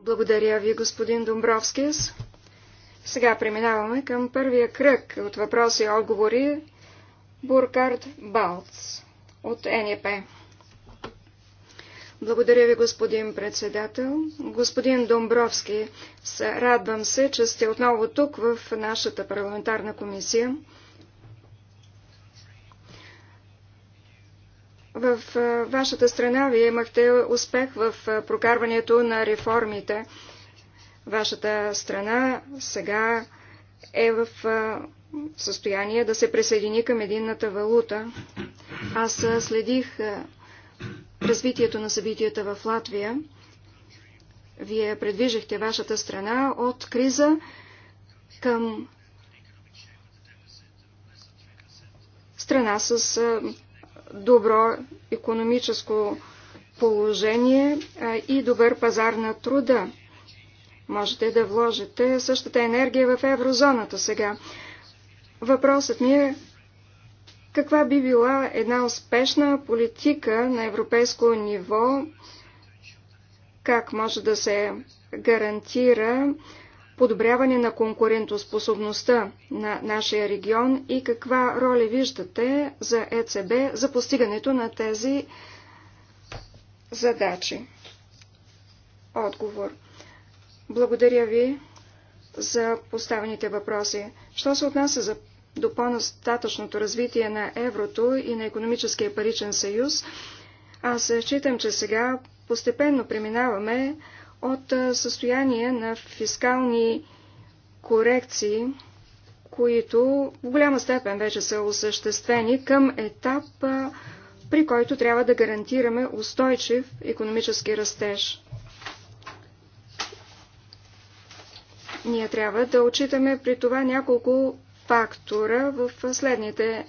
Благодаря ви, господин Домбровскис. Сега преминаваме към първия кръг от въпроси и отговори. Буркард Балц от НЕП. Благодаря ви, господин председател. Господин Домбровски, радвам се, че сте отново тук в нашата парламентарна комисия. В вашата страна вие имахте успех в прокарването на реформите. Вашата страна сега е в състояние да се присъедини към единната валута. Аз следих развитието на събитията в Латвия. Вие предвижихте вашата страна от криза към страна с добро економическо положение и добър пазар на труда. Можете да вложите същата енергия в еврозоната сега. Въпросът ми е каква би била една успешна политика на европейско ниво, как може да се гарантира подобряване на конкурентоспособността на нашия регион и каква роля виждате за ЕЦБ за постигането на тези задачи? Отговор. Благодаря ви за поставените въпроси. Що се отнася за до по-настатъчното развитие на еврото и на економическия паричен съюз, аз считам, че сега постепенно преминаваме от състояние на фискални корекции, които в голяма степен вече са осъществени към етап, при който трябва да гарантираме устойчив економически растеж. Ние трябва да отчитаме при това няколко фактора в следните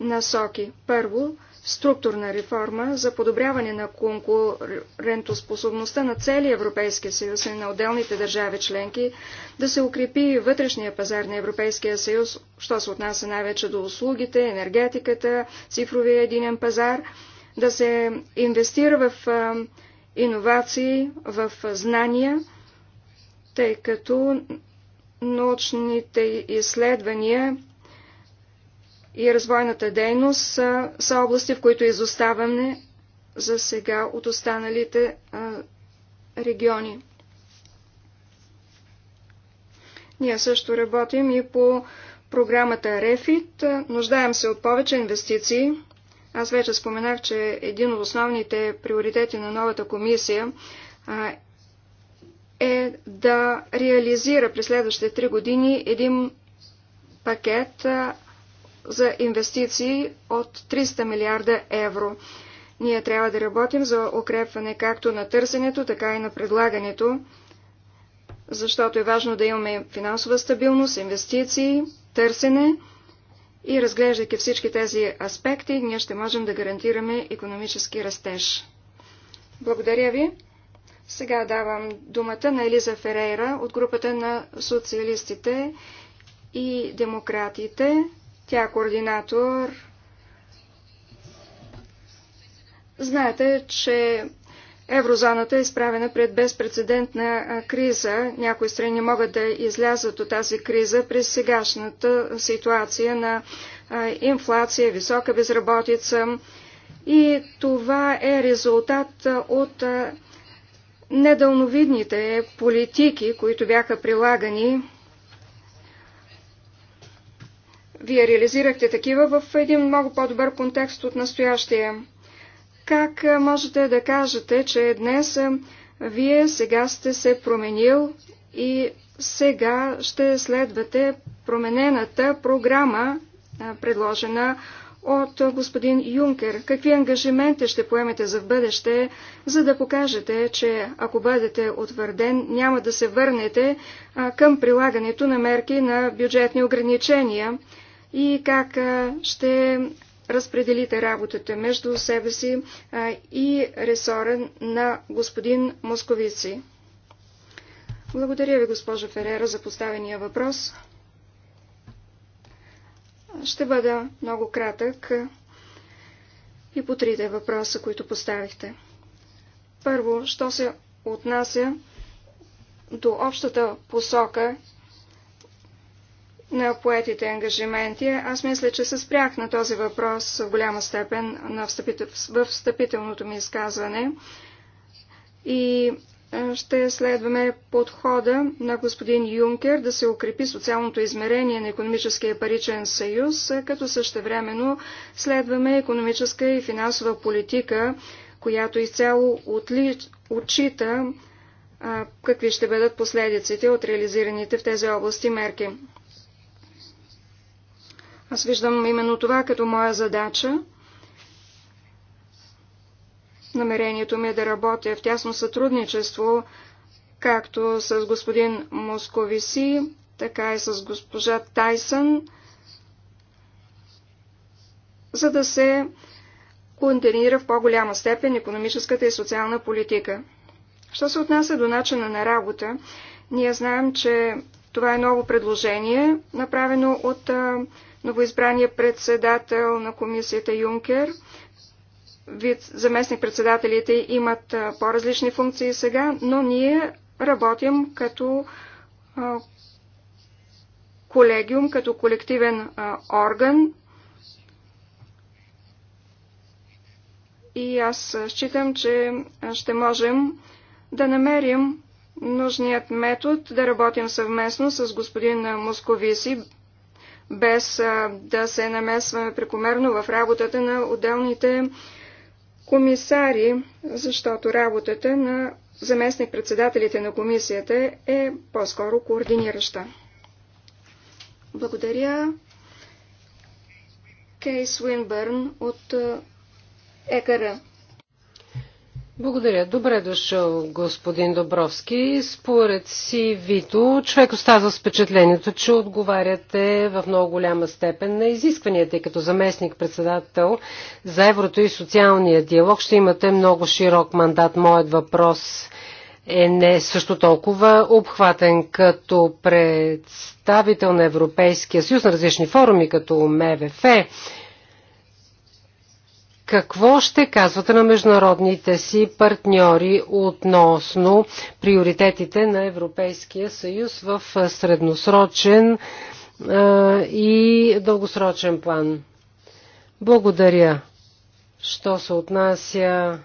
насоки. Първо, структурна реформа за подобряване на конкурентоспособността на целия Европейския съюз и на отделните държави членки, да се укрепи вътрешния пазар на Европейския съюз, що се отнася най-вече до услугите, енергетиката, цифровия единен пазар, да се инвестира в иновации, в знания, тъй като научните изследвания и развойната дейност са, са области, в които изоставаме за сега от останалите а, региони. Ние също работим и по програмата РЕФИТ. Нуждаем се от повече инвестиции. Аз вече споменах, че един от основните приоритети на новата комисия а, е да реализира през следващите три години един пакет а, за инвестиции от 300 милиарда евро. Ние трябва да работим за укрепване както на търсенето, така и на предлагането, защото е важно да имаме финансова стабилност, инвестиции, търсене и разглеждайки всички тези аспекти, ние ще можем да гарантираме економически растеж. Благодаря ви. Сега давам думата на Елиза Ферейра от групата на социалистите и демократите. Тя е координатор. Знаете, че еврозоната е изправена пред безпредседентна криза. Някои страни могат да излязат от тази криза през сегашната ситуация на инфлация, висока безработица. И това е резултат от недълновидните политики, които бяха прилагани Вие реализирахте такива в един много по-добър контекст от настоящия. Как можете да кажете, че днес вие сега сте се променил и сега ще следвате променената програма, предложена от господин Юнкер. Какви ангажименти ще поемете за в бъдеще, за да покажете, че ако бъдете утвърден, няма да се върнете към прилагането на мерки на бюджетни ограничения? и как ще разпределите работата между себе си и ресора на господин Московици. Благодаря ви, госпожа Ферера, за поставения въпрос. Ще бъда много кратък и по трите въпроса, които поставихте. Първо, що се отнася до общата посока на поетите ангажименти. Аз мисля, че се спрях на този въпрос в голяма степен на встъпител... в встъпителното ми изказване и е, ще следваме подхода на господин Юнкер да се укрепи социалното измерение на економическия паричен съюз, е, като същевременно следваме економическа и финансова политика, която изцяло отли... отчита а, е, какви ще бъдат последиците от реализираните в тези области мерки. Аз виждам именно това като моя задача. Намерението ми е да работя в тясно сътрудничество, както с господин Московиси, така и с госпожа Тайсън, за да се контенира в по-голяма степен економическата и социална политика. Що се отнася до начина на работа, ние знаем, че това е ново предложение, направено от новоизбрания председател на комисията Юнкер. Вид заместник-председателите имат по-различни функции сега, но ние работим като колегиум, като колективен орган. И аз считам, че ще можем да намерим нужният метод да работим съвместно с господин Московиси, без да се намесваме прекомерно в работата на отделните комисари, защото работата на заместник-председателите на комисията е по-скоро координираща. Благодаря. Кейс Уинбърн от ЕКР. Благодаря. Добре дошъл, господин Добровски. Според си Вито, човек остава с впечатлението, че отговаряте в много голяма степен на изискванията, като заместник-председател за еврото и социалния диалог ще имате много широк мандат. Моят въпрос е не също толкова обхватен като представител на Европейския съюз на различни форуми, като МВФ, какво ще казвате на международните си партньори относно приоритетите на Европейския съюз в средносрочен и дългосрочен план? Благодаря. Що се отнася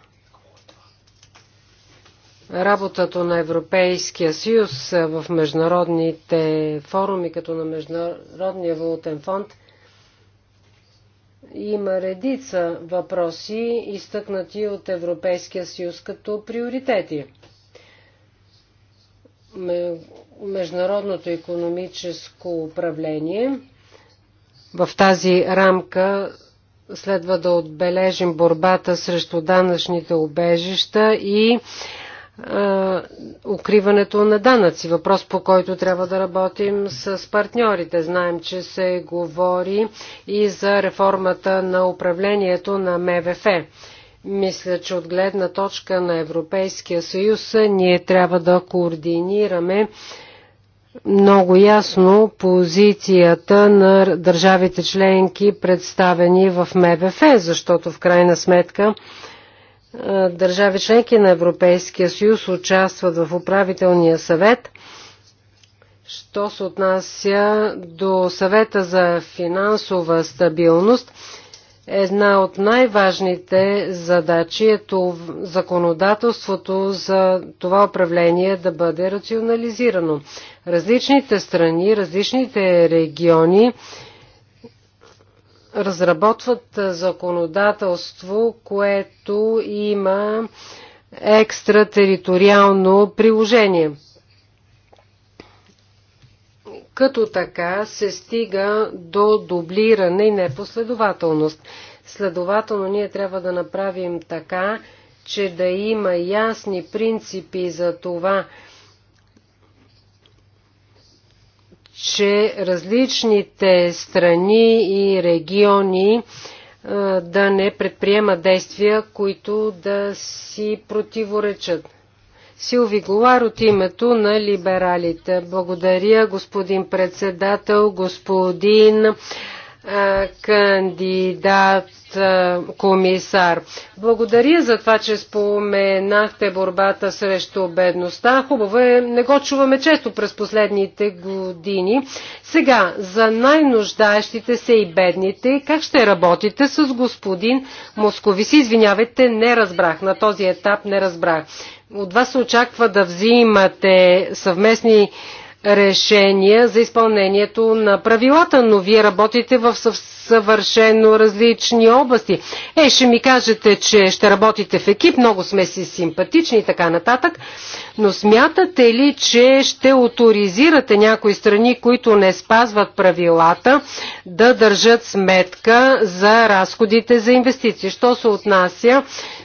работата на Европейския съюз в международните форуми, като на Международния валутен фонд – има редица въпроси, изтъкнати от Европейския съюз като приоритети. Международното економическо управление. В тази рамка следва да отбележим борбата срещу данъчните обежища и е, укриването на данъци. Въпрос по който трябва да работим с партньорите. Знаем, че се говори и за реформата на управлението на МВФ. Мисля, че от гледна точка на Европейския съюз ние трябва да координираме много ясно позицията на държавите членки, представени в МВФ, защото в крайна сметка е, държави членки на Европейския съюз участват в управителния съвет. Що се отнася до съвета за финансова стабилност, една от най-важните задачи е законодателството за това управление да бъде рационализирано. Различните страни, различните региони разработват законодателство, което има екстратериториално приложение. Като така се стига до дублиране и непоследователност. Следователно ние трябва да направим така, че да има ясни принципи за това, че различните страни и региони да не предприема действия, които да си противоречат. Силви Голар от името на либералите. Благодаря, господин председател, господин кандидат комисар. Благодаря за това, че споменахте борбата срещу бедността. Хубаво е, не го чуваме често през последните години. Сега, за най-нуждаещите се и бедните, как ще работите с господин Московиси? Извинявайте, не разбрах. На този етап не разбрах. От вас се очаква да взимате съвместни решения за изпълнението на правилата, но вие работите в съвършено различни области. Е, ще ми кажете, че ще работите в екип, много сме си симпатични и така нататък, но смятате ли, че ще авторизирате някои страни, които не спазват правилата, да държат сметка за разходите за инвестиции? Що се отнася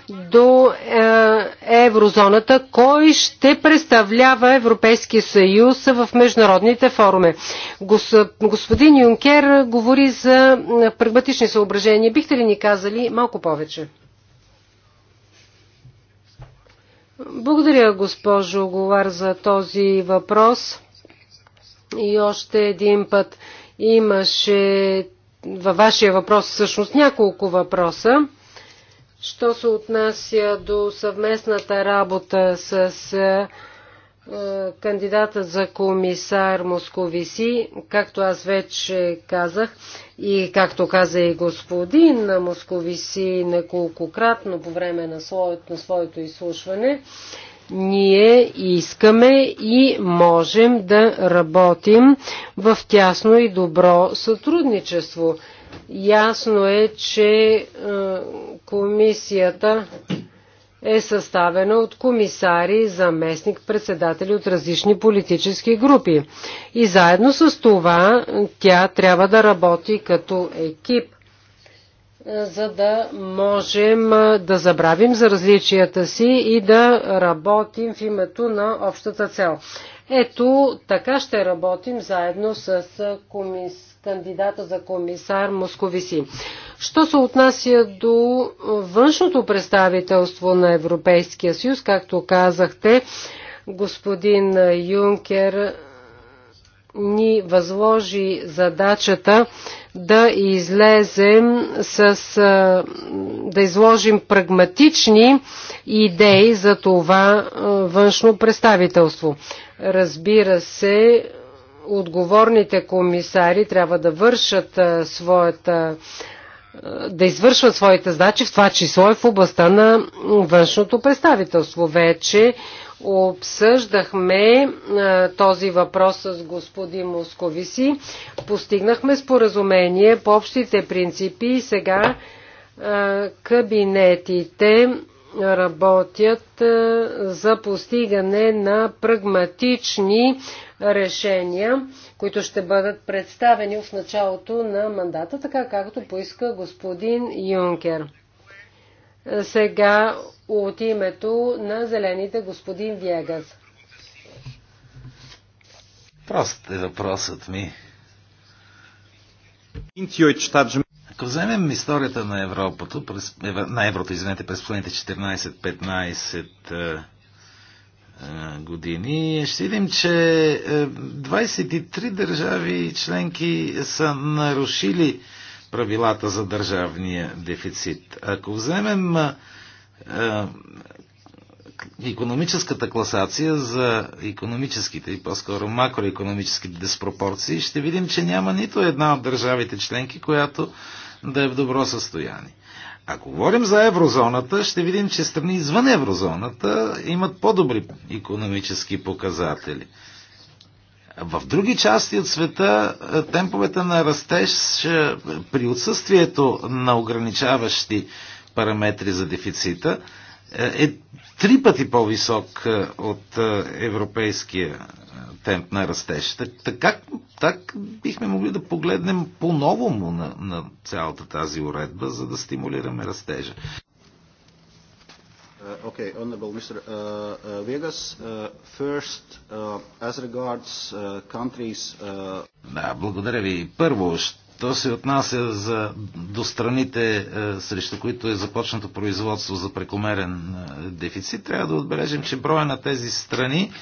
до е, еврозоната, кой ще представлява Европейския съюз в международните форуми. Господин Юнкер говори за е, прагматични съображения. Бихте ли ни казали малко повече? Благодаря, госпожо Говар, за този въпрос. И още един път имаше във вашия въпрос всъщност няколко въпроса. Що се отнася до съвместната работа с е, кандидата за комисар Московиси, както аз вече казах и както каза и господин Московиси неколкократно по време на своето, на своето изслушване, ние искаме и можем да работим в тясно и добро сътрудничество. Ясно е, че е, комисията е съставена от комисари, заместник, председатели от различни политически групи. И заедно с това тя трябва да работи като екип, е, за да можем е, да забравим за различията си и да работим в името на общата цел. Ето така ще работим заедно с комисарите кандидата за комисар Московиси. Що се отнася до външното представителство на Европейския съюз, както казахте, господин Юнкер ни възложи задачата да излезем с, да изложим прагматични идеи за това външно представителство. Разбира се, отговорните комисари трябва да вършат своята да извършват своите задачи, в това число и в областта на външното представителство. Вече обсъждахме този въпрос с господин Московиси. Постигнахме споразумение по общите принципи и сега кабинетите работят е, за постигане на прагматични решения, които ще бъдат представени в началото на мандата, така както поиска господин Юнкер. Сега от името на зелените господин Вегас. Прост е въпросът ми. Ако вземем историята на Европата, през, на еврото, извинете, през последните 14-15 е, е, години, ще видим, че 23 е, държави членки са нарушили правилата за държавния дефицит. Ако вземем економическата класация за економическите и по-скоро макроекономическите диспропорции, ще видим, че няма нито една от държавите членки, която да е в добро състояние. Ако говорим за еврозоната, ще видим, че страни извън еврозоната имат по-добри економически показатели. В други части от света е, темповете на растеж е, при отсъствието на ограничаващи параметри за дефицита е, е три пъти по-висок е, от е, европейския темп на растеж. Така, как, так бихме могли да погледнем по-новому на, на цялата тази уредба, за да стимулираме растежа. Uh, Okay, Honorable Mr. Uh, uh, Vegas, uh, first, uh, as regards uh, countries... Uh... Да, благодаря ви. Първо, ще Що се отнася за, до страните, е, срещу които е започнато производство за прекомерен е, дефицит, трябва да отбележим, че броя на тези страни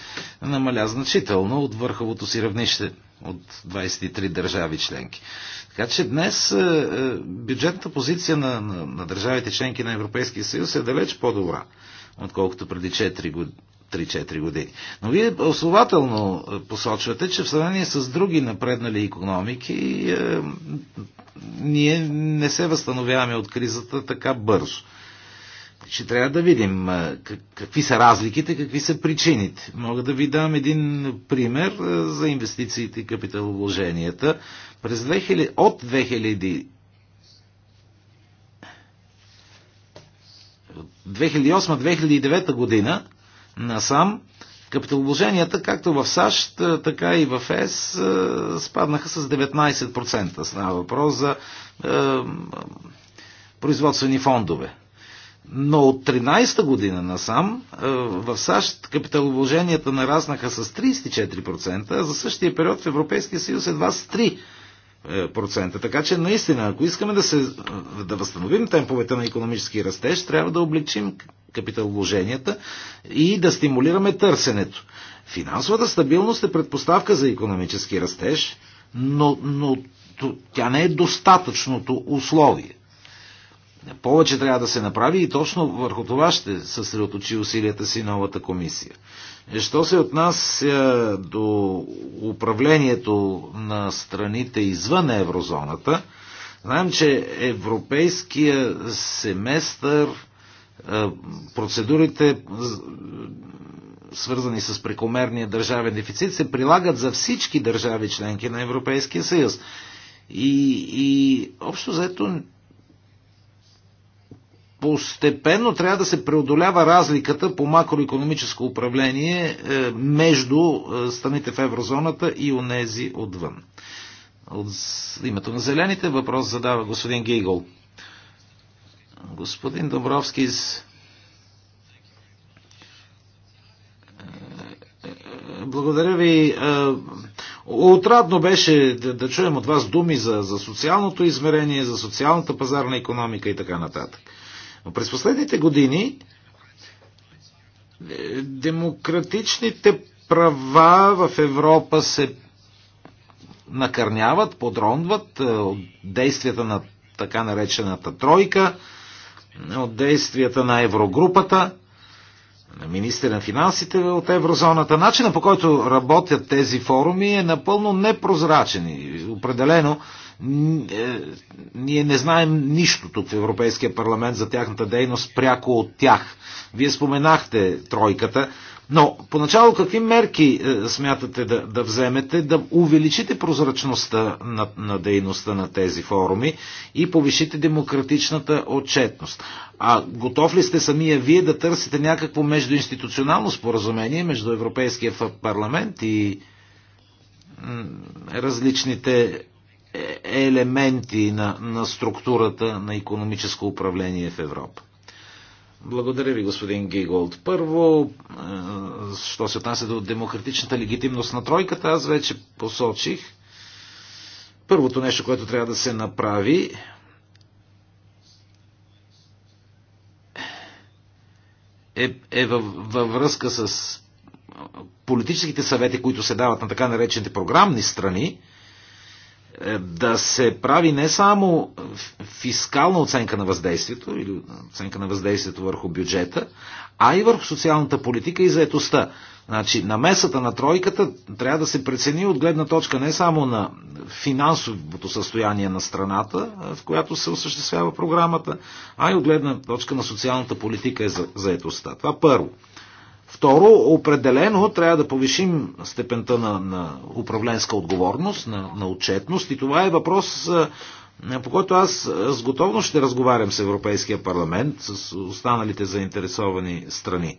намаля значително от върховото си равнище от 23 държави членки. Така че днес е, бюджетната позиция на, на, на държавите членки на Европейския съюз е далеч по-добра, отколкото преди 4 години 3-4 години. Но вие основателно е, посочвате, че в сравнение с други напреднали економики е, ние не се възстановяваме от кризата така бързо. Ще трябва да видим е, какви са разликите, какви са причините. Мога да ви дам един пример за инвестициите и капиталовложенията. През 2000, от 2000 2008-2009 година насам. Капиталовложенията, както в САЩ, така и в ЕС, спаднаха с 19%. Става въпрос за е, производствени фондове. Но от 13-та година насам в САЩ капиталовложенията нараснаха с 34%, а за същия период в Европейския съюз едва с 3%. Така че наистина, ако искаме да, се, да възстановим темповете на економически растеж, трябва да облегчим капиталовложенията и да стимулираме търсенето. Финансовата стабилност е предпоставка за економически растеж, но, но тя не е достатъчното условие. Повече трябва да се направи и точно върху това ще съсредоточи усилията си новата комисия. Що се отнася до управлението на страните извън еврозоната, знаем, че европейския семестър, е, процедурите свързани с прекомерния държавен дефицит се прилагат за всички държави членки на Европейския съюз. И, и общо заето постепенно трябва да се преодолява разликата по макроекономическо управление е, между е, страните в еврозоната и онези отвън. От името на зелените въпрос задава господин Гейгол. Господин Добровски, е, благодаря ви. Отрадно беше да, да чуем от вас думи за, за социалното измерение, за социалната пазарна економика и така нататък. Но през последните години е, демократичните права в Европа се накърняват, подронват е, от действията на така наречената тройка, от действията на еврогрупата, на министър на финансите от еврозоната. Начина по който работят тези форуми е напълно непрозрачен и определено е, ние не знаем нищо тук в Европейския парламент за тяхната дейност пряко от тях. Вие споменахте тройката, но поначало какви мерки е, смятате да, да вземете да увеличите прозрачността на, на дейността на тези форуми и повишите демократичната отчетност? А готов ли сте самия вие да търсите някакво междуинституционално споразумение между Европейския парламент и различните елементи на, на структурата на економическо управление в Европа. Благодаря ви, господин Гиголд. Първо, е, що се отнася до демократичната легитимност на тройката, аз вече посочих. Първото нещо, което трябва да се направи, е, е във, във връзка с политическите съвети, които се дават на така наречените програмни страни, е, да се прави не само фискална оценка на въздействието или оценка на въздействието върху бюджета, а и върху социалната политика и заетостта. Значи, намесата на тройката трябва да се прецени от гледна точка не само на финансовото състояние на страната, е, в която се осъществява програмата, а и от гледна точка на социалната политика и заетостта. Това първо. Второ, определено трябва да повишим степента на, на управленска отговорност, на, на отчетност и това е въпрос, по който аз с готовност ще разговарям с Европейския парламент, с останалите заинтересовани страни.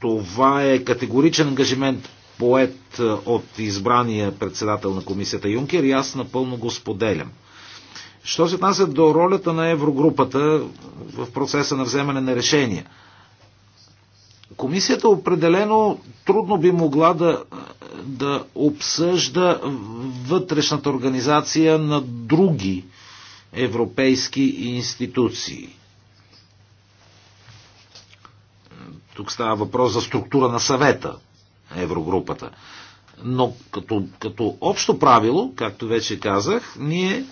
Това е категоричен ангажимент поет от избрания председател на комисията Юнкер и аз напълно го споделям. Що се отнася до ролята на Еврогрупата в процеса на вземане на решения? Комисията определено трудно би могла да, да обсъжда вътрешната организация на други европейски институции. Тук става въпрос за структура на съвета, еврогрупата. Но като, като общо правило, както вече казах, ние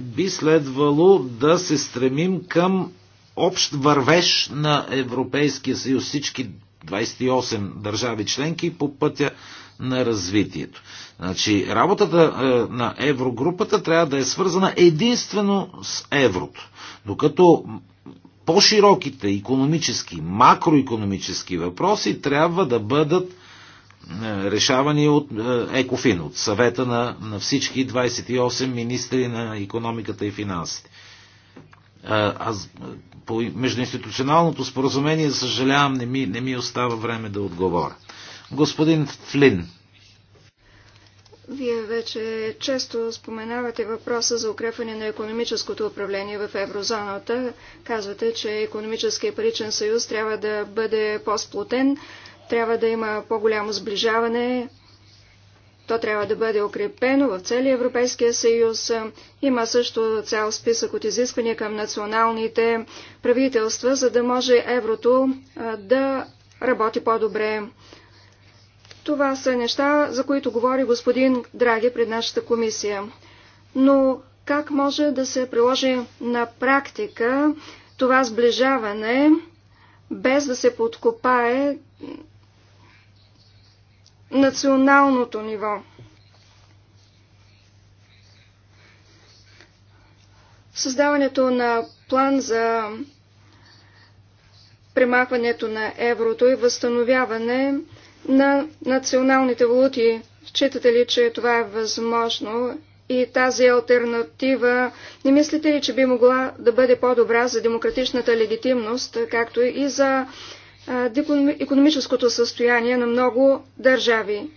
би следвало да се стремим към общ вървеж на Европейския съюз, всички 28 държави членки по пътя на развитието. Значи, работата е, на еврогрупата трябва да е свързана единствено с еврото. Докато по-широките економически, макроекономически въпроси трябва да бъдат е, решавани от е, ЕКОФИН, от съвета на, на всички 28 министри на економиката и финансите. Е, Аз по междуинституционалното споразумение, за съжалявам, не ми, не ми остава време да отговоря. Господин Флин. Вие вече често споменавате въпроса за укрепване на економическото управление в еврозоната. Казвате, че економическия паричен съюз трябва да бъде по-сплотен, трябва да има по-голямо сближаване. То трябва да бъде укрепено в целия Европейския съюз. Има също цял списък от изисквания към националните правителства, за да може еврото да работи по-добре. Това са неща, за които говори господин Драги пред нашата комисия. Но как може да се приложи на практика това сближаване, без да се подкопае националното ниво. Създаването на план за премахването на еврото и възстановяване на националните валути. Считате ли, че това е възможно и тази альтернатива не мислите ли, че би могла да бъде по-добра за демократичната легитимност, както и за економическото състояние на много държави.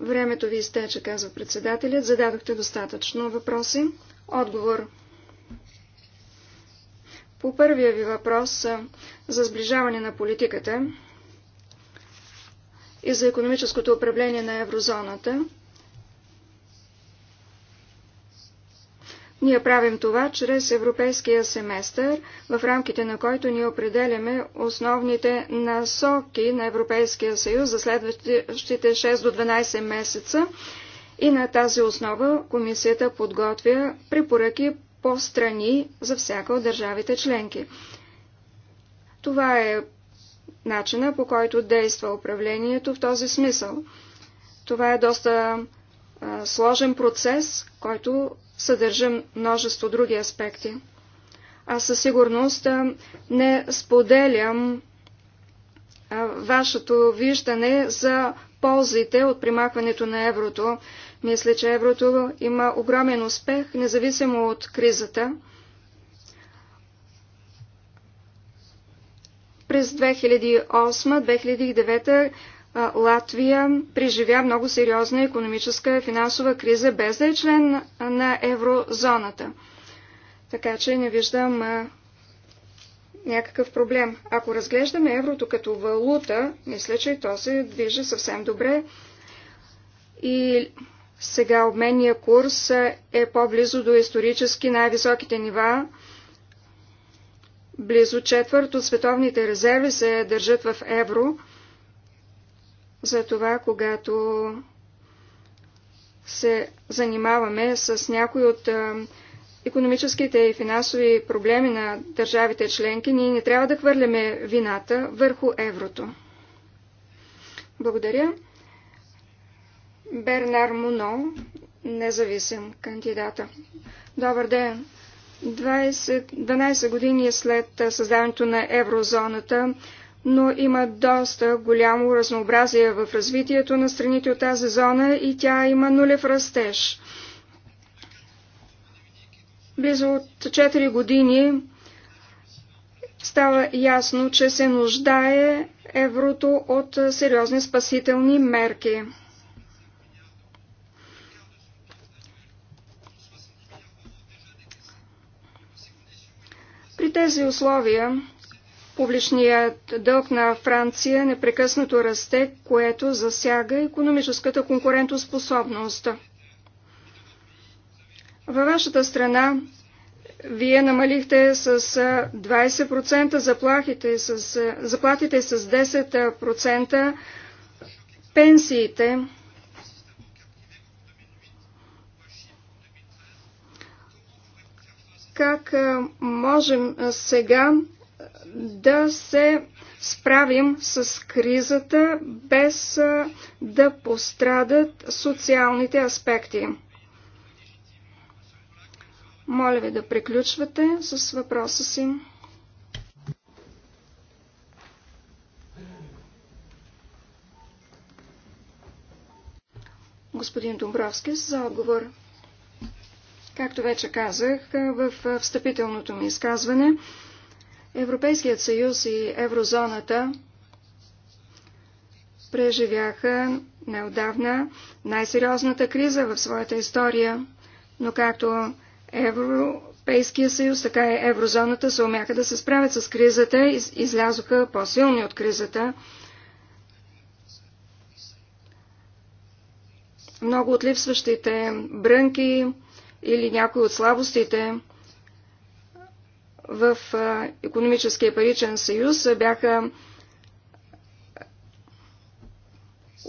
Времето ви изтече, казва председателят. Зададохте достатъчно въпроси. Отговор. По първия ви въпрос за сближаване на политиката и за економическото управление на еврозоната, Ние правим това чрез европейския семестър, в рамките на който ние определяме основните насоки на Европейския съюз за следващите 6 до 12 месеца и на тази основа комисията подготвя препоръки по страни за всяка от държавите членки. Това е начина по който действа управлението в този смисъл. Това е доста а, сложен процес, който съдържа множество други аспекти. Аз със сигурност не споделям вашето виждане за ползите от примахването на еврото. Мисля, че еврото има огромен успех, независимо от кризата. През 2008-2009 Латвия преживя много сериозна економическа и финансова криза, без да е член на еврозоната. Така че не виждам а, някакъв проблем. Ако разглеждаме еврото като валута, мисля, че то се движи съвсем добре. И сега обменния курс е по-близо до исторически най-високите нива. Близо четвърт от световните резерви се държат в евро – за това, когато се занимаваме с някои от економическите и финансови проблеми на държавите членки, ние не трябва да хвърляме вината върху еврото. Благодаря. Бернар Муно, независим кандидата. Добър ден! 20, 12 години след създаването на еврозоната, но има доста голямо разнообразие в развитието на страните от тази зона и тя има нулев растеж. Близо от 4 години става ясно, че се нуждае еврото от сериозни спасителни мерки. При тези условия Публичният дълг на Франция непрекъснато расте, което засяга економическата конкурентоспособност. Във вашата страна вие намалихте с 20% заплахите, с, заплатите с 10% пенсиите. Как можем сега да се справим с кризата без да пострадат социалните аспекти. Моля ви да приключвате с въпроса си. Господин Домбровски за отговор. Както вече казах в встъпителното ми изказване, Европейският съюз и еврозоната преживяха неодавна най-сериозната криза в своята история, но както Европейския съюз, така и еврозоната се умяха да се справят с кризата и излязоха по-силни от кризата. Много от липсващите брънки или някои от слабостите в економическия паричен съюз бяха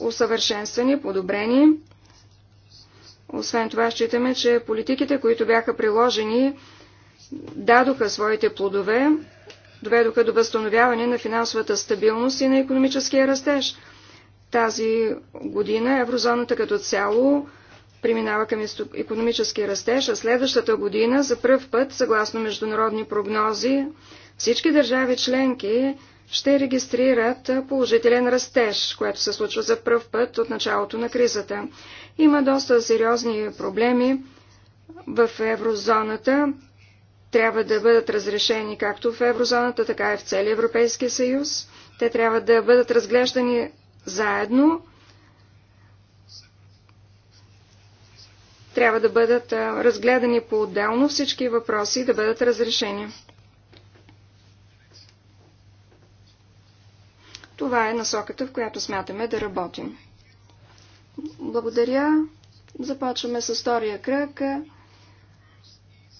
усъвършенствани, подобрени. Освен това, считаме, че политиките, които бяха приложени, дадоха своите плодове, доведоха до възстановяване на финансовата стабилност и на економическия растеж. Тази година еврозоната като цяло преминава към економически растеж, а следващата година за първ път, съгласно международни прогнози, всички държави членки ще регистрират положителен растеж, което се случва за пръв път от началото на кризата. Има доста сериозни проблеми в еврозоната. Трябва да бъдат разрешени както в еврозоната, така и в целия Европейски съюз. Те трябва да бъдат разглеждани заедно трябва да бъдат разгледани по-отделно всички въпроси да бъдат разрешени. Това е насоката, в която смятаме да работим. Благодаря. Започваме с втория кръг.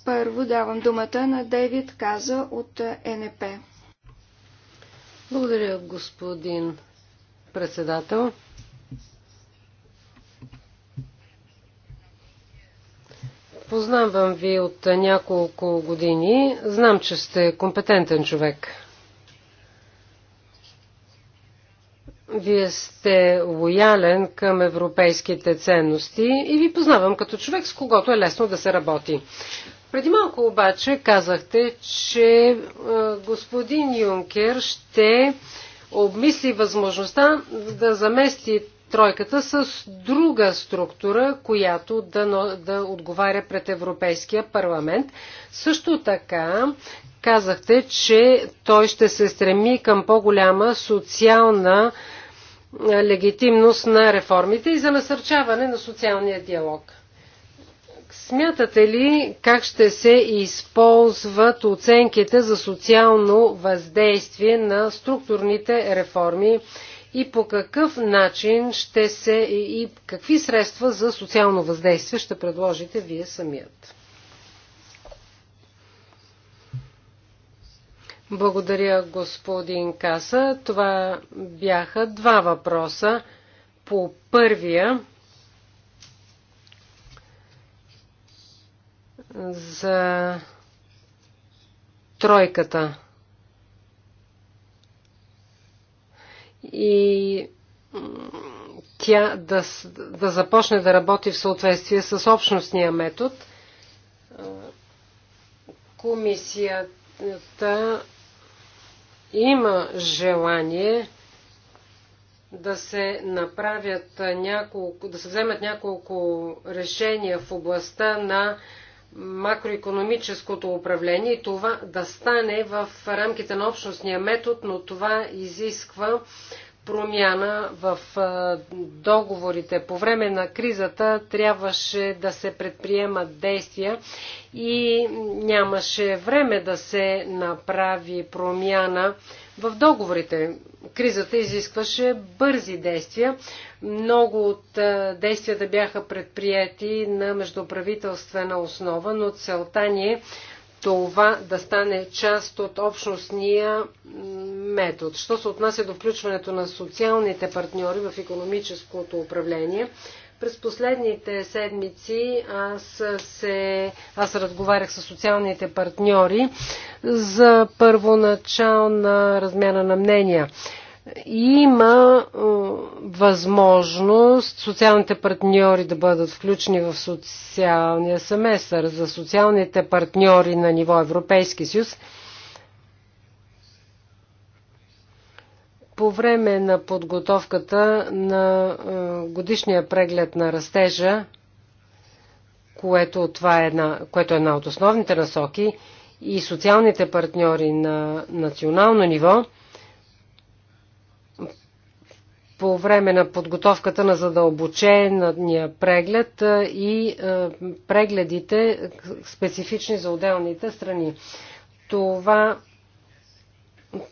Първо давам думата на Дейвид Каза от НП. Благодаря, господин председател. Познавам ви от няколко години. Знам, че сте компетентен човек. Вие сте лоялен към европейските ценности и ви познавам като човек, с когото е лесно да се работи. Преди малко обаче казахте, че е, господин Юнкер ще обмисли възможността да замести тройката с друга структура, която да, да отговаря пред Европейския парламент. Също така казахте, че той ще се стреми към по-голяма социална легитимност на реформите и за насърчаване на социалния диалог. Смятате ли как ще се използват оценките за социално въздействие на структурните реформи и по какъв начин ще се и какви средства за социално въздействие ще предложите вие самият. Благодаря, господин Каса. Това бяха два въпроса. По първия за тройката. и тя да, да започне да работи в съответствие с общностния метод. Комисията има желание да се направят няколко, да се вземат няколко решения в областта на макроекономическото управление и това да стане в рамките на общностния метод, но това изисква промяна в договорите. По време на кризата трябваше да се предприемат действия и нямаше време да се направи промяна в договорите. Кризата изискваше бързи действия. Много от действията бяха предприяти на междуправителствена основа, но целта ни е това да стане част от общностния метод. Що се отнася до включването на социалните партньори в економическото управление, през последните седмици аз, се, аз разговарях с социалните партньори за първоначална размяна на мнения има е, възможност социалните партньори да бъдат включени в социалния семестър за социалните партньори на ниво Европейски съюз. По време на подготовката на е, годишния преглед на растежа, което, това е една, което е една от основните насоки, и социалните партньори на национално ниво – по време на подготовката на задълбочения преглед и прегледите специфични за отделните страни. Това,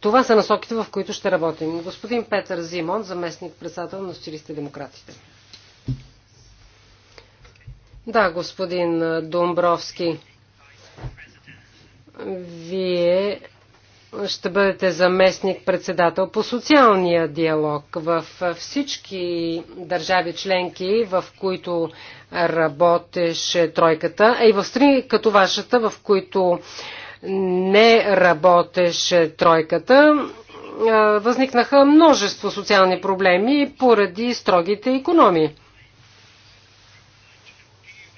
това са насоките, в които ще работим. Господин Петър Зимон, заместник председател на Социалистите демократите. Да, господин Домбровски, вие ще бъдете заместник председател по социалния диалог в всички държави членки, в които работеше тройката, а и в страни като вашата, в които не работеше тройката, възникнаха множество социални проблеми поради строгите економии.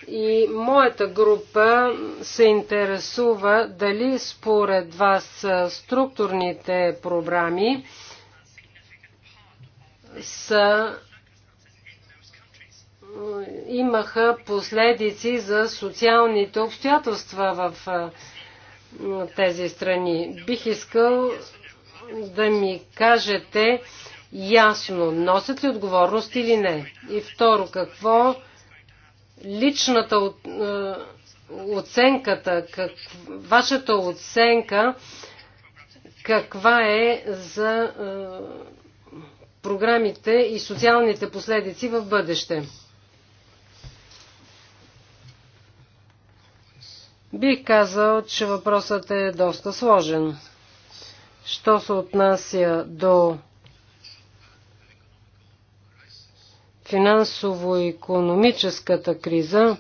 И моята група се интересува дали според вас структурните програми са имаха последици за социалните обстоятелства в тези страни. Бих искал да ми кажете ясно, носят ли отговорност или не. И второ, какво личната оценката, как, вашата оценка, каква е за програмите и социалните последици в бъдеще. Бих казал, че въпросът е доста сложен. Що се отнася до финансово-економическата криза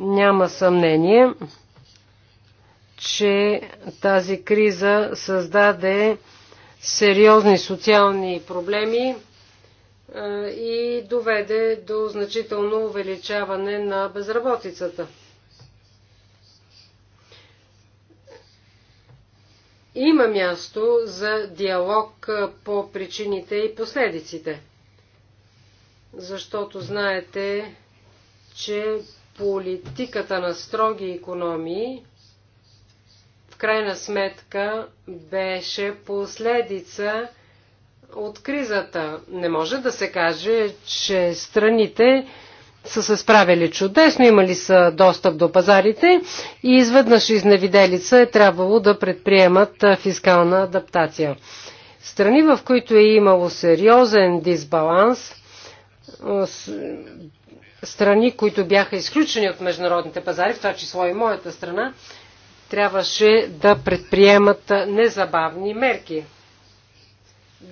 няма съмнение, че тази криза създаде сериозни социални проблеми е, и доведе до значително увеличаване на безработицата. Има място за диалог по причините и последиците защото знаете, че политиката на строги економии в крайна сметка беше последица от кризата. Не може да се каже, че страните са се справили чудесно, имали са достъп до пазарите и изведнъж изневиделица е трябвало да предприемат фискална адаптация. Страни, в които е имало сериозен дисбаланс – страни, които бяха изключени от международните пазари, в това число и моята страна, трябваше да предприемат незабавни мерки.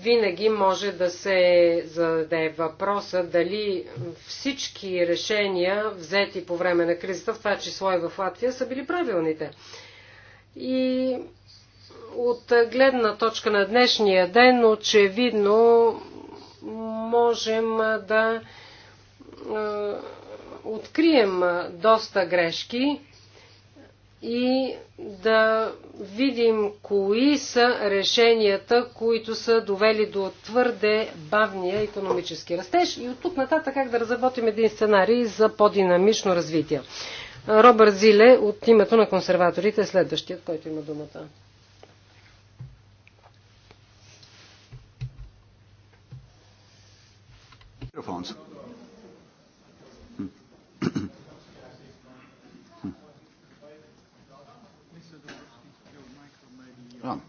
Винаги може да се зададе въпроса дали всички решения, взети по време на кризата, в това число и в Латвия, са били правилните. И от гледна точка на днешния ден, очевидно можем да открием доста грешки и да видим кои са решенията, които са довели до твърде бавния економически растеж и от тук нататък как да разработим един сценарий за по-динамично развитие. Робърт Зиле от името на консерваторите е следващият, който има думата. Microphones.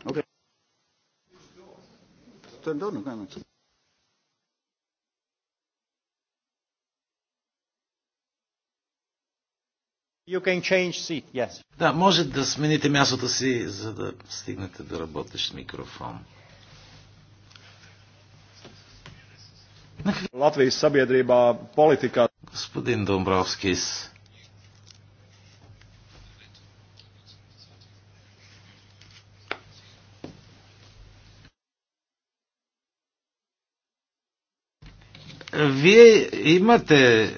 okay. You can change seat, yes. Да, може да смените мястото си, за да стигнете до да работещ микрофон. Latvijas sabiedrībā politikā. Господин Dombrovskis. Вие имате е,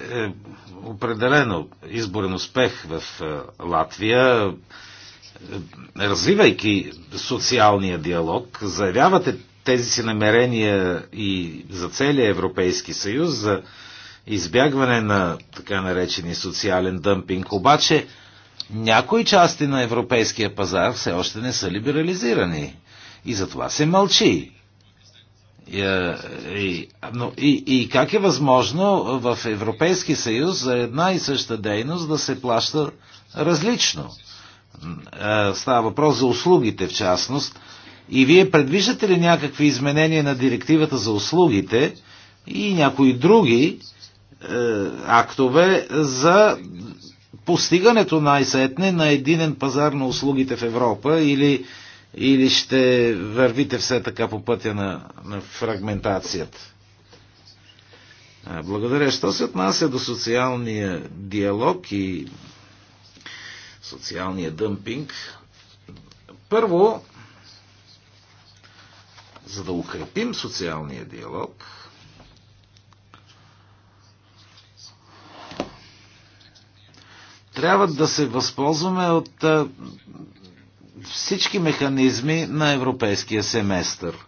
определено изборен успех в е, Латвия, е, развивайки социалния диалог, заявявате тези си намерения и за целия Европейски съюз, за избягване на така наречени социален дъмпинг. Обаче някои части на европейския пазар все още не са либерализирани. И за това се мълчи. И, е, и, но, и, и как е възможно в Европейски съюз за една и съща дейност да се плаща различно? Е, става въпрос за услугите в частност и вие предвиждате ли някакви изменения на директивата за услугите и някои други е, актове за постигането най-сетне на единен пазар на услугите в Европа или, или ще вървите все така по пътя на, на фрагментацията? Благодаря. Що се отнася до социалния диалог и социалния дъмпинг? Първо, за да укрепим социалния диалог, трябва да се възползваме от всички механизми на европейския семестър.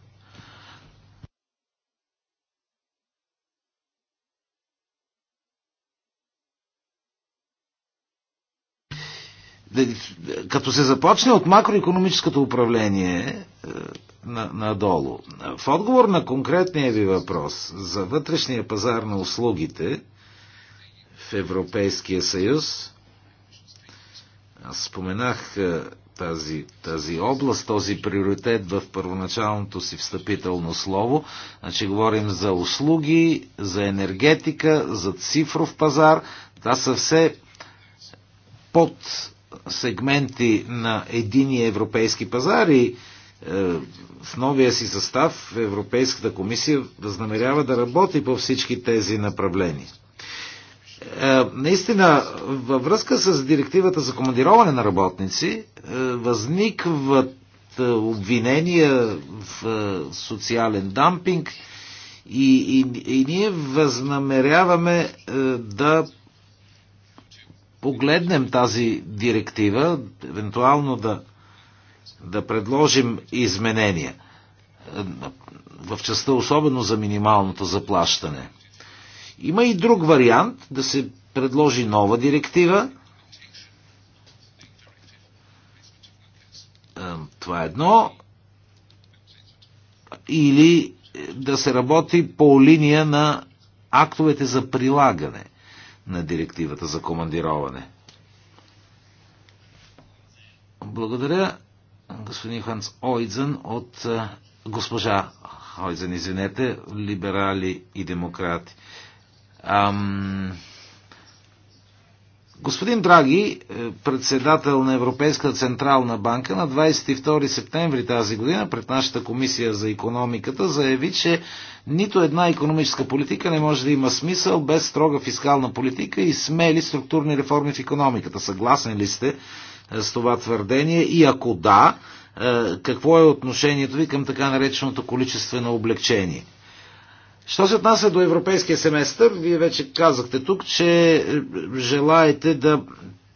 като се започне от макроекономическото управление е, надолу, в отговор на конкретния ви въпрос за вътрешния пазар на услугите в Европейския съюз, аз споменах е, тази, тази област, този приоритет в първоначалното си встъпително слово. Значи говорим за услуги, за енергетика, за цифров пазар. Това са все под сегменти на единия европейски пазар и е, в новия си състав Европейската комисия възнамерява да работи по всички тези направления. Е, наистина, във връзка с директивата за командироване на работници, е, възникват обвинения в социален дампинг и, и, и ние възнамеряваме да погледнем тази директива, евентуално да, да предложим изменения е, в частта особено за минималното заплащане. Има и друг вариант да се предложи нова директива. Е, това е едно. Или да се работи по линия на актовете за прилагане на директивата за командироване. Благодаря господин Ханс Ойдзен от госпожа Ойдзен, извинете, либерали и демократи. Ам... Господин Драги, е, председател на Европейска централна банка, на 22 септември тази година пред нашата комисия за економиката заяви, че нито една економическа политика не може да има смисъл без строга фискална политика и смели структурни реформи в економиката. Съгласен ли сте е, с това твърдение? И ако да, е, какво е отношението ви към така нареченото количествено облегчение? Що се отнася до европейския семестър, вие вече казахте тук, че желаете да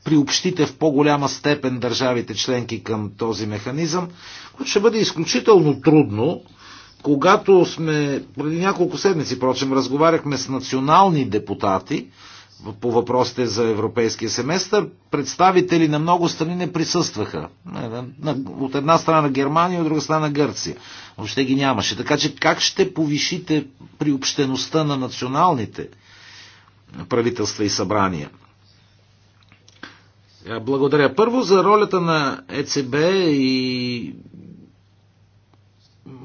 приобщите в по-голяма степен държавите членки към този механизъм, което ще бъде изключително трудно, когато сме, преди няколко седмици, прочим, разговаряхме с национални депутати, по въпросите за европейския семестър, представители на много страни не присъстваха. От една страна Германия, от друга страна Гърция. Въобще ги нямаше. Така че как ще повишите приобщеността на националните правителства и събрания? Е, благодаря. Първо за ролята на ЕЦБ и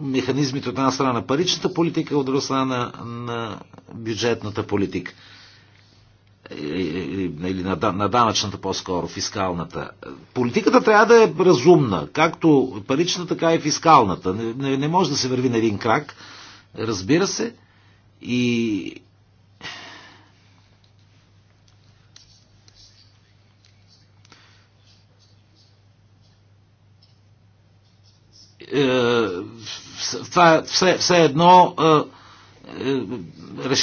механизмите от една страна на паричната политика, от друга страна на, на бюджетната политика или на, на данъчната по-скоро, фискалната. Политиката трябва да е разумна, както парична, така и фискалната. Не, не, не може да се върви на един крак, разбира се. И. Е, това е все, все едно. Е,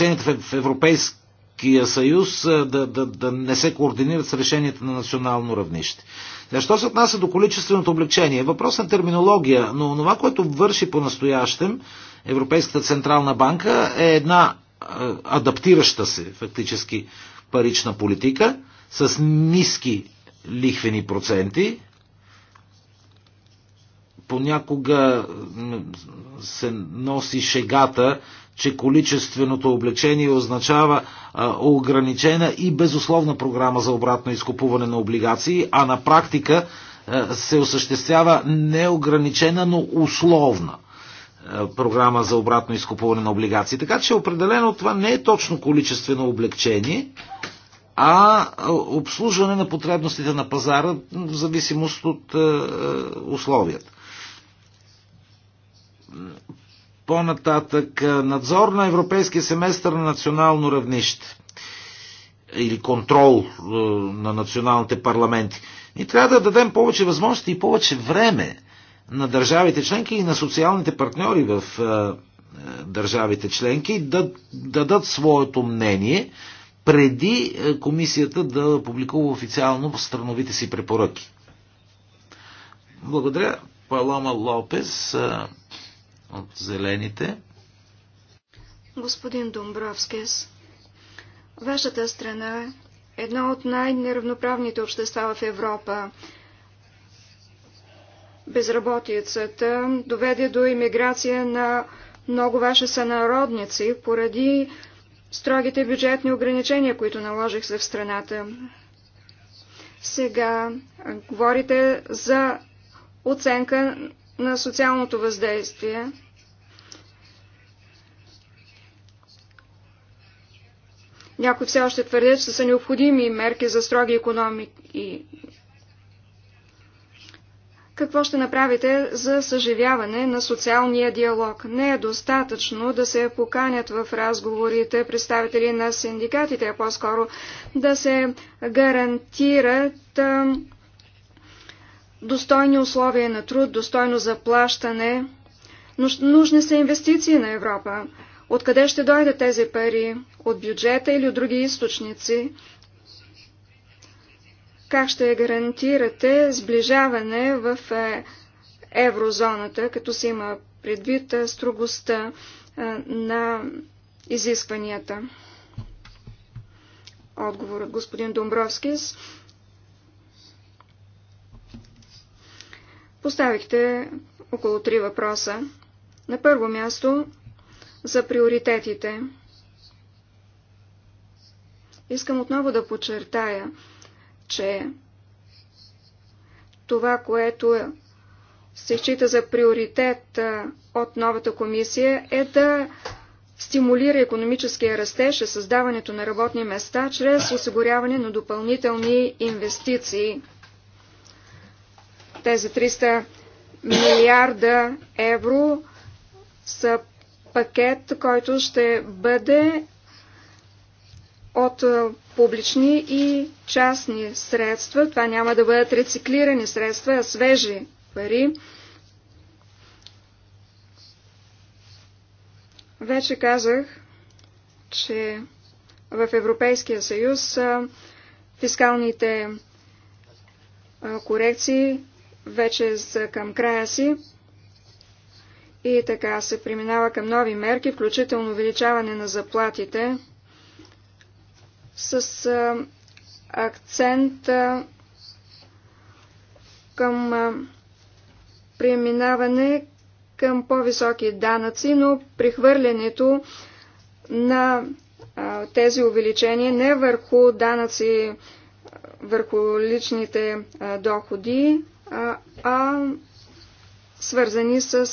е в Европейския Европейския съюз е, да, да, да не се координират с решенията на национално равнище. Защо е, се отнася до количественото облегчение? Въпрос на терминология, но това, което върши по-настоящем Европейската Централна банка е една е, адаптираща се фактически парична политика с ниски лихвени проценти, понякога се носи шегата, че количественото облечение означава а, ограничена и безусловна програма за обратно изкупуване на облигации, а на практика а, се осъществява неограничена, но условна а, програма за обратно изкупуване на облигации. Така че определено това не е точно количествено облегчение, а обслужване на потребностите на пазара в зависимост от условията по-нататък надзор на европейския семестър на национално равнище или контрол на националните парламенти. И трябва да дадем повече възможности и повече време на държавите членки и на социалните партньори в държавите членки да дадат своето мнение преди комисията да публикува официално страновите си препоръки. Благодаря. Палома Лопес от зелените. Господин Домбровскис, вашата страна е едно от най-неравноправните общества в Европа. Безработицата доведе до иммиграция на много ваши сънародници поради строгите бюджетни ограничения, които наложих се в страната. Сега говорите за оценка на социалното въздействие. Някои все още твърдят, че са необходими мерки за строги економики. Какво ще направите за съживяване на социалния диалог? Не е достатъчно да се поканят в разговорите представители на синдикатите, а по-скоро да се гарантират достойни условия на труд, достойно заплащане. Нужни са инвестиции на Европа. Откъде ще дойдат тези пари? От бюджета или от други източници? Как ще гарантирате сближаване в е, еврозоната, като се има предвид е, строгостта е, на изискванията? Отговорът господин Домбровскис. Поставихте около три въпроса. На първо място за приоритетите. Искам отново да подчертая, че това, което се счита за приоритет от новата комисия е да стимулира економическия растеж и е създаването на работни места чрез осигуряване на допълнителни инвестиции – тези 300 милиарда евро са пакет, който ще бъде от публични и частни средства. Това няма да бъдат рециклирани средства, а свежи пари. Вече казах, че в Европейския съюз фискалните корекции вече са към края си и така се преминава към нови мерки, включително увеличаване на заплатите с а, акцент а, към а, преминаване към по-високи данъци, но прихвърлянето на а, тези увеличения не върху данъци, върху личните а, доходи, а, свързани с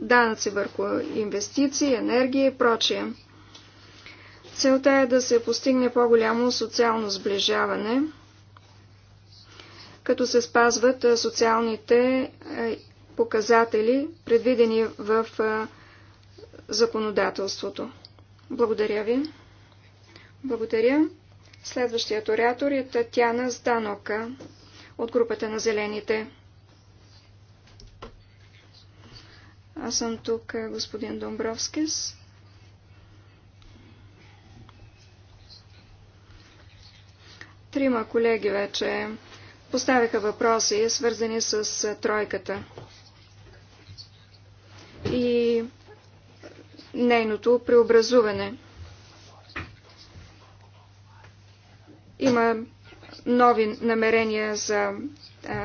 данъци върху инвестиции, енергия и прочие. Целта е да се постигне по-голямо социално сближаване, като се спазват социалните показатели, предвидени в законодателството. Благодаря ви. Благодаря. Следващият оратор е Татяна Зданока от групата на Зелените. Аз съм тук, е, господин Домбровскис. Трима колеги вече поставиха въпроси, свързани с е, тройката и нейното преобразуване – Има нови намерения за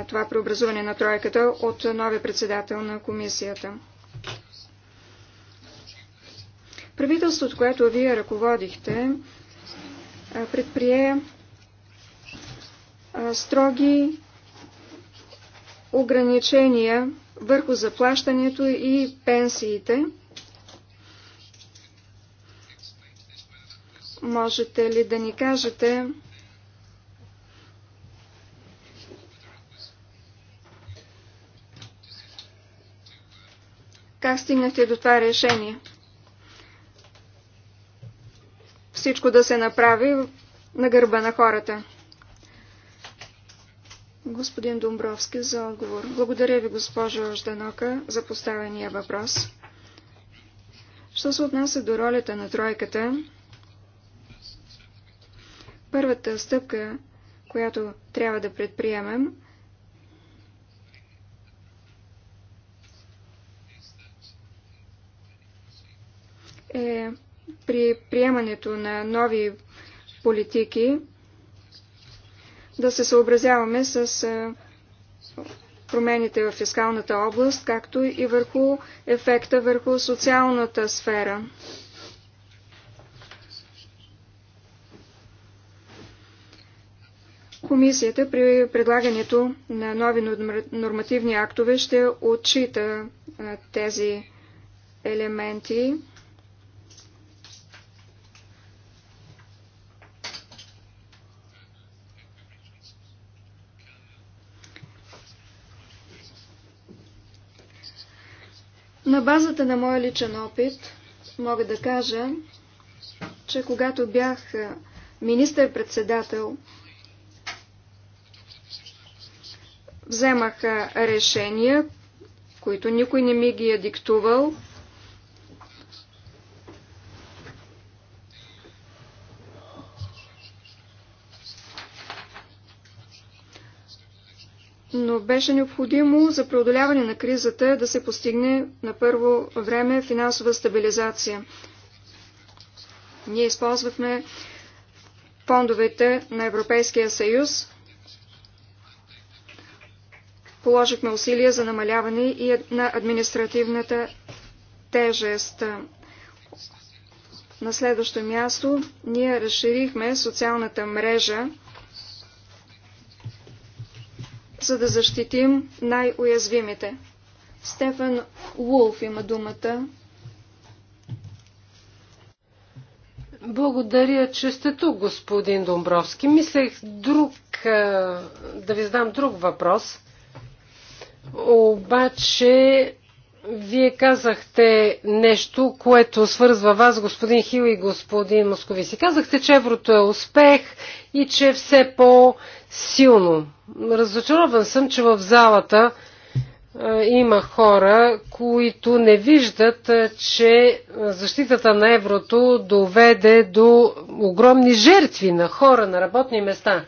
това преобразуване на тройката от новия председател на комисията. Правителството, което вие ръководихте, предприе строги ограничения върху заплащането и пенсиите. Можете ли да ни кажете Как стигнахте до това решение? Всичко да се направи на гърба на хората. Господин Домбровски за отговор. Благодаря ви, госпожо Жданока, за поставения въпрос. Що се отнася до ролята на тройката, първата стъпка, която трябва да предприемем, е при приемането на нови политики да се съобразяваме с промените в фискалната област, както и върху ефекта върху социалната сфера. Комисията при предлагането на нови нормативни актове ще отчита тези елементи. На базата на моя личен опит мога да кажа, че когато бях министър-председател, вземах решения, които никой не ми ги е диктувал, но беше необходимо за преодоляване на кризата да се постигне на първо време финансова стабилизация. Ние използвахме фондовете на Европейския съюз, положихме усилия за намаляване и на административната тежест. На следващо място ние разширихме социалната мрежа за да защитим най-уязвимите. Стефан Вулф има думата. Благодаря, че сте тук, господин Домбровски. Мислех друг, да ви задам друг въпрос. Обаче вие казахте нещо, което свързва вас, господин Хил и господин Московиси. Казахте, че еврото е успех и че е все по-силно. Разочарован съм, че в залата е, има хора, които не виждат, е, че защитата на еврото доведе до огромни жертви на хора, на работни места.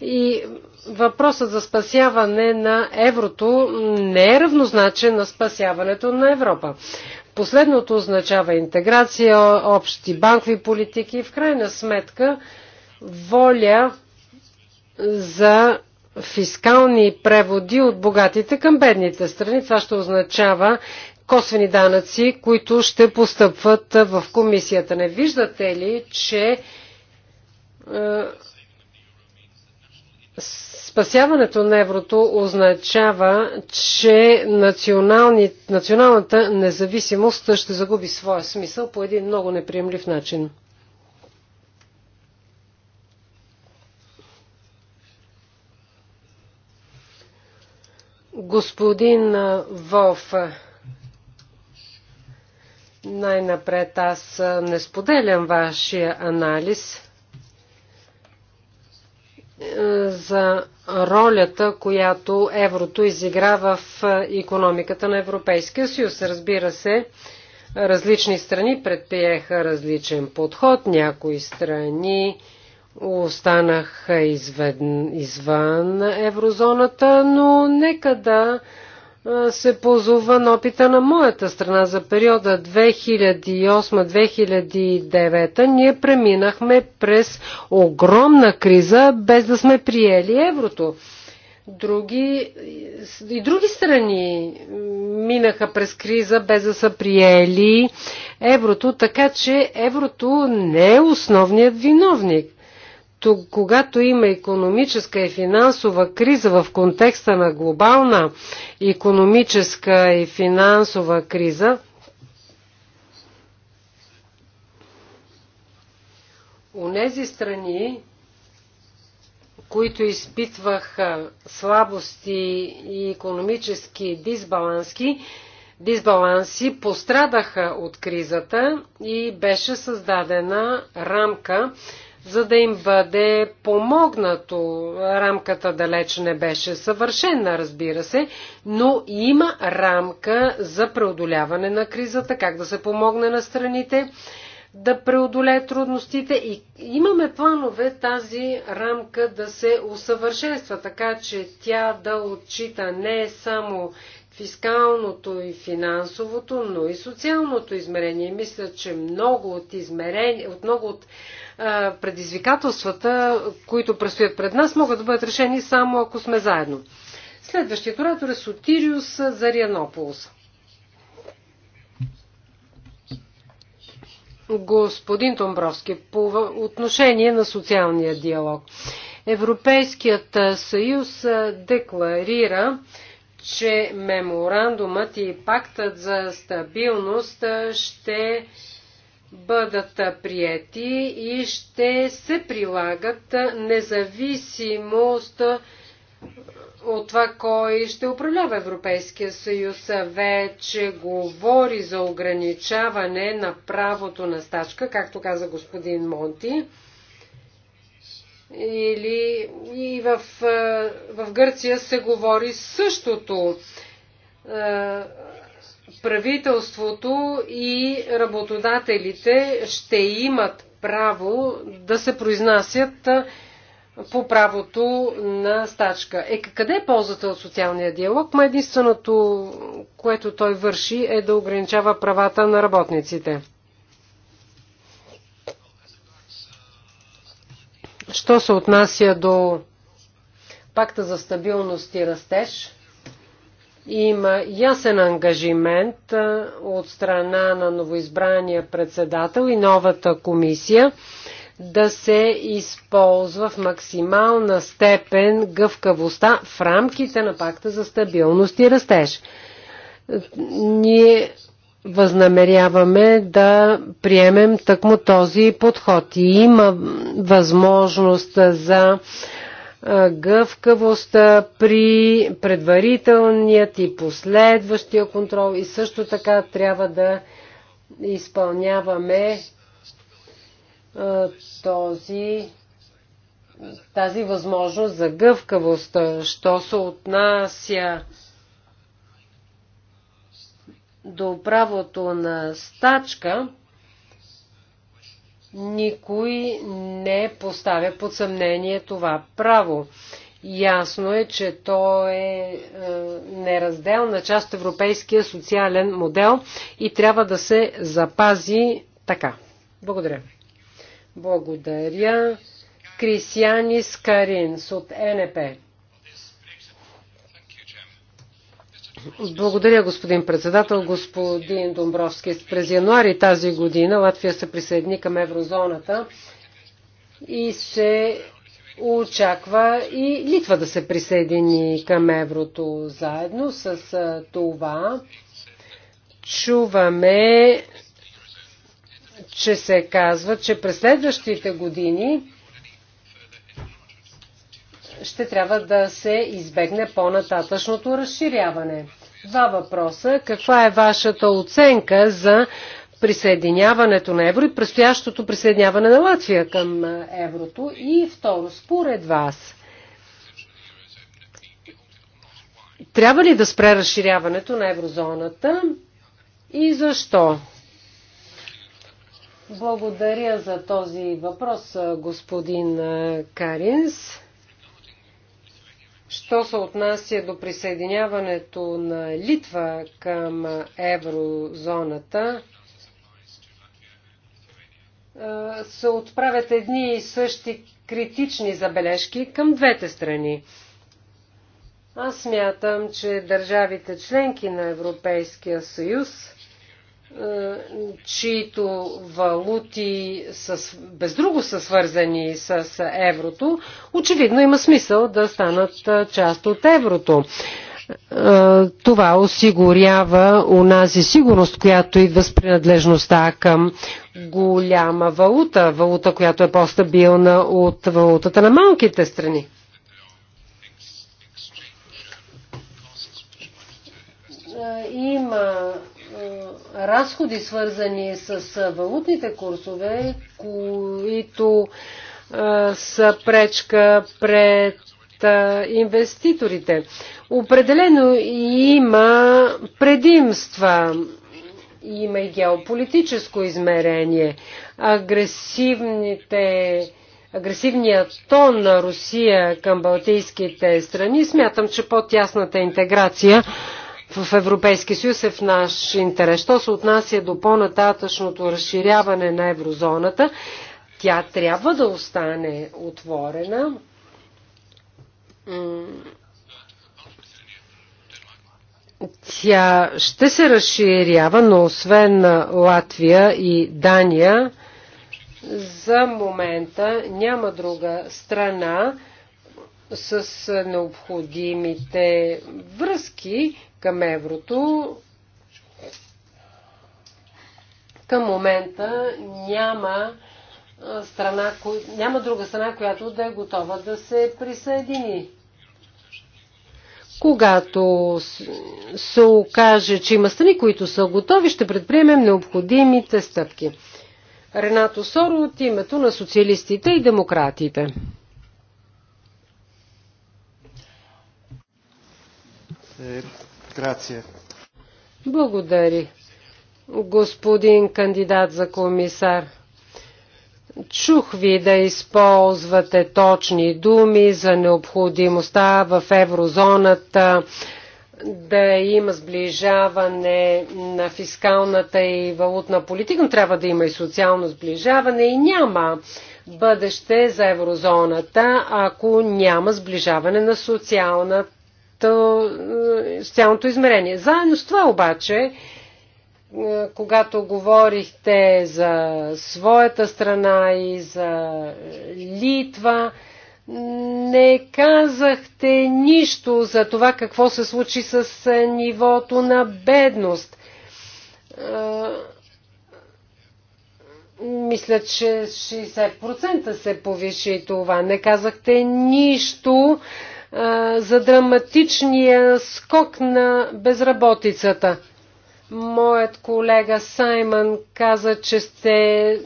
И въпросът за спасяване на еврото не е равнозначен на спасяването на Европа. Последното означава интеграция, общи банкови политики и в крайна сметка воля за фискални преводи от богатите към бедните страни. Това ще означава косвени данъци, които ще постъпват в комисията. Не виждате ли, че е, Спасяването на еврото означава, че националната независимост ще загуби своя смисъл по един много неприемлив начин. Господин Волф, най-напред аз не споделям вашия анализ – за ролята, която еврото изигра в економиката на Европейския съюз. Разбира се, различни страни предприеха различен подход, някои страни останаха извън, извън еврозоната, но нека да се позова на опита на моята страна за периода 2008-2009. Ние преминахме през огромна криза, без да сме приели еврото. Други, и други страни минаха през криза, без да са приели еврото, така че еврото не е основният виновник – когато има економическа и финансова криза в контекста на глобална економическа и финансова криза, у нези страни, които изпитваха слабости и економически дисбаланси, дисбаланси пострадаха от кризата и беше създадена рамка за да им бъде помогнато. Рамката далеч не беше съвършена, разбира се, но има рамка за преодоляване на кризата, как да се помогне на страните да преодолее трудностите и имаме планове тази рамка да се усъвършенства, така че тя да отчита не само фискалното и финансовото, но и социалното измерение. Мисля, че много от, измерения, от много от а, предизвикателствата, които предстоят пред нас, могат да бъдат решени само ако сме заедно. Следващият оратор е Сотириус Зарианополос. Господин Томбровски, по отношение на социалния диалог. Европейският съюз декларира, че меморандумът и пактът за стабилност ще бъдат прияти и ще се прилагат независимост от това, кой ще управлява Европейския съюз. Вече говори за ограничаване на правото на стачка, както каза господин Монти. Или и в, в Гърция се говори същото. Правителството и работодателите ще имат право да се произнасят по правото на стачка. Е, къде е ползата от социалния диалог? Ма единственото, което той върши, е да ограничава правата на работниците. Що се отнася до пакта за стабилност и растеж, има ясен ангажимент от страна на новоизбрания председател и новата комисия да се използва в максимална степен гъвкавостта в рамките на пакта за стабилност и растеж. Ние възнамеряваме да приемем тъкмо този подход. И има възможност за гъвкавост при предварителният и последващия контрол и също така трябва да изпълняваме този, тази възможност за гъвкавост, що се отнася до правото на стачка, никой не поставя под съмнение това право. Ясно е, че то е, е неразделна част от европейския социален модел и трябва да се запази така. Благодаря. Благодаря. Крисиани Скаринс от НП. Благодаря, господин председател. Господин Домбровски, през януари тази година Латвия се присъедини към еврозоната и се очаква и Литва да се присъедини към еврото заедно. С това чуваме, че се казва, че през следващите години ще трябва да се избегне по-нататъчното разширяване. Два въпроса. Каква е вашата оценка за присъединяването на евро и предстоящото присъединяване на Латвия към еврото? И второ, според вас, трябва ли да спре разширяването на еврозоната и защо? Благодаря за този въпрос, господин Каринс. Що се отнася до присъединяването на Литва към еврозоната, се отправят едни и същи критични забележки към двете страни. Аз смятам, че държавите членки на Европейския съюз е, чието валути с, без друго са свързани с еврото, очевидно има смисъл да станат е, част от еврото. Е, това осигурява унази сигурност, която идва с принадлежността към голяма валута, валута, която е по-стабилна от валутата на малките страни. Има разходи, свързани с валутните курсове, които са пречка пред инвеститорите. Определено има предимства. Има и геополитическо измерение. Агресивните агресивният тон на Русия към балтийските страни, смятам, че по-тясната интеграция в Европейския съюз е в наш интерес. Що се отнася до по-нататъчното разширяване на еврозоната, тя трябва да остане отворена. Тя ще се разширява, но освен Латвия и Дания, за момента няма друга страна с необходимите връзки, към еврото. Към момента няма, страна, няма друга страна, която да е готова да се присъедини. Когато се окаже, че има страни, които са готови, ще предприемем необходимите стъпки. Ренато Соро от името на социалистите и демократите. Е, Грация. Благодари. Господин кандидат за комисар, чух ви да използвате точни думи за необходимостта в еврозоната да има сближаване на фискалната и валутна политика, но трябва да има и социално сближаване и няма бъдеще за еврозоната, ако няма сближаване на социалната социалното измерение. Заедно с това обаче, е, когато говорихте за своята страна и за Литва, не казахте нищо за това какво се случи с е, нивото на бедност. Е, мисля, че 60% се повиши това. Не казахте нищо за драматичния скок на безработицата. Моят колега Саймън каза, че сте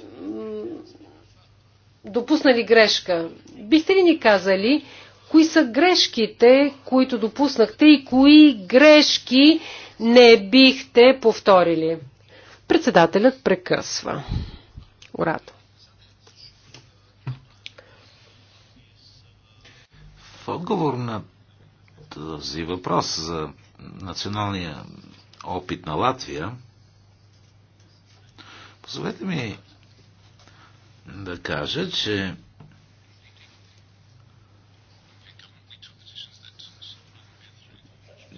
допуснали грешка. Бихте ли ни казали, кои са грешките, които допуснахте и кои грешки не бихте повторили? Председателят прекъсва. Орато. отговор на този въпрос за националния опит на Латвия, позволете ми да кажа, че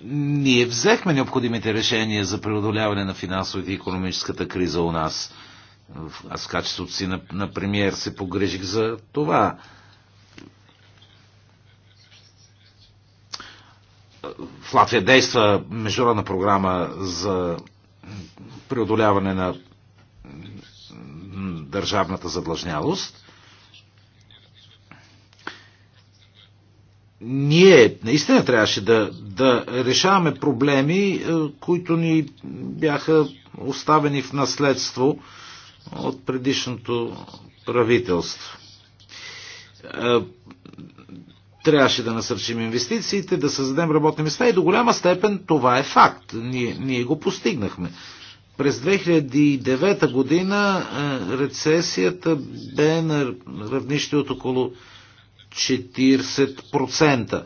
ние взехме необходимите решения за преодоляване на финансовата и економическата криза у нас. Аз в качеството си на, на премиер се погрежих за това. в Латвия действа международна програма за преодоляване на държавната задлъжнялост. Ние наистина трябваше да, да решаваме проблеми, е, които ни бяха оставени в наследство от предишното правителство е, Трябваше да насърчим инвестициите, да създадем работни места и до голяма степен това е факт. Ние, ние го постигнахме. През 2009 година е, рецесията бе на равнище от около 40%.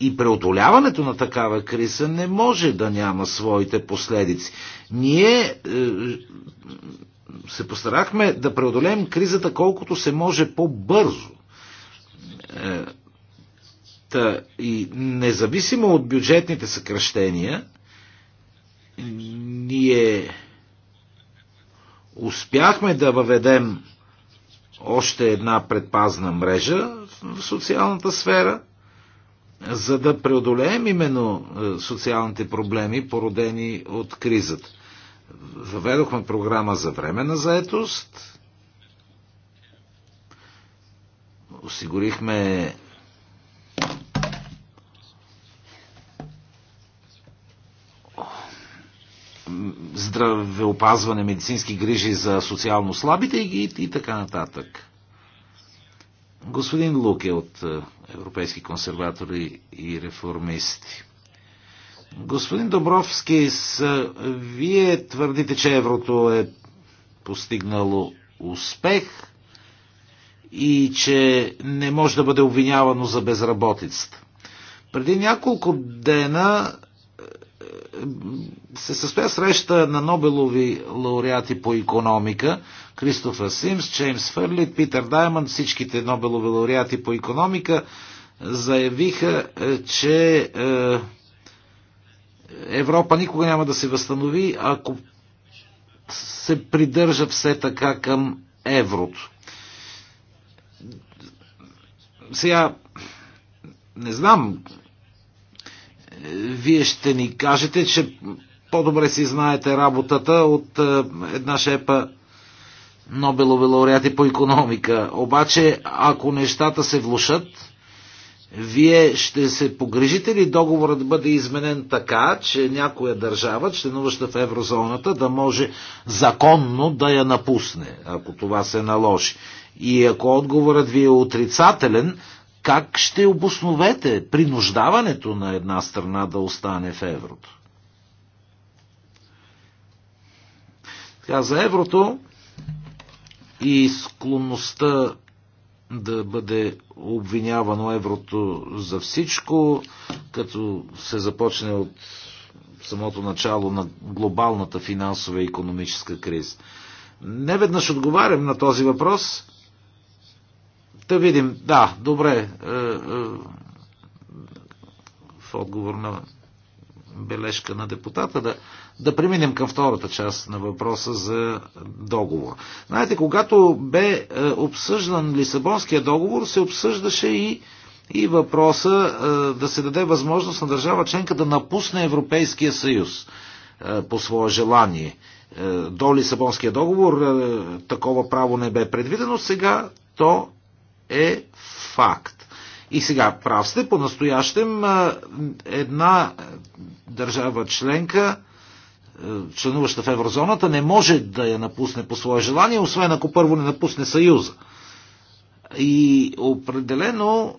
И преодоляването на такава криза не може да няма своите последици. Ние е, се постарахме да преодолеем кризата колкото се може по-бързо. Е, Та и независимо от бюджетните съкръщения, ние успяхме да въведем още една предпазна мрежа в социалната сфера, за да преодолеем именно е, социалните проблеми, породени от кризата. Въведохме програма за време на заетост, осигурихме здравеопазване, медицински грижи за социално слабите и, и, и така нататък. Господин Луке от е, Европейски консерватори и реформисти. Господин Добровски, с, е, вие твърдите, че еврото е постигнало успех и че не може да бъде обвинявано за безработицата. Преди няколко дена се състоя среща на Нобелови лауреати по економика. Кристофър Симс, Джеймс Фърлит, Питър Даймонд, всичките Нобелови лауреати по економика заявиха, е, че е, Европа никога няма да се възстанови, ако се придържа все така към еврото. Сега, не знам вие ще ни кажете, че по-добре си знаете работата от е, една шепа Нобелови лауреати по економика. Обаче, ако нещата се влушат, вие ще се погрежите ли договорът да бъде изменен така, че някоя държава, членуваща в еврозоната, да може законно да я напусне, ако това се наложи? И ако отговорът ви е отрицателен, как ще обосновете принуждаването на една страна да остане в еврото? Така, за еврото и склонността да бъде обвинявано еврото за всичко, като се започне от самото начало на глобалната финансова и економическа криза. Не веднъж отговарям на този въпрос, да видим. Да, добре. Е, е, в отговор на бележка на депутата, да, да преминем към втората част на въпроса за договор. Знаете, когато бе е, обсъждан Лисабонския договор, се обсъждаше и, и въпроса да се даде възможност на държава членка да напусне Европейския съюз по свое желание. До Лисабонския договор такова право не бе предвидено, сега то е факт. И сега, прав сте, по-настоящем една държава членка, членуваща в еврозоната, не може да я напусне по свое желание, освен ако първо не напусне Съюза. И определено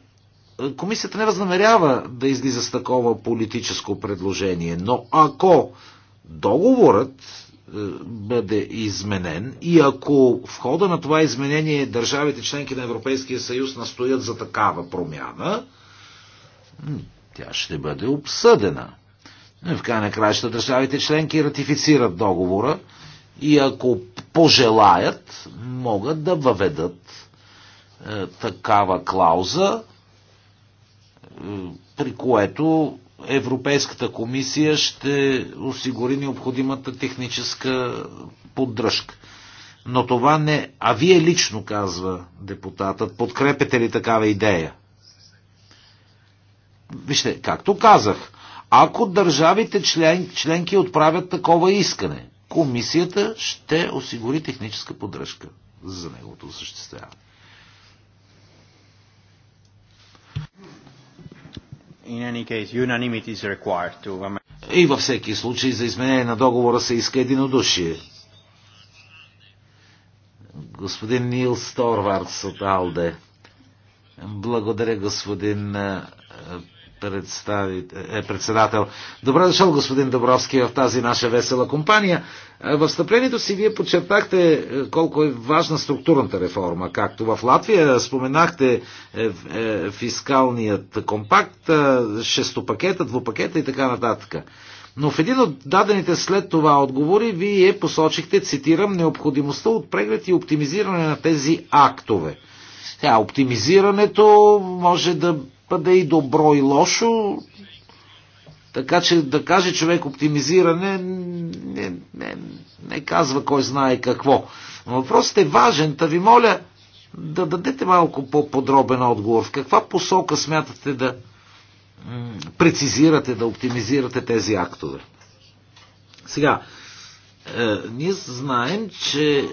комисията не възнамерява да излиза с такова политическо предложение. Но ако договорът е, бъде изменен и ако в хода на това изменение държавите членки на Европейския съюз настоят за такава промяна, тя ще бъде обсъдена. В крайна краща държавите членки ратифицират договора и ако пожелаят, могат да въведат е, такава клауза, е, при което Европейската комисия ще осигури необходимата техническа поддръжка. Но това не... А вие лично, казва депутатът, подкрепете ли такава идея? Вижте, както казах, ако държавите член, членки отправят такова искане, комисията ще осигури техническа поддръжка за неговото съществяване. И във всеки случай за изменение на договора се иска единодушие. Господин Нил Сторварс от Алде. Благодаря, господин е председател. Добре дошъл, господин Добровски, в тази наша весела компания. Е, в стъплението си вие подчертахте е, колко е важна структурната реформа, както в Латвия споменахте фискалният компакт, шестопакета, двупакета и така нататък. Но в един от дадените след това отговори вие посочихте, цитирам, необходимостта от преглед и оптимизиране на тези актове. Тя, оптимизирането може да бъде и добро и лошо. Така че да каже човек оптимизиране не, не, не казва кой знае какво. Но въпросът е важен, та ви моля да дадете малко по-подробен отговор. В каква посока смятате да прецизирате, да оптимизирате тези актове? Сега, е, ние знаем, че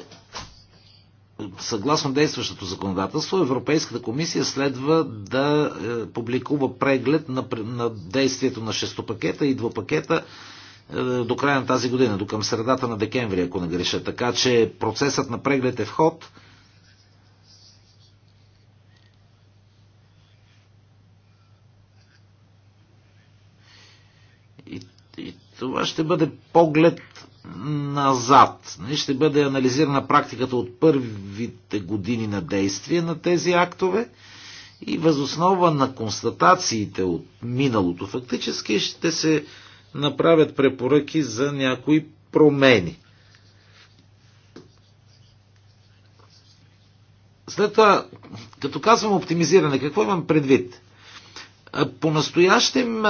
съгласно действащото законодателство, Европейската комисия следва да е, публикува преглед на, на действието на шестопакета и двупакета е, до края на тази година, до към средата на декември, ако не греша. Така че процесът на преглед е в ход. И, и това ще бъде поглед назад. Нали, ще бъде анализирана практиката от първите години на действие на тези актове и възоснова на констатациите от миналото фактически ще се направят препоръки за някои промени. След това, като казвам оптимизиране, какво имам предвид? По-настоящем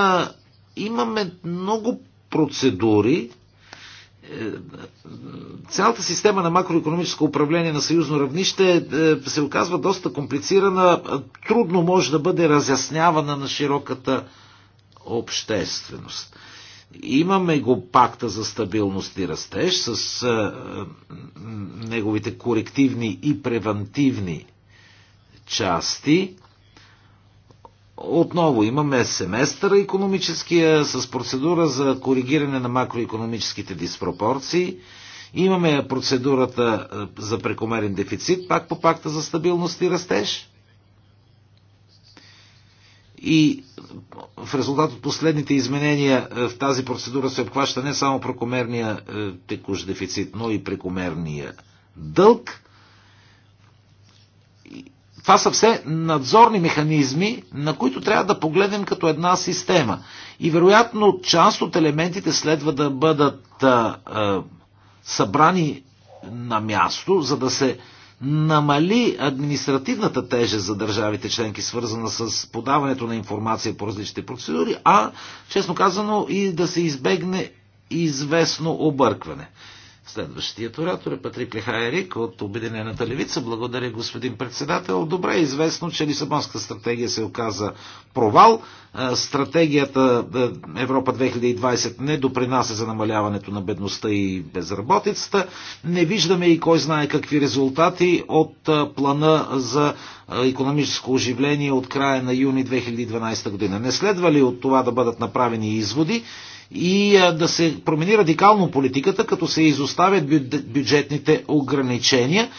имаме много процедури, е, е, цялата система на макроекономическо управление на съюзно равнище е, се оказва доста комплицирана, трудно може да бъде разяснявана на широката общественост. Имаме го пакта за стабилност и растеж с неговите корективни и превантивни части. Отново имаме семестъра економическия с процедура за коригиране на макроекономическите диспропорции. Имаме процедурата е, за прекомерен дефицит, пак по пакта за стабилност и растеж. И в резултат от последните изменения е, в тази процедура се обхваща не само прекомерния е, текущ дефицит, но и прекомерния дълг това са все надзорни механизми, на които трябва да погледнем като една система. И вероятно част от елементите следва да бъдат а, а, събрани на място, за да се намали административната тежест за държавите членки, свързана с подаването на информация по различните процедури, а, честно казано, и да се избегне известно объркване. Следващият оратор е Патрик Лехайерик от Обединената левица. Благодаря, господин председател. Добре е известно, че Лисабонска стратегия се оказа провал. Стратегията Европа 2020 не допринася за намаляването на бедността и безработицата. Не виждаме и кой знае какви резултати от плана за економическо оживление от края на юни 2012 година. Не следва ли от това да бъдат направени изводи и да се промени радикално политиката, като се изоставят бюджетните ограничения,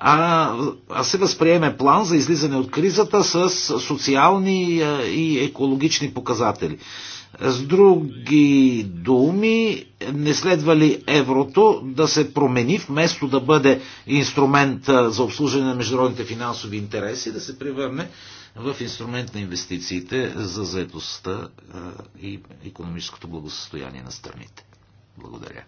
а, а се възприеме план за излизане от кризата с социални и екологични показатели. С други думи, не следва ли еврото да се промени, вместо да бъде инструмент за обслужване на международните финансови интереси, да се превърне в инструмент на инвестициите за заедостта и економическото благосостояние на страните. Благодаря.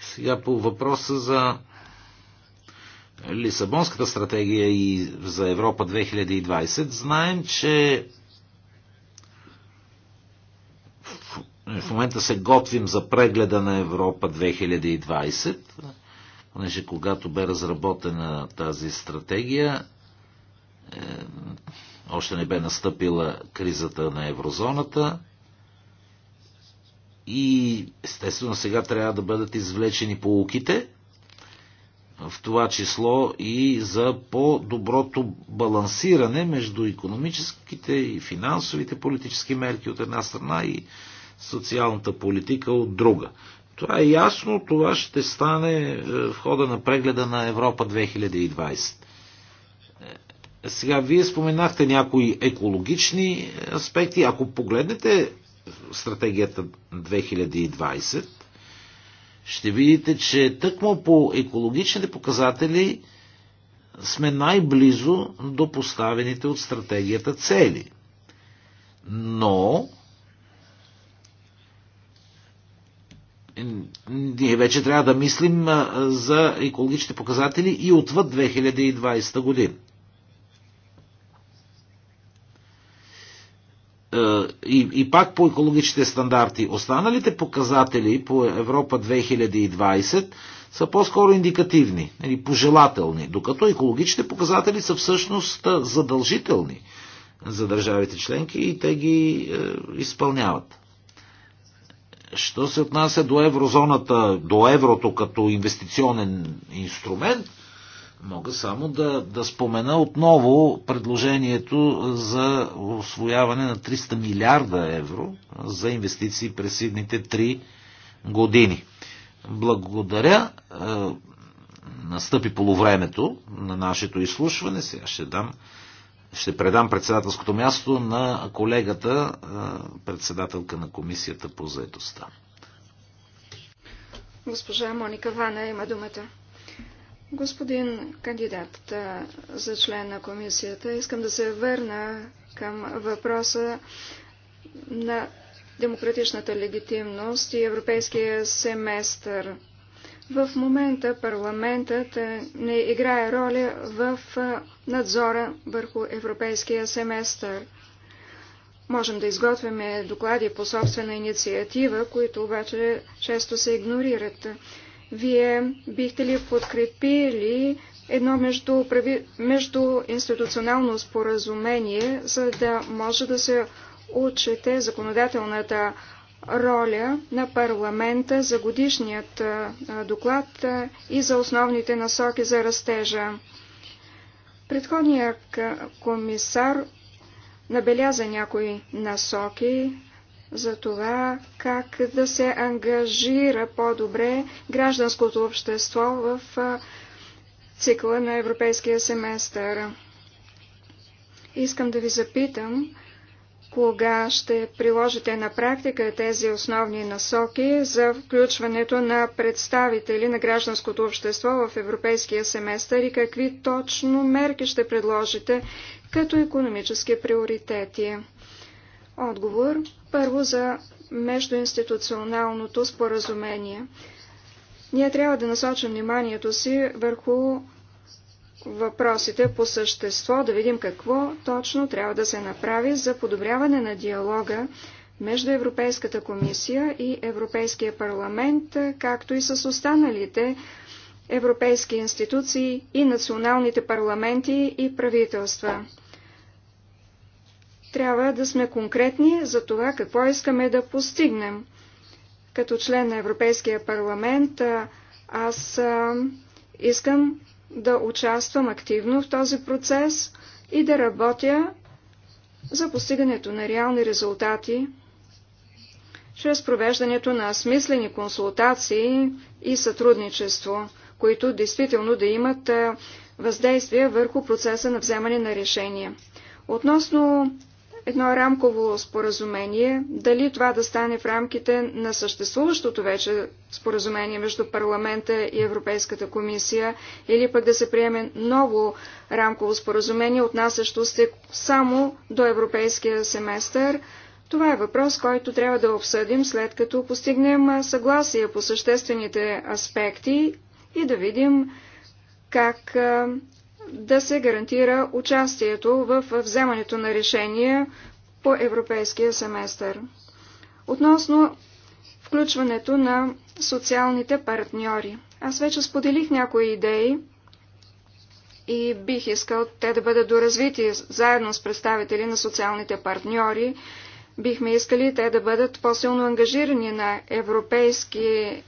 Сега по въпроса за Лисабонската стратегия и за Европа 2020, знаем, че в момента се готвим за прегледа на Европа 2020 понеже когато бе разработена тази стратегия, е, още не бе настъпила кризата на еврозоната и естествено сега трябва да бъдат извлечени полуките, в това число и за по-доброто балансиране между економическите и финансовите политически мерки от една страна и социалната политика от друга. Това е ясно, това ще стане е, в хода на прегледа на Европа 2020. Е, сега, вие споменахте някои екологични аспекти. Ако погледнете стратегията 2020, ще видите, че тъкмо по екологичните показатели сме най-близо до поставените от стратегията цели. Но ние вече трябва да мислим за екологичните показатели и отвъд 2020 година. И, и пак по екологичните стандарти. Останалите показатели по Европа 2020 са по-скоро индикативни или нали, пожелателни, докато екологичните показатели са всъщност задължителни за държавите членки и те ги е, изпълняват. Що се отнася до еврозоната, до еврото като инвестиционен инструмент, мога само да, да спомена отново предложението за освояване на 300 милиарда евро за инвестиции през идните 3 години. Благодаря. Е, настъпи полувремето на нашето изслушване. Сега ще дам ще предам председателското място на колегата, председателка на комисията по заедостта. Госпожа Моника Вана има думата. Господин кандидат за член на комисията, искам да се върна към въпроса на демократичната легитимност и европейския семестър. В момента парламентът е, не играе роля в е, надзора върху европейския семестър. Можем да изготвяме доклади по собствена инициатива, които обаче често се игнорират. Вие бихте ли подкрепили едно между, между институционално споразумение, за да може да се отчете законодателната роля на парламента за годишният доклад и за основните насоки за растежа. Предходният комисар набеляза някои насоки за това как да се ангажира по-добре гражданското общество в цикла на европейския семестър. Искам да ви запитам кога ще приложите на практика тези основни насоки за включването на представители на гражданското общество в европейския семестър и какви точно мерки ще предложите като економически приоритети? Отговор първо за междуинституционалното споразумение. Ние трябва да насочим вниманието си върху въпросите по същество, да видим какво точно трябва да се направи за подобряване на диалога между Европейската комисия и Европейския парламент, както и с останалите европейски институции и националните парламенти и правителства. Трябва да сме конкретни за това какво искаме да постигнем. Като член на Европейския парламент аз искам да участвам активно в този процес и да работя за постигането на реални резултати чрез провеждането на смислени консултации и сътрудничество, които действително да имат въздействие върху процеса на вземане на решения. Относно едно рамково споразумение, дали това да стане в рамките на съществуващото вече споразумение между парламента и Европейската комисия, или пък да се приеме ново рамково споразумение, отнасящо се само до европейския семестър. Това е въпрос, който трябва да обсъдим след като постигнем съгласие по съществените аспекти и да видим как да се гарантира участието в вземането на решения по европейския семестър. Относно включването на социалните партньори. Аз вече споделих някои идеи и бих искал те да бъдат доразвити заедно с представители на социалните партньори. Бихме искали те да бъдат по-силно ангажирани на европейски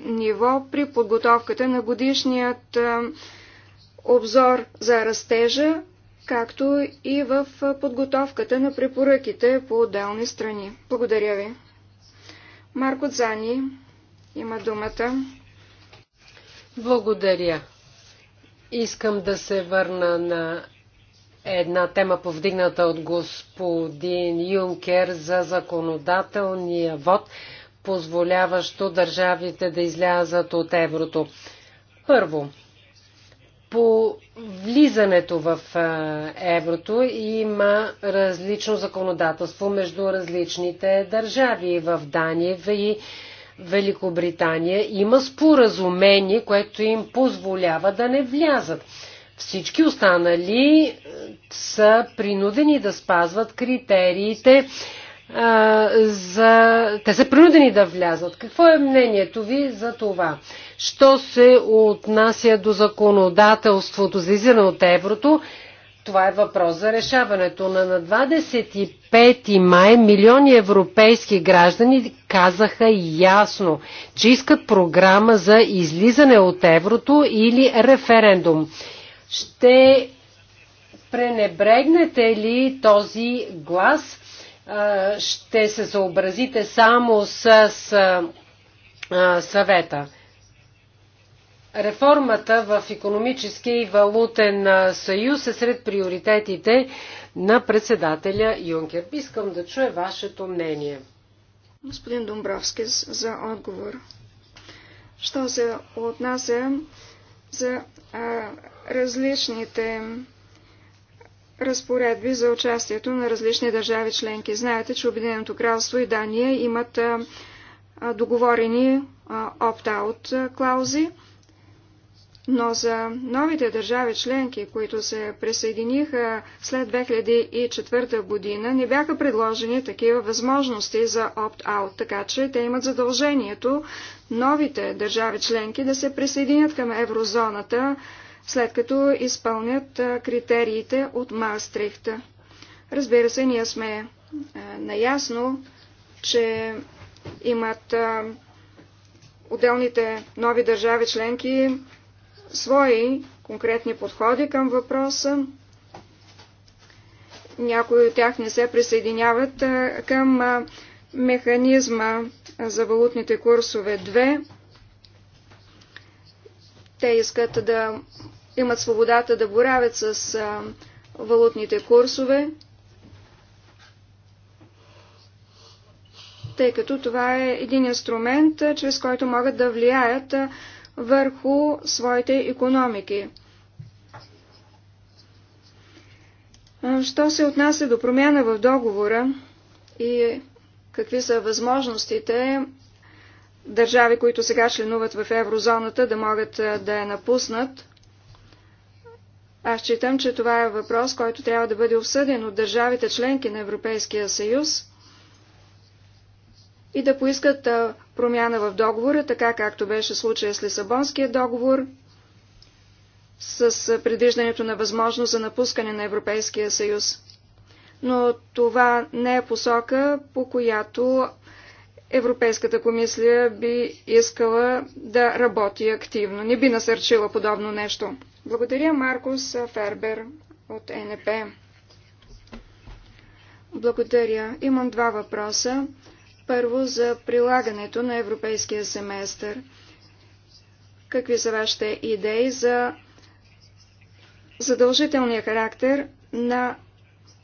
ниво при подготовката на годишният обзор за растежа, както и в подготовката на препоръките по отделни страни. Благодаря ви. Марко Дзани има думата. Благодаря. Искам да се върна на една тема, повдигната от господин Юнкер за законодателния вод, позволяващо държавите да излязат от еврото. Първо, по влизането в еврото има различно законодателство между различните държави. В Дания и Великобритания има споразумение, което им позволява да не влязат. Всички останали са принудени да спазват критериите за... Те са принудени да влязат. Какво е мнението ви за това? Що се отнася до законодателството за излизане от еврото? Това е въпрос за решаването. На, на 25 май милиони европейски граждани казаха ясно, че искат програма за излизане от еврото или референдум. Ще пренебрегнете ли този глас ще се съобразите само с съвета. Реформата в економически и валутен съюз е сред приоритетите на председателя Юнкер. Искам да чуя вашето мнение. Господин Домбровски, за отговор. Що се отнася за а, различните разпоредби за участието на различни държави членки. Знаете, че Обединеното кралство и Дания имат договорени опт-аут клаузи, но за новите държави членки, които се присъединиха след 2004 година, не бяха предложени такива възможности за опт-аут, така че те имат задължението новите държави членки да се присъединят към еврозоната след като изпълнят критериите от Маастрихта. Разбира се, ние сме наясно, че имат отделните нови държави членки свои конкретни подходи към въпроса. Някои от тях не се присъединяват към механизма за валутните курсове 2. Те искат да имат свободата да боравят с валутните курсове, тъй като това е един инструмент, чрез който могат да влияят върху своите економики. Що се отнася до промяна в договора и какви са възможностите държави, които сега членуват в еврозоната, да могат да я напуснат, аз считам, че това е въпрос, който трябва да бъде обсъден от държавите членки на Европейския съюз и да поискат промяна в договора, така както беше случая с Лисабонския договор, с предвиждането на възможност за напускане на Европейския съюз. Но това не е посока, по която Европейската комисия би искала да работи активно. Не би насърчила подобно нещо. Благодаря Маркус Фербер от НП. Благодаря. Имам два въпроса. Първо за прилагането на европейския семестър. Какви са вашите идеи за задължителния характер на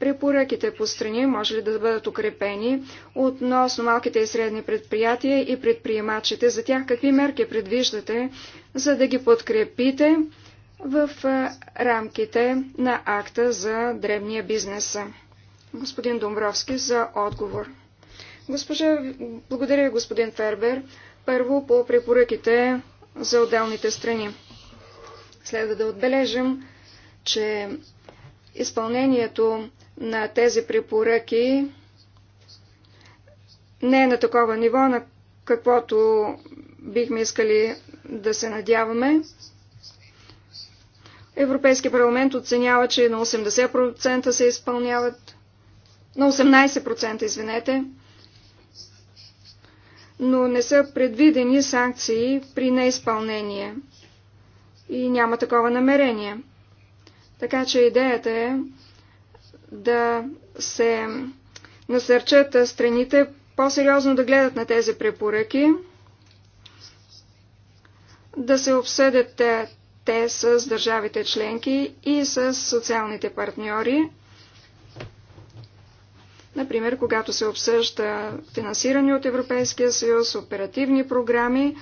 Препоръките по страни може ли да бъдат укрепени относно малките и средни предприятия и предприемачите? За тях какви мерки предвиждате, за да ги подкрепите в рамките на акта за древния бизнес? Господин Домбровски за отговор. Госпожа, благодаря ви, господин Фербер. Първо по препоръките за отделните страни. Следва да отбележим, че изпълнението на тези препоръки не е на такова ниво, на каквото бихме искали да се надяваме. Европейски парламент оценява, че на 80% се изпълняват, на 18% извинете, но не са предвидени санкции при неизпълнение и няма такова намерение. Така че идеята е да се насърчат страните по-сериозно да гледат на тези препоръки, да се обсъдят е, те с държавите членки и с социалните партньори. Например, когато се обсъжда финансиране от Европейския съюз, оперативни програми,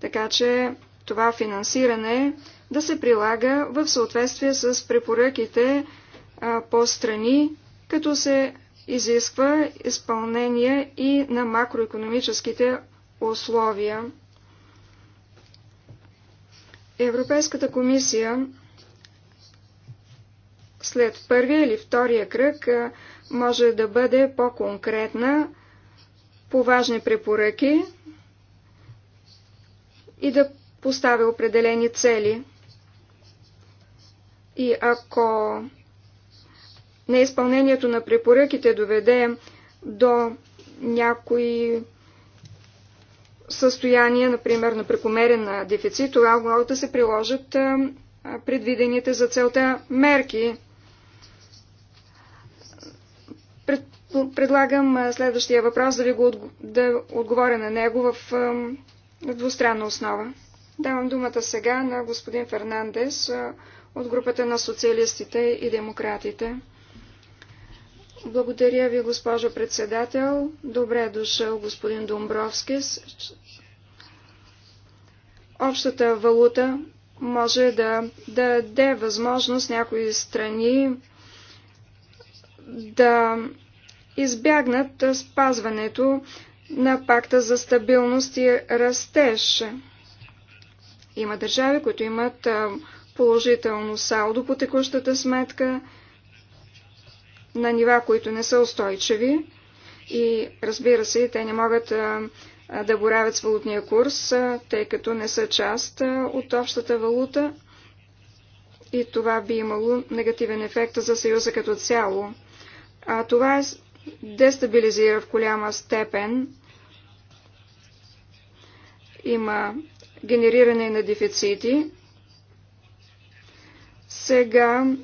така че това финансиране да се прилага в съответствие с препоръките по страни, като се изисква изпълнение и на макроекономическите условия. Европейската комисия след първия или втория кръг може да бъде по-конкретна по важни препоръки и да поставя определени цели. И ако неизпълнението на препоръките доведе до някои състояния, например на прекомерен дефицит, тогава могат да се приложат предвидените за целта мерки. Предлагам следващия въпрос да ви го да отговоря на него в двустранна основа. Давам думата сега на господин Фернандес от групата на социалистите и демократите. Благодаря ви, госпожо председател. Добре е дошъл, господин Домбровски. Общата валута може да, даде възможност някои страни да избягнат спазването на пакта за стабилност и растеж. Има държави, които имат положително салдо по текущата сметка, на нива, които не са устойчиви и разбира се, те не могат да боравят с валутния курс, тъй като не са част от общата валута и това би имало негативен ефект за Съюза като цяло. А това е дестабилизира в голяма степен. Има генериране на дефицити. Сега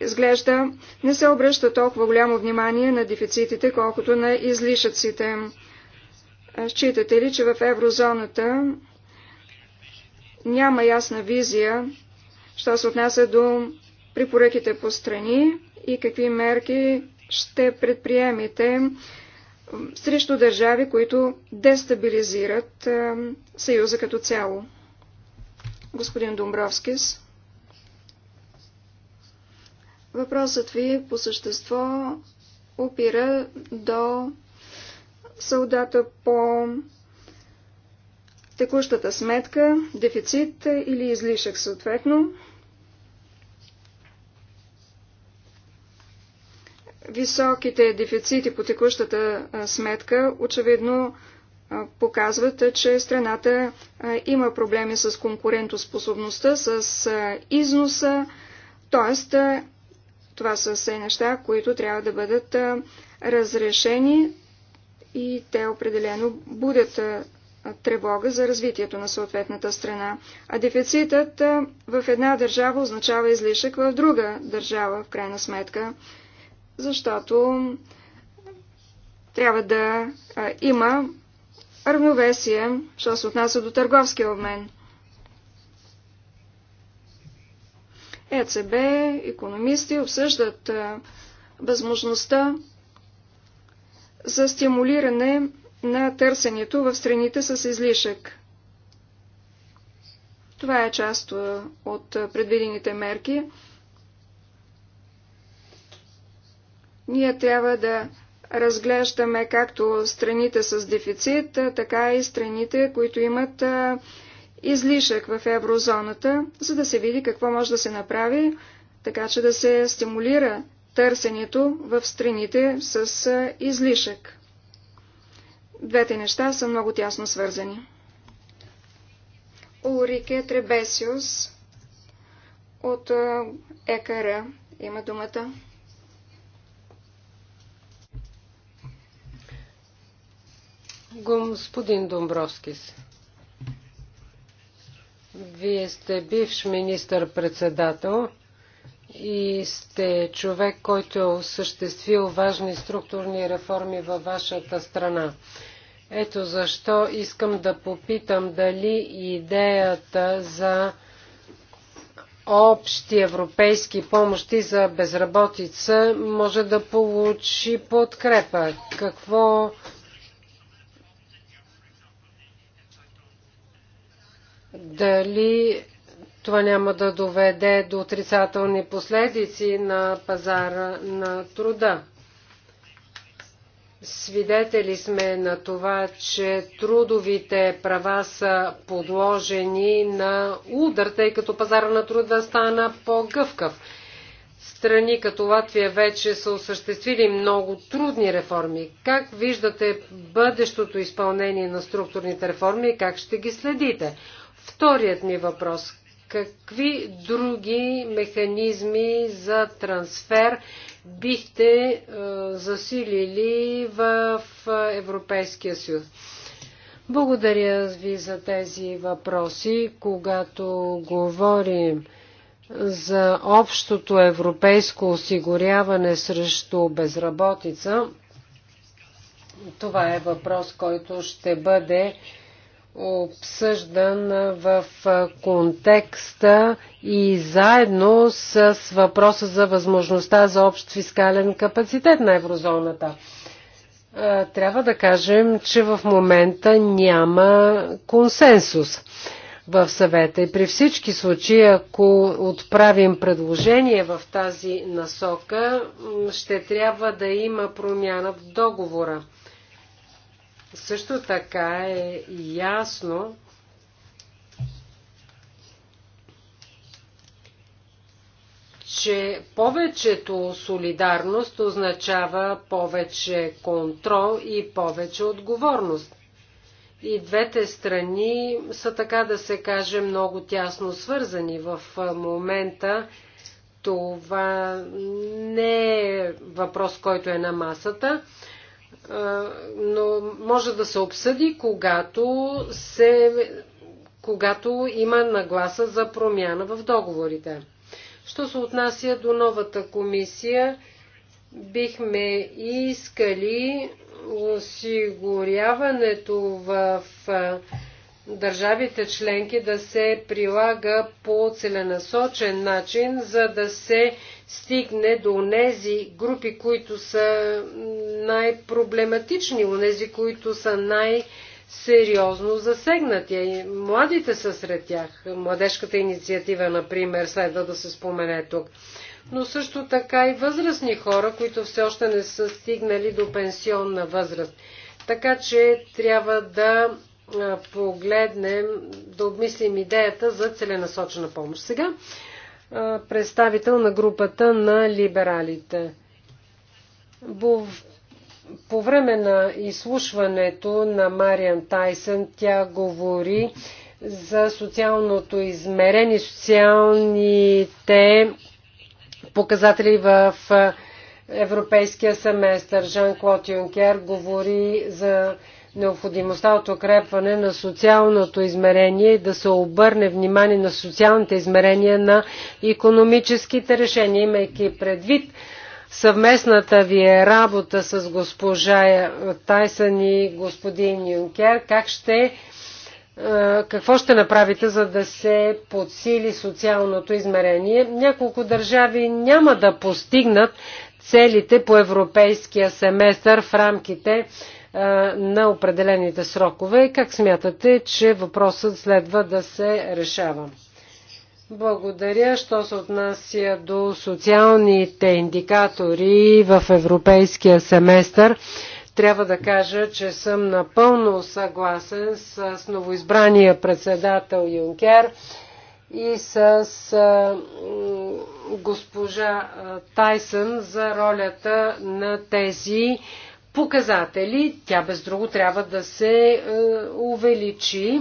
изглежда не се обръща толкова голямо внимание на дефицитите, колкото на излишъците. Считате ли, че в еврозоната няма ясна визия, що се отнася до препоръките по страни и какви мерки ще предприемете срещу държави, които дестабилизират Съюза като цяло? Господин Домбровскис. Въпросът ви по същество опира до сълдата по текущата сметка, дефицит или излишък съответно. Високите дефицити по текущата сметка очевидно показват, че страната има проблеми с конкурентоспособността, с износа, т.е. Това са все неща, които трябва да бъдат разрешени и те определено будят тревога за развитието на съответната страна. А дефицитът в една държава означава излишък в друга държава, в крайна сметка, защото трябва да има равновесие, що се отнася до търговския обмен. ЕЦБ, економисти обсъждат възможността за стимулиране на търсенето в страните с излишък. Това е част от предвидените мерки. Ние трябва да разглеждаме както страните с дефицит, така и страните, които имат излишък в еврозоната, за да се види какво може да се направи, така че да се стимулира търсенето в страните с излишък. Двете неща са много тясно свързани. Улрике Требесиус от ЕКР има думата. Господин Домбровски. Вие сте бивш министър-председател и сте човек, който е осъществил важни структурни реформи във вашата страна. Ето защо искам да попитам дали идеята за общи европейски помощи за безработица може да получи подкрепа. Какво Дали това няма да доведе до отрицателни последици на пазара на труда? Свидетели сме на това, че трудовите права са подложени на удар, тъй като пазара на труда стана по-гъвкав. Страни като Латвия вече са осъществили много трудни реформи. Как виждате бъдещото изпълнение на структурните реформи и как ще ги следите? Вторият ми въпрос. Какви други механизми за трансфер бихте е, засилили в Европейския съюз? Благодаря ви за тези въпроси. Когато говорим за общото европейско осигуряване срещу безработица, това е въпрос, който ще бъде обсъждан в контекста и заедно с въпроса за възможността за общ фискален капацитет на еврозоната. Трябва да кажем, че в момента няма консенсус в съвета. И при всички случаи, ако отправим предложение в тази насока, ще трябва да има промяна в договора. Също така е ясно, че повечето солидарност означава повече контрол и повече отговорност. И двете страни са, така да се каже, много тясно свързани. В момента това не е въпрос, който е на масата, но може да се обсъди, когато, се, когато има нагласа за промяна в договорите. Що се отнася до новата комисия, бихме искали осигуряването в държавите членки да се прилага по целенасочен начин, за да се стигне до нези групи, които са най-проблематични, онези, които са най- сериозно засегнати. И младите са сред тях. Младежката инициатива, например, следва да се спомене тук. Но също така и възрастни хора, които все още не са стигнали до пенсионна възраст. Така че трябва да погледнем, да обмислим идеята за целенасочена помощ. Сега представител на групата на либералите. По време на изслушването на Мариан Тайсън тя говори за социалното измерение, социалните показатели в Европейския семестър. Жан-Клод Юнкер говори за необходимостта от укрепване на социалното измерение и да се обърне внимание на социалните измерения на економическите решения, имайки предвид съвместната ви е работа с госпожа Тайсън и господин Юнкер, как ще, какво ще направите, за да се подсили социалното измерение? Няколко държави няма да постигнат целите по европейския семестър в рамките на определените срокове и как смятате, че въпросът следва да се решава? Благодаря. Що се отнася до социалните индикатори в европейския семестър, трябва да кажа, че съм напълно съгласен с новоизбрания председател Юнкер и с госпожа Тайсън за ролята на тези показатели. Тя без друго трябва да се е, увеличи.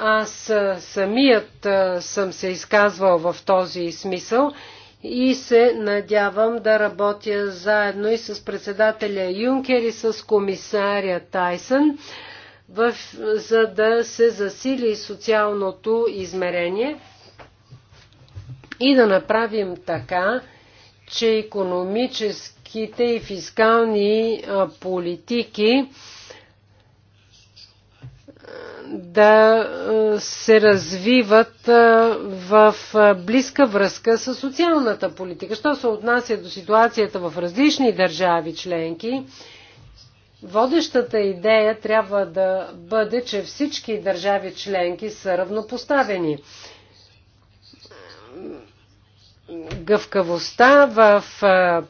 Аз е, самият е, съм се изказвал в този смисъл и се надявам да работя заедно и с председателя Юнкер и с комисаря Тайсън, в, за да се засили социалното измерение и да направим така, че економически политиките и фискални политики да се развиват в близка връзка с социалната политика. Що се отнася до ситуацията в различни държави членки, водещата идея трябва да бъде, че всички държави членки са равнопоставени гъвкавостта в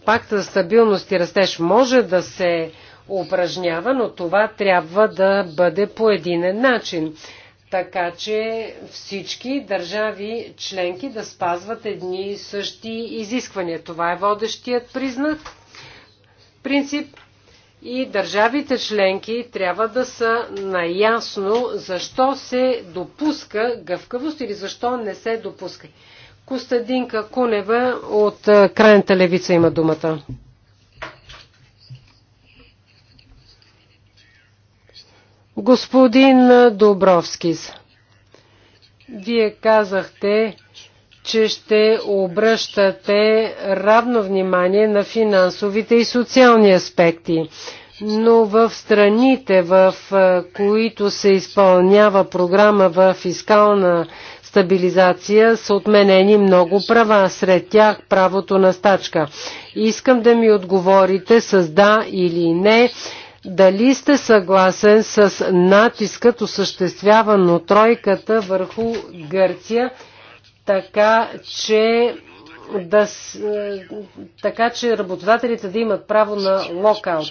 пакта за стабилност и растеж може да се упражнява, но това трябва да бъде по един начин. Така че всички държави членки да спазват едни и същи изисквания. Това е водещият признак, принцип. И държавите членки трябва да са наясно защо се допуска гъвкавост или защо не се допуска. Костадинка Кунева от е, Крайната левица има думата. Господин Добровскис, вие казахте, че ще обръщате равно внимание на финансовите и социални аспекти. Но в страните, в е, които се изпълнява програма в фискална стабилизация са отменени много права, сред тях правото на стачка. Искам да ми отговорите с да или не. Дали сте съгласен с натискът, осъществяван от тройката върху Гърция, така че, да, е, така че работодателите да имат право на локаут?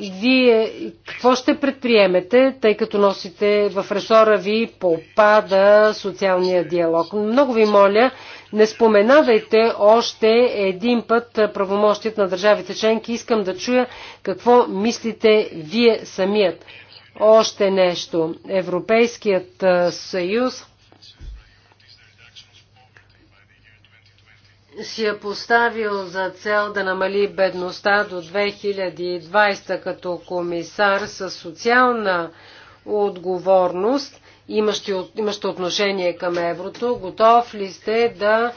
Вие какво ще предприемете, тъй като носите в ресора ви попада социалния диалог? Много ви моля, не споменавайте още един път правомощият на държавите членки. Искам да чуя какво мислите вие самият. Още нещо. Европейският съюз си е поставил за цел да намали бедността до 2020 като комисар с социална отговорност, имащо отношение към еврото. Готов ли сте да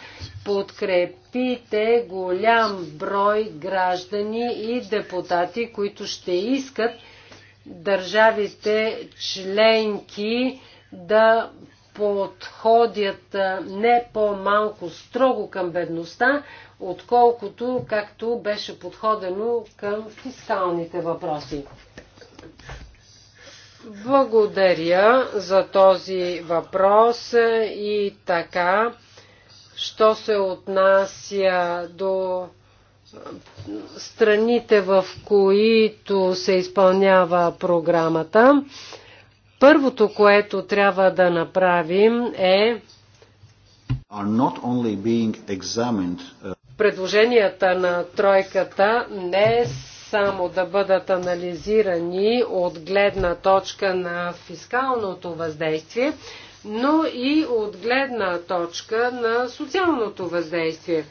подкрепите голям брой граждани и депутати, които ще искат държавите членки да подходят не по-малко строго към бедността, отколкото както беше подходено към фискалните въпроси. Благодаря за този въпрос и така, що се отнася до страните, в които се изпълнява програмата. Първото, което трябва да направим е uh, предложенията на тройката не само да бъдат анализирани от гледна точка на фискалното въздействие, но и от гледна точка на социалното въздействие.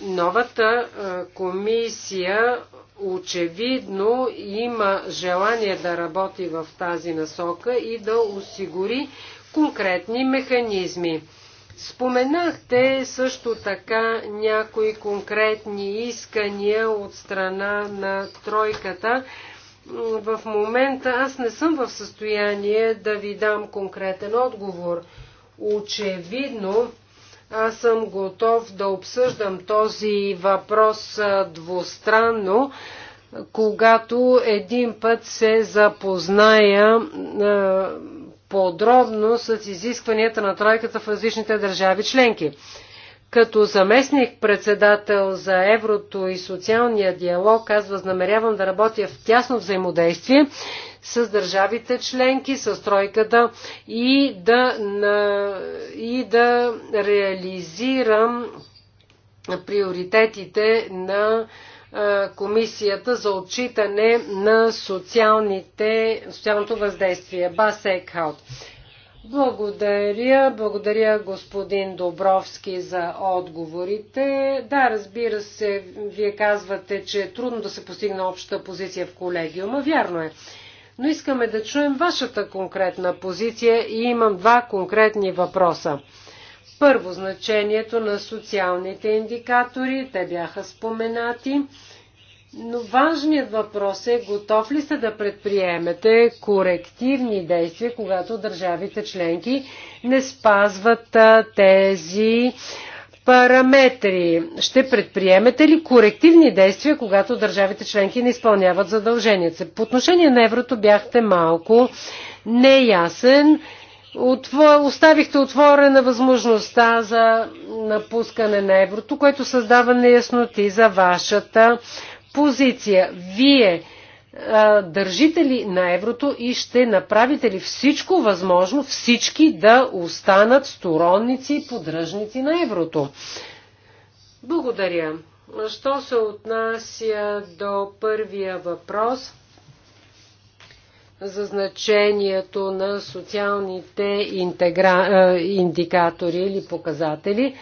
Новата комисия очевидно има желание да работи в тази насока и да осигури конкретни механизми. Споменахте също така някои конкретни искания от страна на тройката. В момента аз не съм в състояние да ви дам конкретен отговор. Очевидно, аз съм готов да обсъждам този въпрос двустранно, когато един път се запозная подробно с изискванията на тройката в различните държави членки. Като заместник председател за еврото и социалния диалог, аз възнамерявам да работя в тясно взаимодействие с държавите членки, с тройката и да, на, и да реализирам приоритетите на комисията за отчитане на социалните, социалното въздействие. Басек Хаут. Благодаря, благодаря господин Добровски за отговорите. Да, разбира се, вие казвате, че е трудно да се постигне обща позиция в колегиума. Вярно е но искаме да чуем вашата конкретна позиция и имам два конкретни въпроса. Първо, значението на социалните индикатори, те бяха споменати, но важният въпрос е готов ли сте да предприемете корективни действия, когато държавите членки не спазват тези параметри. Ще предприемете ли корективни действия, когато държавите членки не изпълняват задълженията По отношение на еврото бяхте малко неясен. Отво... Оставихте отворена възможността за напускане на еврото, което създава неясноти за вашата позиция. Вие държите ли на еврото и ще направите ли всичко възможно всички да останат сторонници и поддръжници на еврото? Благодаря. Що се отнася до първия въпрос за значението на социалните интегра... индикатори или показатели,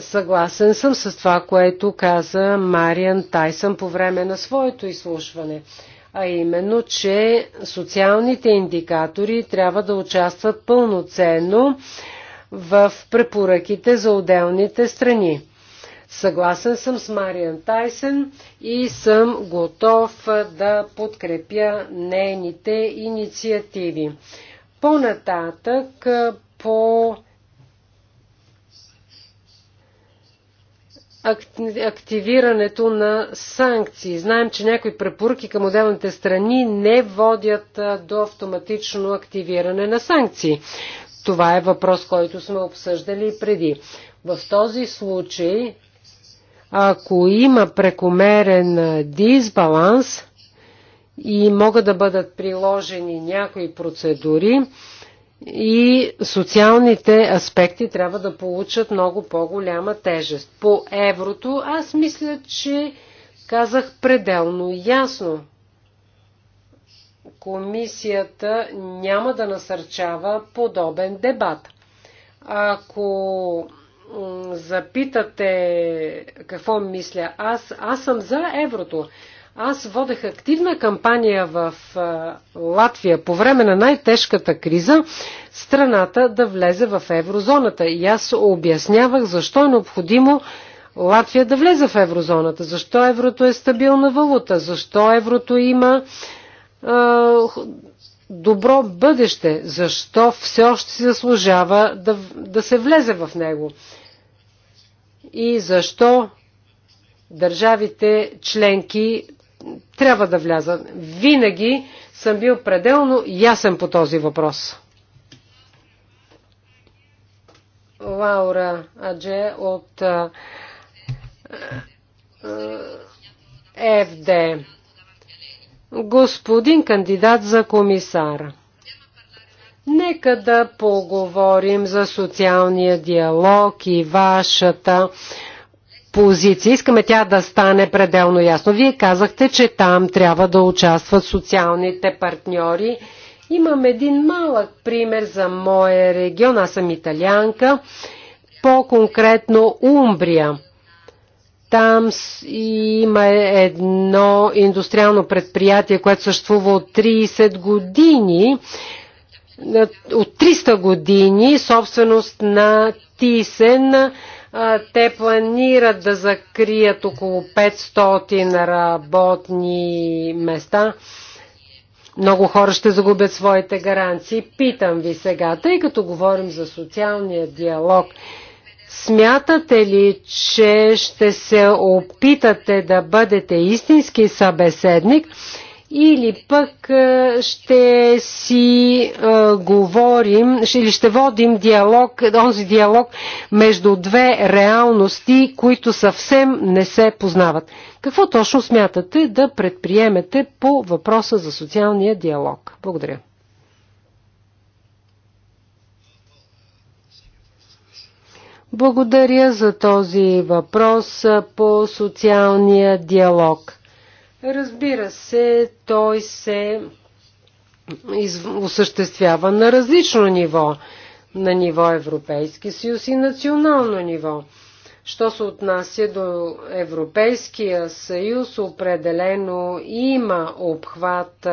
Съгласен съм с това, което каза Мариан Тайсън по време на своето изслушване а именно, че социалните индикатори трябва да участват пълноценно в препоръките за отделните страни. Съгласен съм с Мариан Тайсен и съм готов да подкрепя нейните инициативи. По-нататък, по активирането на санкции. Знаем, че някои препоръки към отделните страни не водят до автоматично активиране на санкции. Това е въпрос, който сме обсъждали преди. В този случай, ако има прекомерен дисбаланс и могат да бъдат приложени някои процедури, и социалните аспекти трябва да получат много по-голяма тежест. По еврото аз мисля, че казах пределно ясно. Комисията няма да насърчава подобен дебат. Ако запитате какво мисля аз, аз съм за еврото. Аз водех активна кампания в Латвия по време на най-тежката криза страната да влезе в еврозоната. И аз обяснявах защо е необходимо Латвия да влезе в еврозоната, защо еврото е стабилна валута, защо еврото има е, добро бъдеще, защо все още си заслужава да, да се влезе в него и защо държавите членки трябва да вляза. Винаги съм бил пределно ясен по този въпрос. Лаура Адже от ФД. Господин кандидат за комисар. Нека да поговорим за социалния диалог и вашата позиция. Искаме тя да стане пределно ясно. Вие казахте, че там трябва да участват социалните партньори. Имам един малък пример за моя регион. Аз съм италианка, по-конкретно Умбрия. Там има едно индустриално предприятие, което съществува от 30 години от 300 години собственост на Тисен те планират да закрият около 500 работни места. Много хора ще загубят своите гаранции. Питам ви сега, тъй като говорим за социалния диалог, смятате ли, че ще се опитате да бъдете истински събеседник или пък е, ще си а, е, говорим, или ще, ще водим диалог, онзи диалог между две реалности, които съвсем не се познават. Какво точно смятате да предприемете по въпроса за социалния диалог? Благодаря. Благодаря за този въпрос е, по социалния диалог. Разбира се, той се из... осъществява на различно ниво, на ниво Европейски съюз и национално ниво. Що се отнася до Европейския съюз, определено има обхват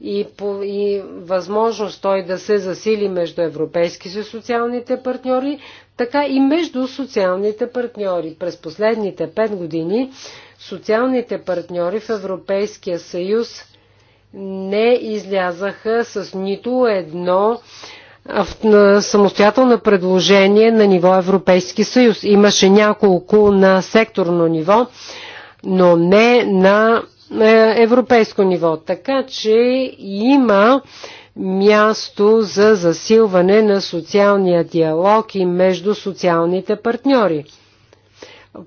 и, по, и възможност той да се засили между Европейски и социалните партньори, така и между социалните партньори. През последните пет години социалните партньори в Европейския съюз не излязаха с нито едно самостоятелно предложение на ниво Европейски съюз. Имаше няколко на секторно ниво, но не на е, европейско ниво. Така че има място за засилване на социалния диалог и между социалните партньори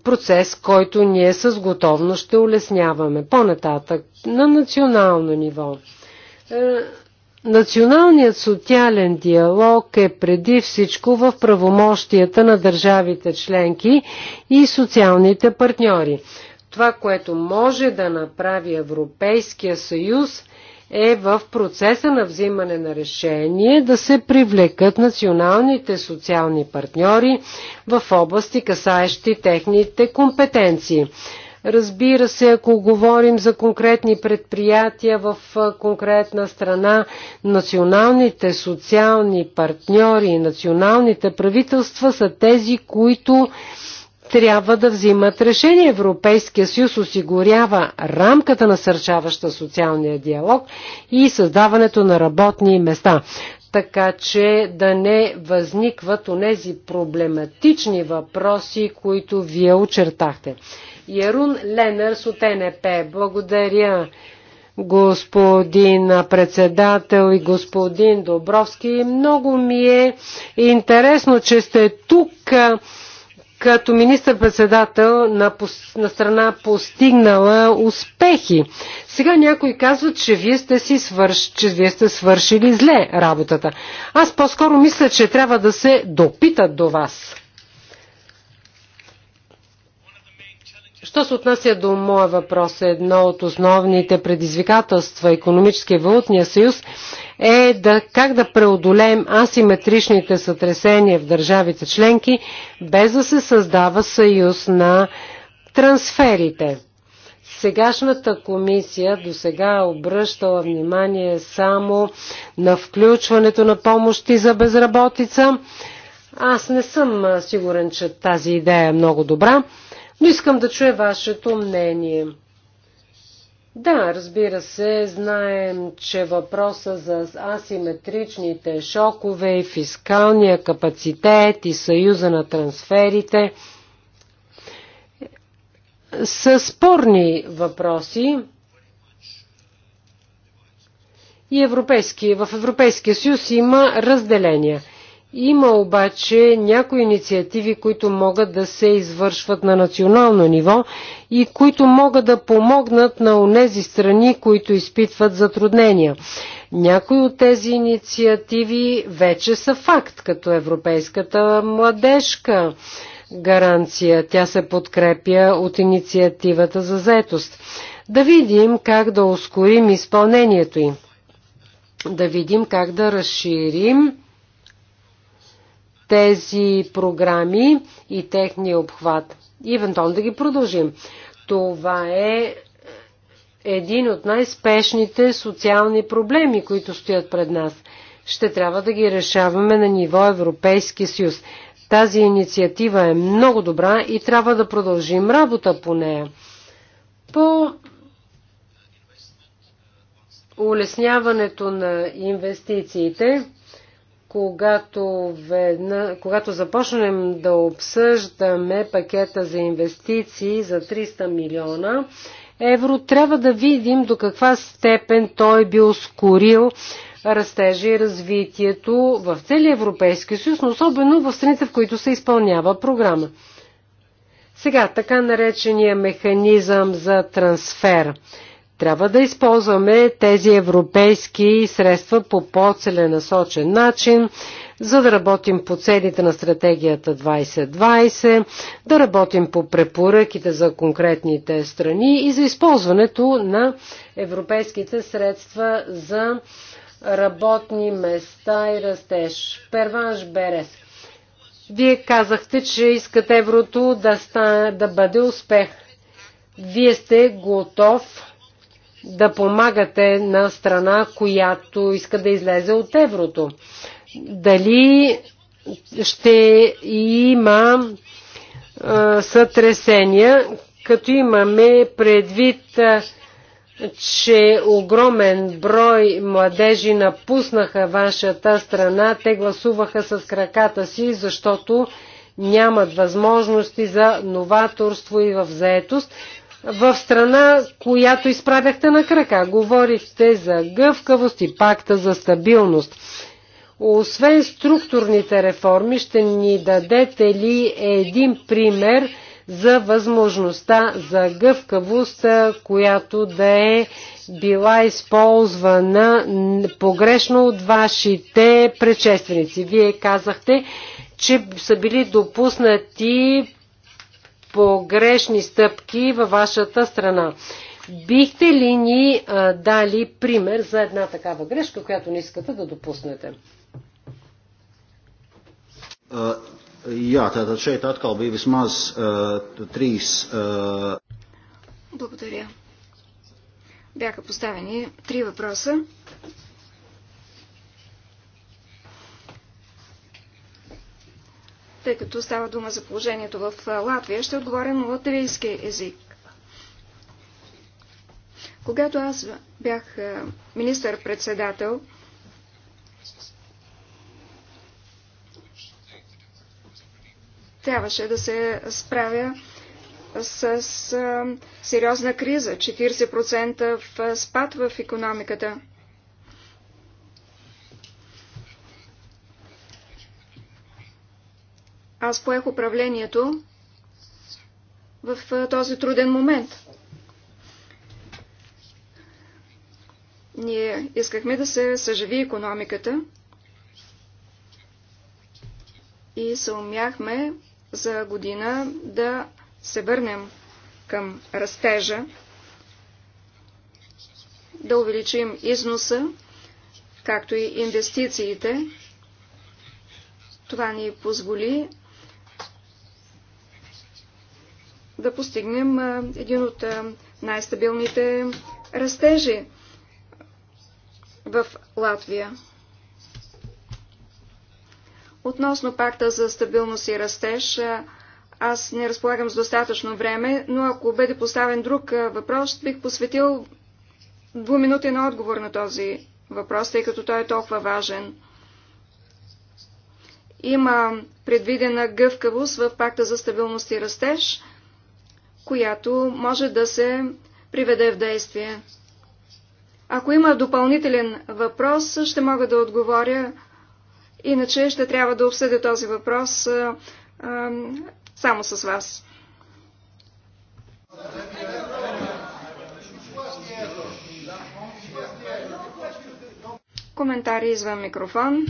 процес, който ние с готовност ще улесняваме. По-нататък, на национално ниво. Е, националният социален диалог е преди всичко в правомощията на държавите членки и социалните партньори. Това, което може да направи Европейския съюз, е в процеса на взимане на решение да се привлекат националните социални партньори в области, касаещи техните компетенции. Разбира се, ако говорим за конкретни предприятия в конкретна страна, националните социални партньори и националните правителства са тези, които трябва да взимат решение. Европейския съюз осигурява рамката на сърчаваща социалния диалог и създаването на работни места, така че да не възникват онези проблематични въпроси, които вие очертахте. Ярун Ленърс от НП. Благодаря господин председател и господин Добровски. Много ми е интересно, че сте тук като министър-председател на, на страна постигнала успехи. Сега някои казват, че вие сте си свърш, че вие сте свършили зле работата. Аз по-скоро мисля, че трябва да се допитат до вас. Що се отнася до моя въпрос, едно от основните предизвикателства економическия валутния съюз е да, как да преодолеем асиметричните сътресения в държавите членки, без да се създава съюз на трансферите. Сегашната комисия до сега обръщала внимание само на включването на помощи за безработица. Аз не съм сигурен, че тази идея е много добра. Но искам да чуя вашето мнение. Да, разбира се, знаем, че въпроса за асиметричните шокове и фискалния капацитет и съюза на трансферите са спорни въпроси. И европейски, в Европейския съюз има разделения – има обаче някои инициативи, които могат да се извършват на национално ниво и които могат да помогнат на онези страни, които изпитват затруднения. Някои от тези инициативи вече са факт, като Европейската младежка гаранция. Тя се подкрепя от инициативата за заетост. Да видим как да ускорим изпълнението им. Да видим как да разширим тези програми и техния обхват и евентуално да ги продължим. Това е един от най-спешните социални проблеми, които стоят пред нас. Ще трябва да ги решаваме на ниво Европейски съюз. Тази инициатива е много добра и трябва да продължим работа по нея. По улесняването на инвестициите, когато, ведна, когато започнем да обсъждаме пакета за инвестиции за 300 милиона евро, трябва да видим до каква степен той би ускорил растежа и развитието в целия Европейски съюз, но особено в страните, в които се изпълнява програма. Сега, така наречения механизъм за трансфер – трябва да използваме тези европейски средства по по-целенасочен начин, за да работим по целите на стратегията 2020, да работим по препоръките за конкретните страни и за използването на европейските средства за работни места и растеж. Перванш Берес. Вие казахте, че искате еврото да, стане, да бъде успех. Вие сте готов да помагате на страна, която иска да излезе от еврото? Дали ще има а, сътресения, като имаме предвид, а, че огромен брой младежи напуснаха вашата страна, те гласуваха с краката си, защото нямат възможности за новаторство и в заетост в страна, която изправяхте на крака. Говорихте за гъвкавост и пакта за стабилност. Освен структурните реформи, ще ни дадете ли един пример за възможността за гъвкавост, която да е била използвана погрешно от вашите предшественици? Вие казахте, че са били допуснати погрешни стъпки във вашата страна. Бихте ли ни а, дали пример за една такава грешка, която не искате да допуснете? Jā, tātad šeit atkal bija vismaz uh, trīs. Благодаря. Бяха поставени три въпроса. тъй като става дума за положението в Латвия, ще отговоря на латвийски език. Когато аз бях министър-председател, трябваше да се справя с сериозна криза, 40% в спад в економиката – Аз поех управлението в този труден момент. Ние искахме да се съживи економиката и се умяхме за година да се върнем към растежа, да увеличим износа, както и инвестициите. Това ни позволи да постигнем един от най-стабилните растежи в Латвия. Относно пакта за стабилност и растеж, аз не разполагам с достатъчно време, но ако бъде поставен друг въпрос, бих посветил двуминутен отговор на този въпрос, тъй като той е толкова важен. Има предвидена гъвкавост в пакта за стабилност и растеж – която може да се приведе в действие. Ако има допълнителен въпрос, ще мога да отговоря, иначе ще трябва да обсъдя този въпрос а, а, само с вас. Коментари извън микрофон.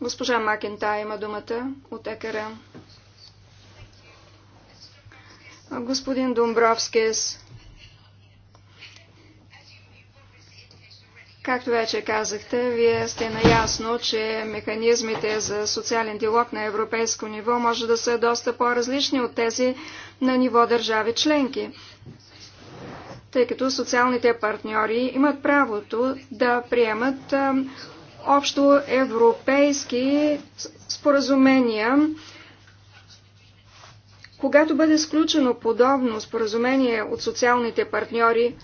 Госпожа Макентай има думата от екара. Господин Домбровскис, както вече казахте, вие сте наясно, че механизмите за социален диалог на европейско ниво може да са доста по-различни от тези на ниво държави членки тъй като социалните партньори имат правото да приемат общо европейски споразумения когато бъде сключено подобно споразумение от социалните партньори,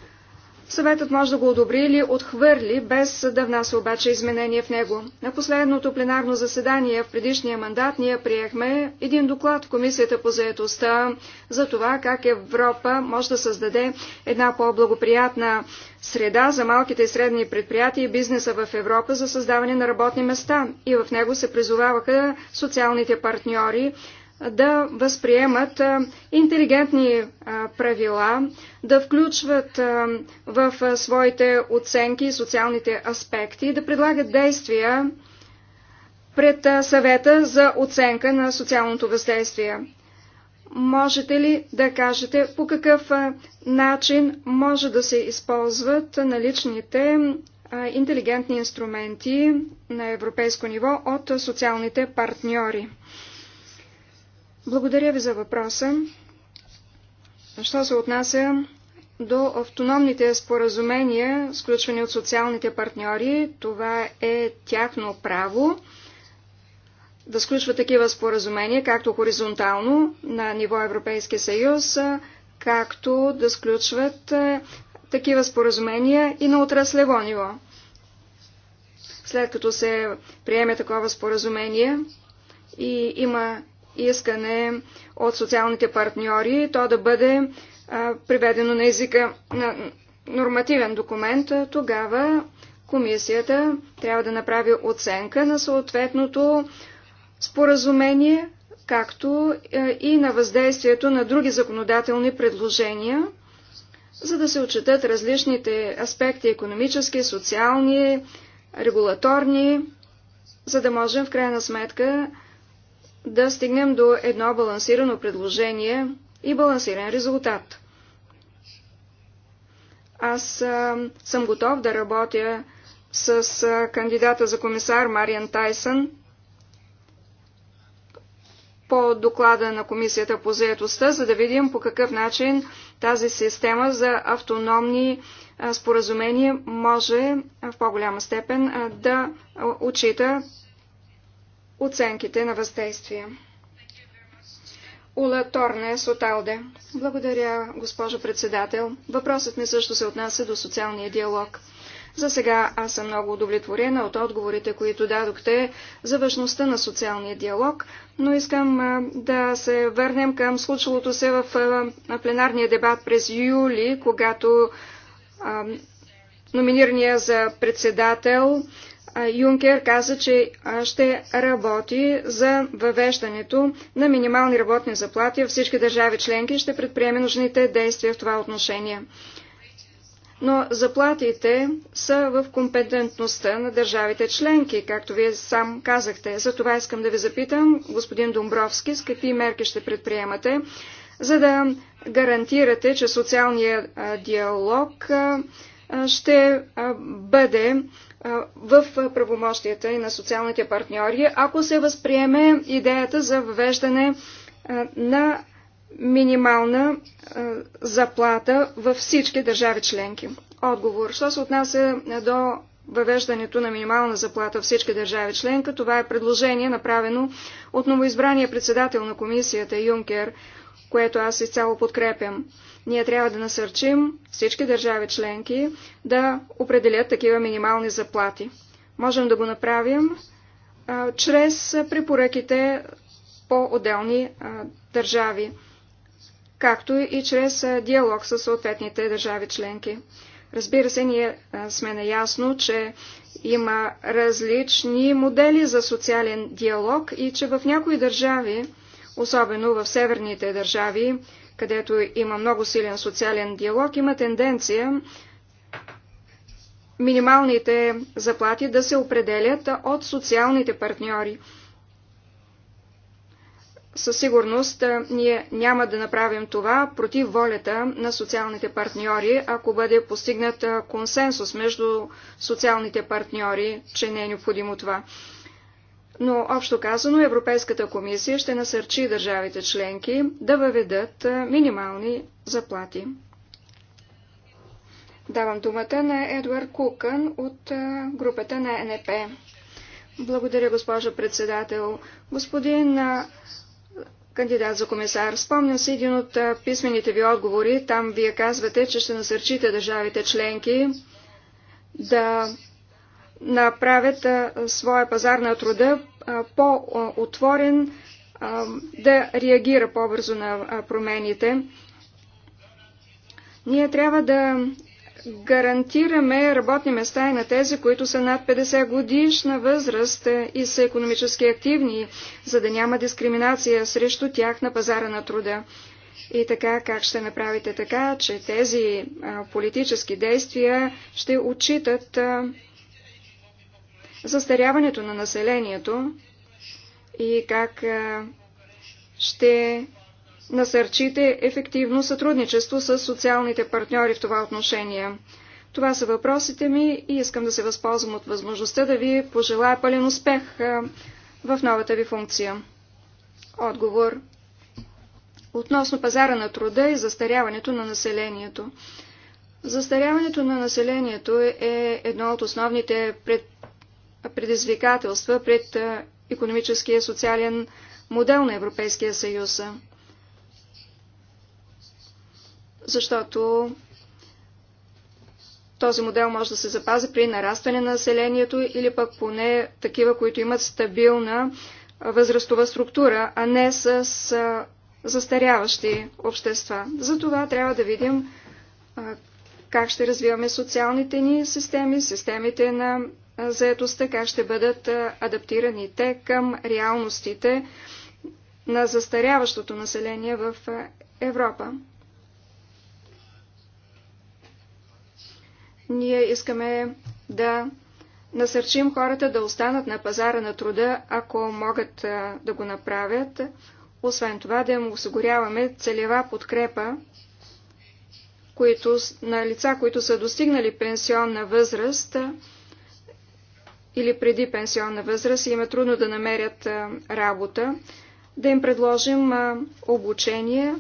съветът може да го одобри или отхвърли, без да внася обаче изменение в него. На последното пленарно заседание в предишния мандат ние приехме един доклад в Комисията по заедостта за това как Европа може да създаде една по-благоприятна среда за малките и средни предприятия и бизнеса в Европа за създаване на работни места. И в него се призоваваха социалните партньори да възприемат интелигентни правила, да включват в своите оценки социалните аспекти, да предлагат действия пред съвета за оценка на социалното въздействие. Можете ли да кажете по какъв начин може да се използват наличните интелигентни инструменти на европейско ниво от социалните партньори? Благодаря ви за въпроса. Що се отнася до автономните споразумения, сключвани от социалните партньори, това е тяхно право да сключва такива споразумения, както хоризонтално на ниво Европейски съюз, както да сключват е, такива споразумения и на отраслево ниво. След като се приеме такова споразумение и има искане от социалните партньори, то да бъде приведено на езика на нормативен документ, тогава комисията трябва да направи оценка на съответното споразумение, както е, и на въздействието на други законодателни предложения, за да се отчитат различните аспекти економически, социални, регулаторни, за да можем в крайна сметка да стигнем до едно балансирано предложение и балансиран резултат. Аз а, съм готов да работя с а, кандидата за комисар Мариан Тайсън по доклада на Комисията по заедостта, за да видим по какъв начин тази система за автономни споразумения може в по-голяма степен да отчита оценките на въздействие. Ула Торнес от Алде. Благодаря, госпожо председател. Въпросът ми също се отнася до социалния диалог. За сега аз съм много удовлетворена от отговорите, които дадохте за важността на социалния диалог, но искам а, да се върнем към случилото се в а, пленарния дебат през юли, когато а, номинирания за председател Юнкер каза, че ще работи за въвеждането на минимални работни заплати във всички държави членки и ще предприеме нужните действия в това отношение. Но заплатите са в компетентността на държавите членки, както вие сам казахте. За това искам да ви запитам, господин Домбровски, с какви мерки ще предприемате, за да гарантирате, че социалният диалог ще бъде в правомощията и на социалните партньори, ако се възприеме идеята за въвеждане на минимална заплата във всички държави членки. Отговор. Що се отнася до въвеждането на минимална заплата в всички държави членка. Това е предложение, направено от новоизбрания председател на комисията Юнкер, което аз изцяло подкрепям. Ние трябва да насърчим всички държави членки да определят такива минимални заплати. Можем да го направим а, чрез препоръките по отделни а, държави, както и чрез а, диалог с съответните държави членки. Разбира се, ние сме наясно, че има различни модели за социален диалог и че в някои държави, особено в северните държави, където има много силен социален диалог, има тенденция минималните заплати да се определят от социалните партньори със сигурност ние няма да направим това против волята на социалните партньори, ако бъде постигнат консенсус между социалните партньори, че не е необходимо това. Но общо казано Европейската комисия ще насърчи държавите членки да въведат минимални заплати. Давам думата на Едуард Кукън от групата на НП. Благодаря, госпожо председател. Господин кандидат за комисар. Спомням се един от писмените ви отговори. Там вие казвате, че ще насърчите държавите членки да направят своя пазар на труда по-отворен, да реагира по-бързо на промените. Ние трябва да гарантираме работни места и на тези, които са над 50 годишна възраст е, и са економически активни, за да няма дискриминация срещу тях на пазара на труда. И така, как ще направите така, че тези а, политически действия ще отчитат а, застаряването на населението и как а, ще насърчите ефективно сътрудничество с социалните партньори в това отношение. Това са въпросите ми и искам да се възползвам от възможността да ви пожелая пълен успех в новата ви функция. Отговор относно пазара на труда и застаряването на населението. Застаряването на населението е едно от основните пред... предизвикателства пред економическия и социален модел на Европейския съюз защото този модел може да се запази при нарастване на населението или пък поне такива, които имат стабилна възрастова структура, а не с застаряващи общества. Затова трябва да видим как ще развиваме социалните ни системи, системите на заетостта, как ще бъдат адаптирани те към реалностите на застаряващото население в Европа. Ние искаме да насърчим хората да останат на пазара на труда, ако могат да го направят. Освен това да им осигуряваме целева подкрепа които, на лица, които са достигнали пенсионна възраст или преди пенсионна възраст и им е трудно да намерят работа, да им предложим обучение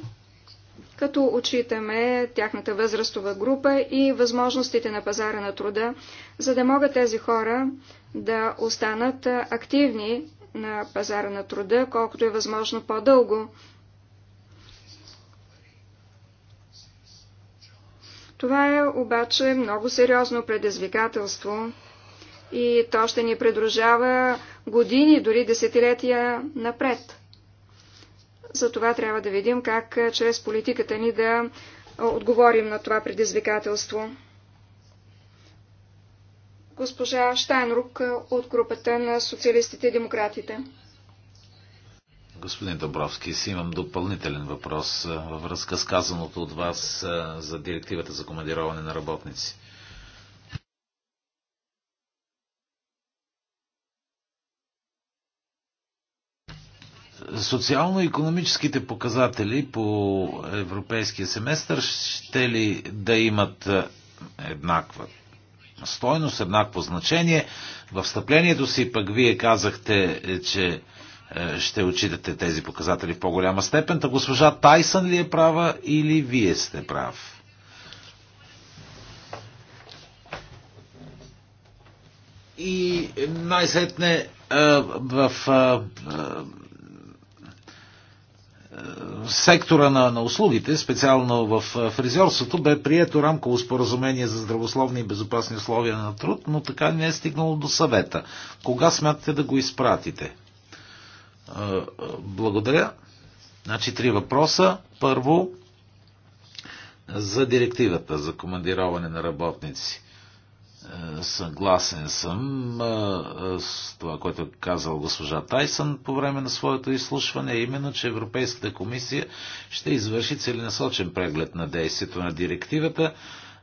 като отчитаме тяхната възрастова група и възможностите на пазара на труда, за да могат тези хора да останат активни на пазара на труда, колкото е възможно по-дълго. Това е обаче много сериозно предизвикателство и то ще ни придружава години, дори десетилетия напред. Затова трябва да видим как е, чрез политиката ни да е, отговорим на това предизвикателство. Госпожа Штайнрук е, от групата на социалистите и демократите. Господин Добровски, си имам допълнителен въпрос във връзка с казаното от вас за директивата за командироване на работници. Социално-економическите показатели по европейския семестър ще ли да имат е, еднаква стойност, еднакво значение? В встъплението си пък вие казахте, е, че е, ще отчитате тези показатели в по-голяма степен. Та госпожа Тайсън ли е права или вие сте прав? И най-сетне в сектора на, на услугите, специално в фризьорството, бе прието рамково споразумение за здравословни и безопасни условия на труд, но така не е стигнало до съвета. Кога смятате да го изпратите? Благодаря. Значи три въпроса. Първо, за директивата за командироване на работници. Е, съгласен съм е, е, с това, което е казал госпожа Тайсън по време на своето изслушване, именно, че Европейската комисия ще извърши целенасочен преглед на действието на директивата,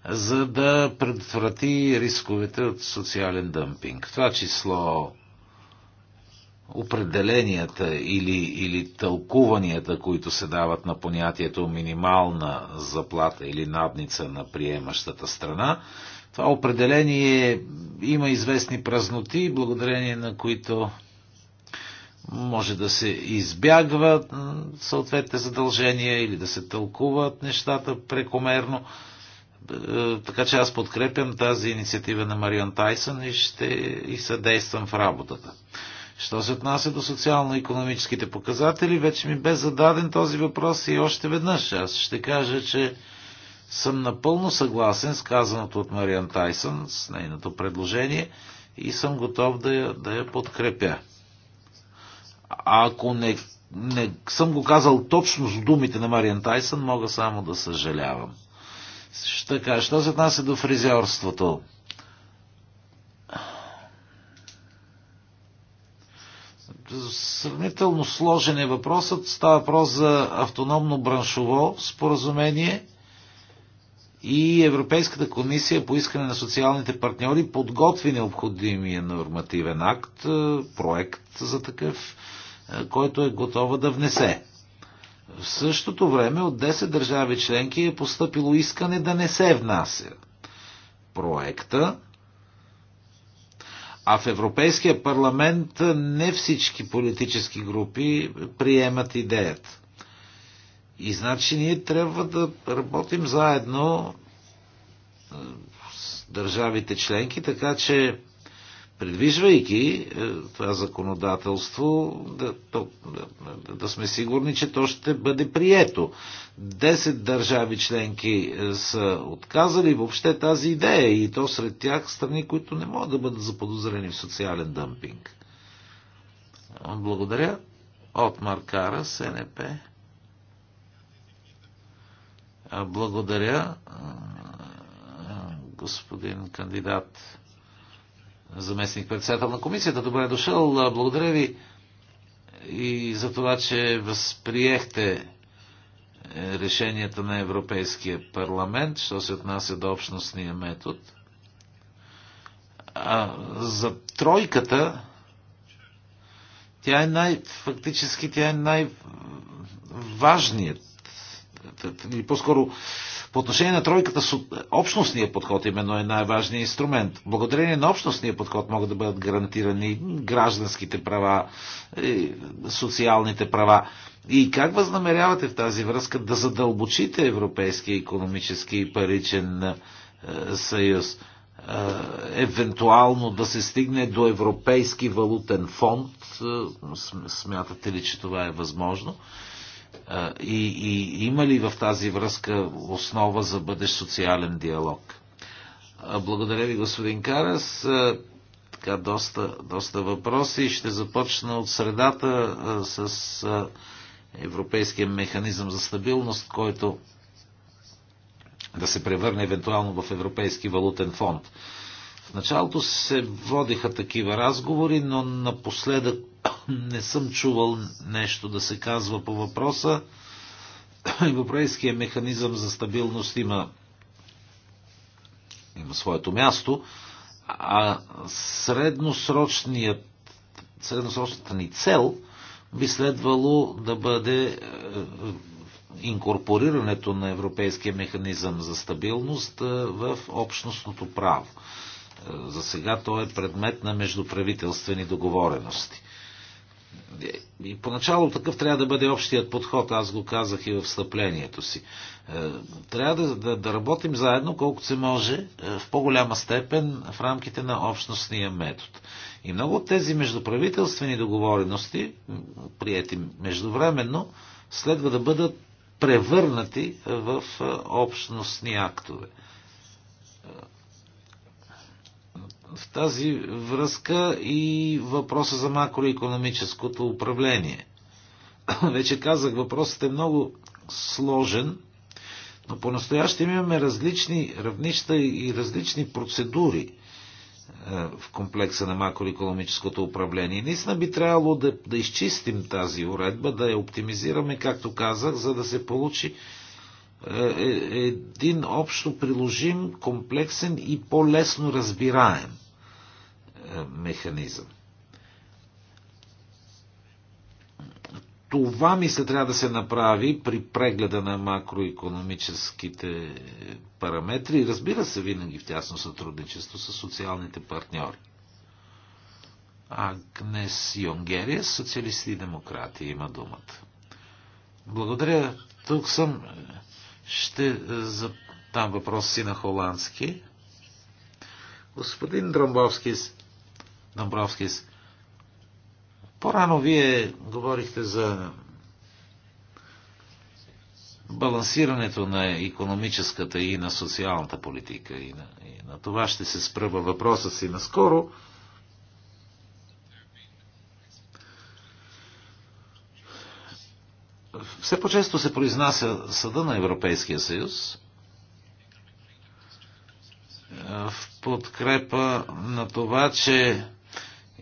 за да предотврати рисковете от социален дъмпинг. В това число определенията или, или тълкуванията, които се дават на понятието минимална заплата или надница на приемащата страна, това определение има известни празноти, благодарение на които може да се избягват съответните задължения или да се тълкуват нещата прекомерно. Е, така че аз подкрепям тази инициатива на Марион Тайсън и ще и съдействам в работата. Що се отнася до социално-економическите показатели, вече ми бе зададен този въпрос и още веднъж. Аз ще кажа, че съм напълно съгласен с казаното от Мариан Тайсън, с нейното предложение и съм готов да я, да я подкрепя. А ако не, не съм го казал точно с думите на Мариан Тайсън, мога само да съжалявам. Ще така, що се отнася до фризьорството? Сравнително сложен е въпросът. Става въпрос за автономно браншово споразумение – и Европейската комисия по искане на социалните партньори подготви необходимия нормативен акт, е, проект за такъв, е, който е готова да внесе. В същото време от 10 държави членки е поступило искане да не се внася проекта, а в Европейския парламент не всички политически групи приемат идеята. И значи ние трябва да работим заедно е, с държавите членки, така че предвижвайки е, това законодателство, да, то, да, да сме сигурни, че то ще бъде прието. Десет държави членки е, са отказали въобще тази идея и то сред тях страни, които не могат да бъдат заподозрени в социален дъмпинг. Благодаря. От Маркара, СНП. Благодаря, господин кандидат заместник председател на комисията. Добре дошъл. Благодаря ви и за това, че възприехте е, решенията на Европейския парламент, що се отнася до общностния метод. А за тройката, тя е най, фактически тя е най-важният или по-скоро по отношение на тройката, общностния подход именно е най-важният инструмент. Благодарение на общностния подход могат да бъдат гарантирани гражданските права, социалните права. И как възнамерявате в тази връзка да задълбочите Европейския економически и паричен е, съюз? Е, евентуално да се стигне до Европейски валутен фонд. Е, смятате ли, че това е възможно? И, и има ли в тази връзка основа за бъдещ социален диалог? Благодаря ви, господин Карас. Така, доста, доста въпроси. Ще започна от средата с Европейския механизъм за стабилност, който да се превърне евентуално в Европейски валутен фонд. В началото се водиха такива разговори, но напоследък не съм чувал нещо да се казва по въпроса. Европейския механизъм за стабилност има, има своето място, а средносрочният, средносрочната ни цел би следвало да бъде е, инкорпорирането на Европейския механизъм за стабилност е, в общностното право. Е, за сега то е предмет на междуправителствени договорености. И поначало такъв трябва да бъде общият подход, аз го казах и в встъплението си. Е, трябва да, да, да работим заедно колкото се може е, в по-голяма степен в рамките на общностния метод. И много от тези междуправителствени договорености, приети междувременно, следва да бъдат превърнати в е, общностни актове. В тази връзка и въпроса за макроекономическото управление. Вече казах, въпросът е много сложен, но по-настоящем имаме различни равнища и различни процедури е, в комплекса на макроекономическото управление. Наистина би трябвало да, да изчистим тази уредба, да я оптимизираме, както казах, за да се получи е, е, един общо приложим, комплексен и по-лесно разбираем е, механизъм. Това мисля трябва да се направи при прегледа на макроекономическите параметри и разбира се винаги в тясно сътрудничество с социалните партньори. Агнес Йонгерия, социалисти и демократи, има думата. Благодаря. Тук съм. Ще е, задам въпрос си на холандски. Господин Драмбовскис, Драмбовскис, по-рано вие говорихте за балансирането на економическата и на социалната политика. И на, и на това ще се спра въпроса си наскоро. Все по-често се произнася Съда на Европейския съюз е, в подкрепа на това, че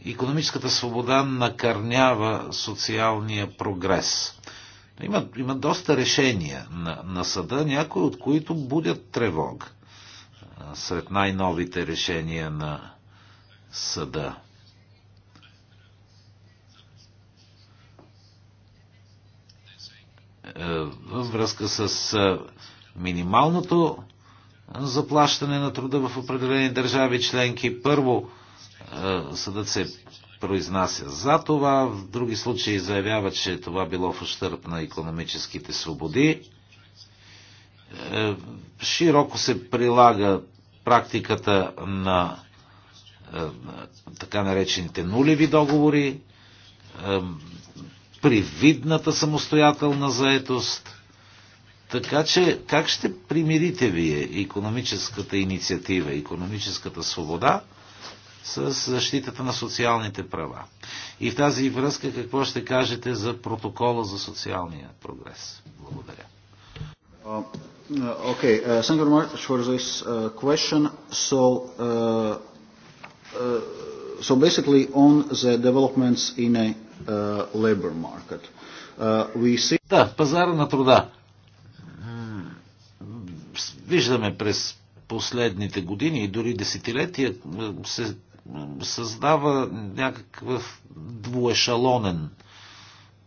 економическата свобода накърнява социалния прогрес. Има, има доста решения на, на съда, някои от които будят тревога е, сред най-новите решения на съда. Е, във връзка с е, минималното заплащане на труда в определени държави членки. Първо, е, съдът се произнася за това, в други случаи заявява, че това било в ущърп на економическите свободи. Широко се прилага практиката на така наречените нулеви договори, привидната самостоятелна заетост. Така че как ще примирите вие економическата инициатива, економическата свобода с защитата на социалните права? И в тази връзка какво ще кажете за протокола за социалния прогрес? Благодаря. Okay, uh, thank you very much for this uh, question. So, uh, uh, so basically on the developments in a Uh, labor market. Uh, we see... Да, пазара на труда. Виждаме през последните години и дори десетилетия се създава някакъв двуешалонен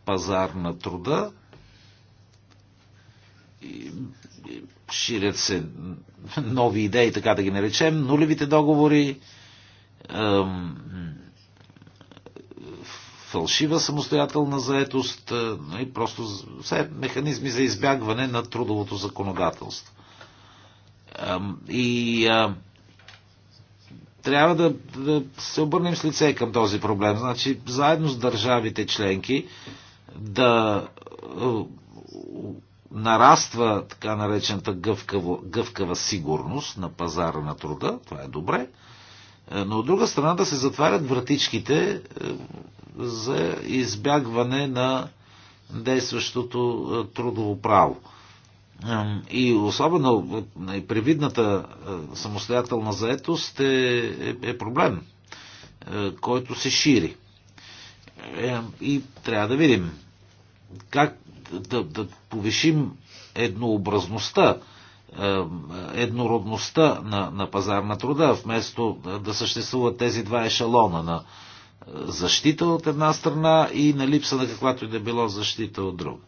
пазар на труда. Ширят се нови идеи, така да ги наречем, нулевите договори, фалшива самостоятелна заетост, е, и просто все механизми за избягване на трудовото законодателство. И трябва да, да се обърнем с лице към този проблем. Значи, заедно с държавите членки да е, нараства така наречената гъвкаво, гъвкава сигурност на пазара на труда, това е добре, е, но от друга страна да се затварят вратичките за избягване на действащото трудово право. И особено привидната самостоятелна заетост е, е, е проблем, който се шири. Е, и трябва да видим как да, да повишим еднообразността, еднородността на, на пазар на труда, вместо да съществуват тези два ешалона на защита от една страна и на липса на каквато и да било защита от друга.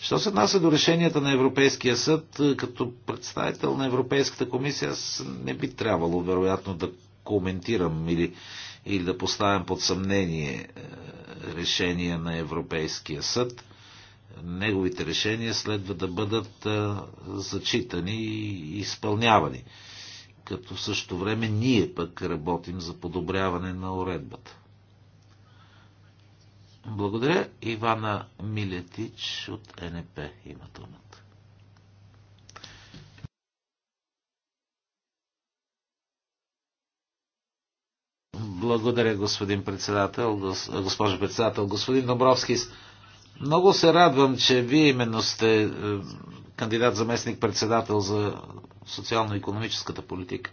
Що се отнася до решенията на Европейския съд, е, като представител на Европейската комисия, аз не би трябвало, вероятно, да коментирам или, или да поставям под съмнение е, решения на Европейския съд. Неговите решения следва да бъдат е, зачитани и изпълнявани като в същото време ние пък работим за подобряване на уредбата. Благодаря. Ивана Милетич от НП има думата. Благодаря, господин председател, госпожо председател, господин Добровски. Много се радвам, че вие именно сте е, кандидат заместник председател за социално-економическата политика.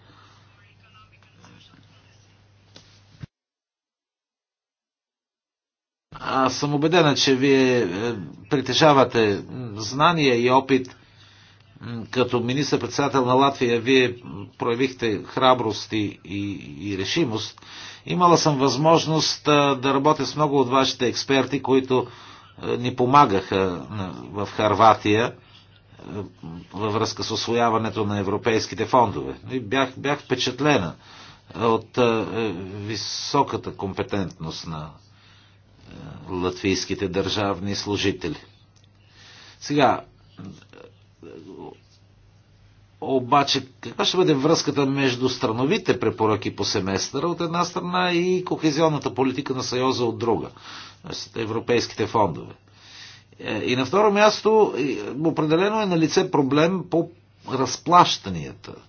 Аз съм убедена, че вие е, притежавате знания и опит. Като министър-председател на Латвия, вие проявихте храброст и, и, и решимост. Имала съм възможност да работя с много от вашите експерти, които е, ни помагаха в Харватия е, във връзка с освояването на европейските фондове. И бях, бях впечатлена от високата компетентност на латвийските държавни служители. Сега, обаче, каква ще бъде връзката между страновите препоръки по семестъра от една страна и кохезионната политика на Съюза от друга, т.е. Значи европейските фондове? Е, и на второ място, определено е на лице проблем по разплащанията –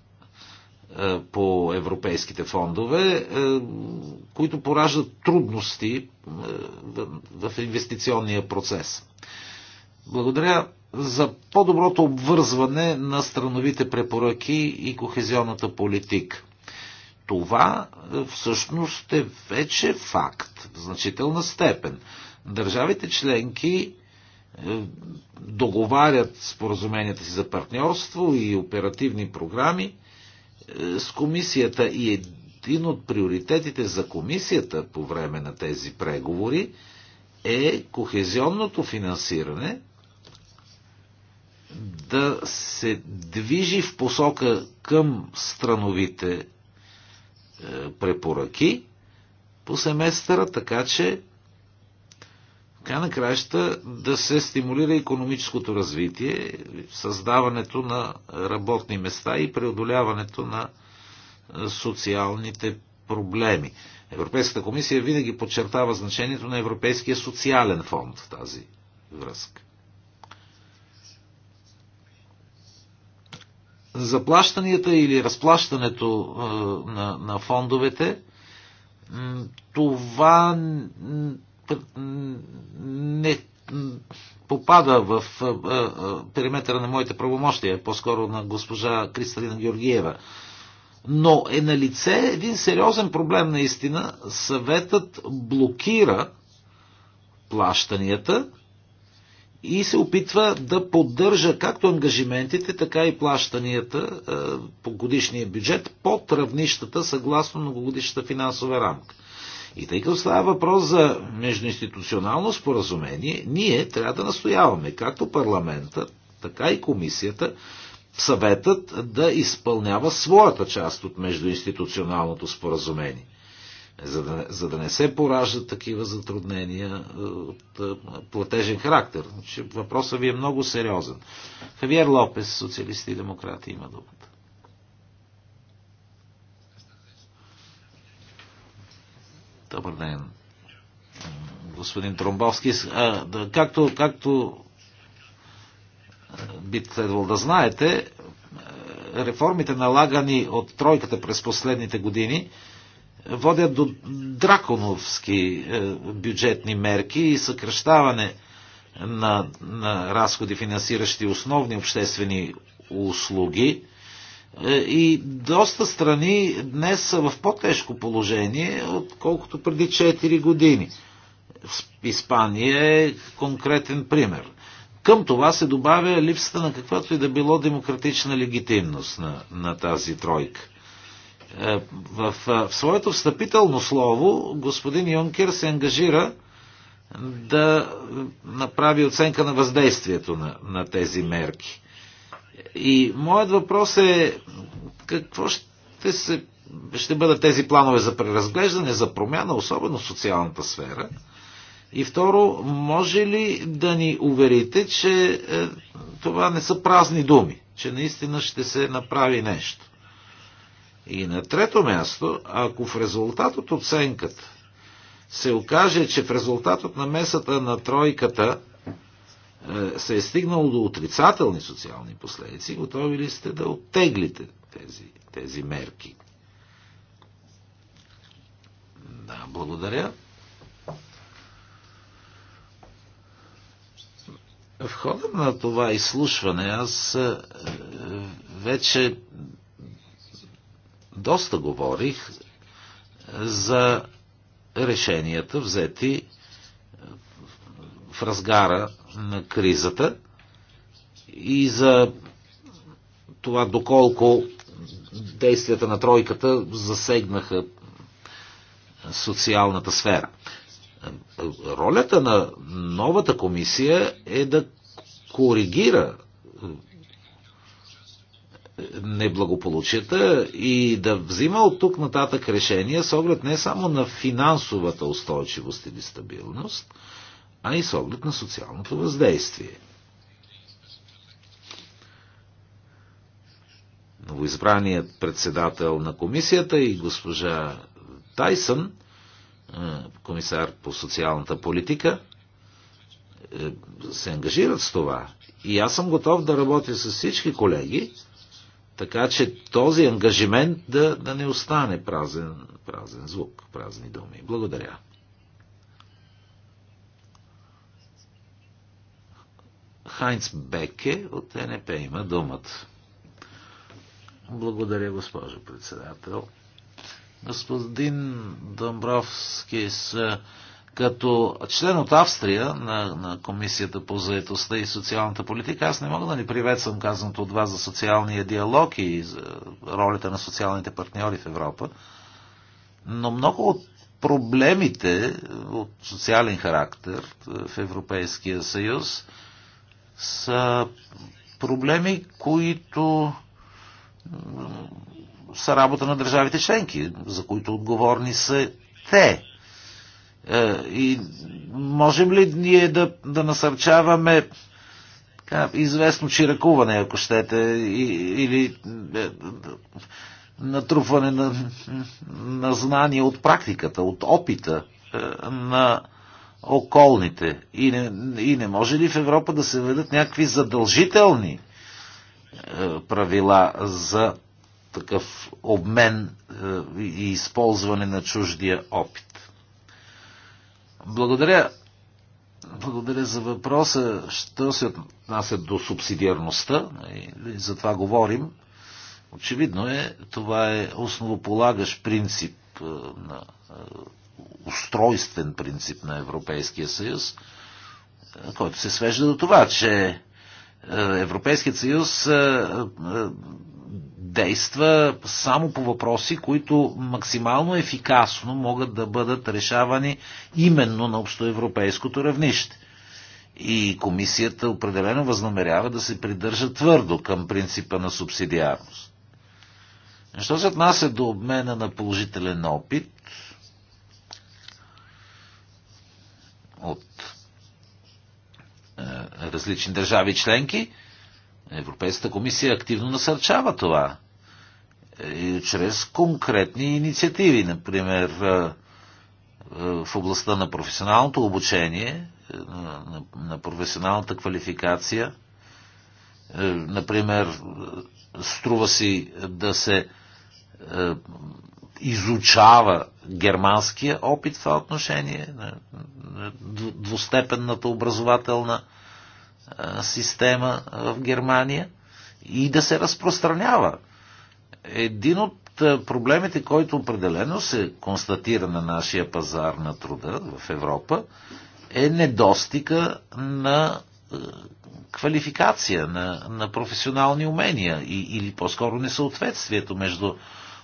е, по европейските фондове, е, които пораждат трудности е, в инвестиционния процес. Благодаря за по-доброто обвързване на страновите препоръки и кохезионната политика. Това всъщност е вече факт в значителна степен. Държавите членки договарят споразуменията си за партньорство и оперативни програми, с комисията и един от приоритетите за комисията по време на тези преговори е кохезионното финансиране да се движи в посока към страновите е, препоръки по семестъра, така че край на краища да се стимулира економическото развитие, създаването на работни места и преодоляването на социалните проблеми. Европейската комисия винаги подчертава значението на Европейския социален фонд в тази връзка. Заплащанията или разплащането на, на фондовете, това не попада в периметъра на моите правомощия, по-скоро на госпожа Кристалина Георгиева. Но е на лице един сериозен проблем наистина. Съветът блокира плащанията и се опитва да поддържа както ангажиментите, така и плащанията по годишния бюджет под равнищата съгласно многогодишната финансова рамка. И тъй като става въпрос за междуинституционално споразумение, ние трябва да настояваме, както парламента, така и комисията, съветът да изпълнява своята част от междуинституционалното споразумение. За да, за да не се пораждат такива затруднения е, от е, платежен характер. Значи, въпросът ви е много сериозен. Хавиер Лопес, социалисти и демократи, има думата. Добър ден, господин Тромбовски. А, да, както, както би следвало да знаете, реформите налагани от тройката през последните години водят до драконовски бюджетни мерки и съкръщаване на, на разходи, финансиращи основни обществени услуги – е, и доста страни днес са в по-тежко положение, отколкото преди 4 години. Испания е конкретен пример. Към това се добавя липсата на каквато и да било демократична легитимност на, на тази тройка. Е, в, е, в своето встъпително слово господин Юнкер се ангажира да направи оценка на въздействието на, на тези мерки. И моят въпрос е какво ще, се, ще бъдат тези планове за преразглеждане, за промяна, особено в социалната сфера? И второ, може ли да ни уверите, че е, това не са празни думи, че наистина ще се направи нещо? И на трето място, ако в резултат от оценката се окаже, че в резултат от намесата на тройката е, се е стигнало до отрицателни социални последици, готови ли сте да оттеглите тези, тези мерки? Да, благодаря. В хода на това изслушване аз е, вече доста говорих е, за решенията взети в разгара на кризата и за това доколко действията на тройката засегнаха социалната сфера. Ролята на новата комисия е да коригира неблагополучията и да взима от тук нататък решения с оглед не само на финансовата устойчивост или стабилност, а и с оглед на социалното въздействие. Новоизбраният председател на комисията и госпожа Тайсън, комисар по социалната политика, е, се ангажират с това. И аз съм готов да работя с всички колеги, така че този ангажимент да, да не остане празен, празен звук, празни думи. Благодаря. Хайнц Беке от НП има думата. Благодаря, госпожо председател. Господин Домбровски с като член от Австрия на, на Комисията по заедостта и социалната политика, аз не мога да ни приветствам казаното от вас за социалния диалог и за ролята на социалните партньори в Европа. Но много от проблемите от социален характер в Европейския съюз са проблеми, които са работа на държавите членки, за които отговорни са те. Е, и можем ли ние да, да насърчаваме така, известно чиракуване, ако щете, или е, натрупване на, на знания от практиката, от опита е, на околните. И не, и не може ли в Европа да се ведат някакви задължителни е, правила за такъв обмен е, и използване на чуждия опит? Благодаря. Благодаря за въпроса. Що се отнася до субсидиарността, и за това говорим, очевидно е, това е основополагащ принцип е, на устройствен принцип на Европейския съюз, е, който се свежда до това, че е, Европейският съюз е, действа само по въпроси, които максимално ефикасно могат да бъдат решавани именно на общоевропейското равнище. И комисията определено възнамерява да се придържа твърдо към принципа на субсидиарност. Що се отнася до обмена на положителен опит, от е, различни държави членки. Европейската комисия активно насърчава това. И чрез конкретни инициативи, например е, е, в областта на професионалното обучение, на професионалната квалификация. Например, струва си да се изучава германския опит в това отношение, двустепенната образователна система в Германия и да се разпространява. Един от проблемите, който определено се констатира на нашия пазар на труда в Европа, е недостига на квалификация, на, на професионални умения и, или по-скоро несъответствието между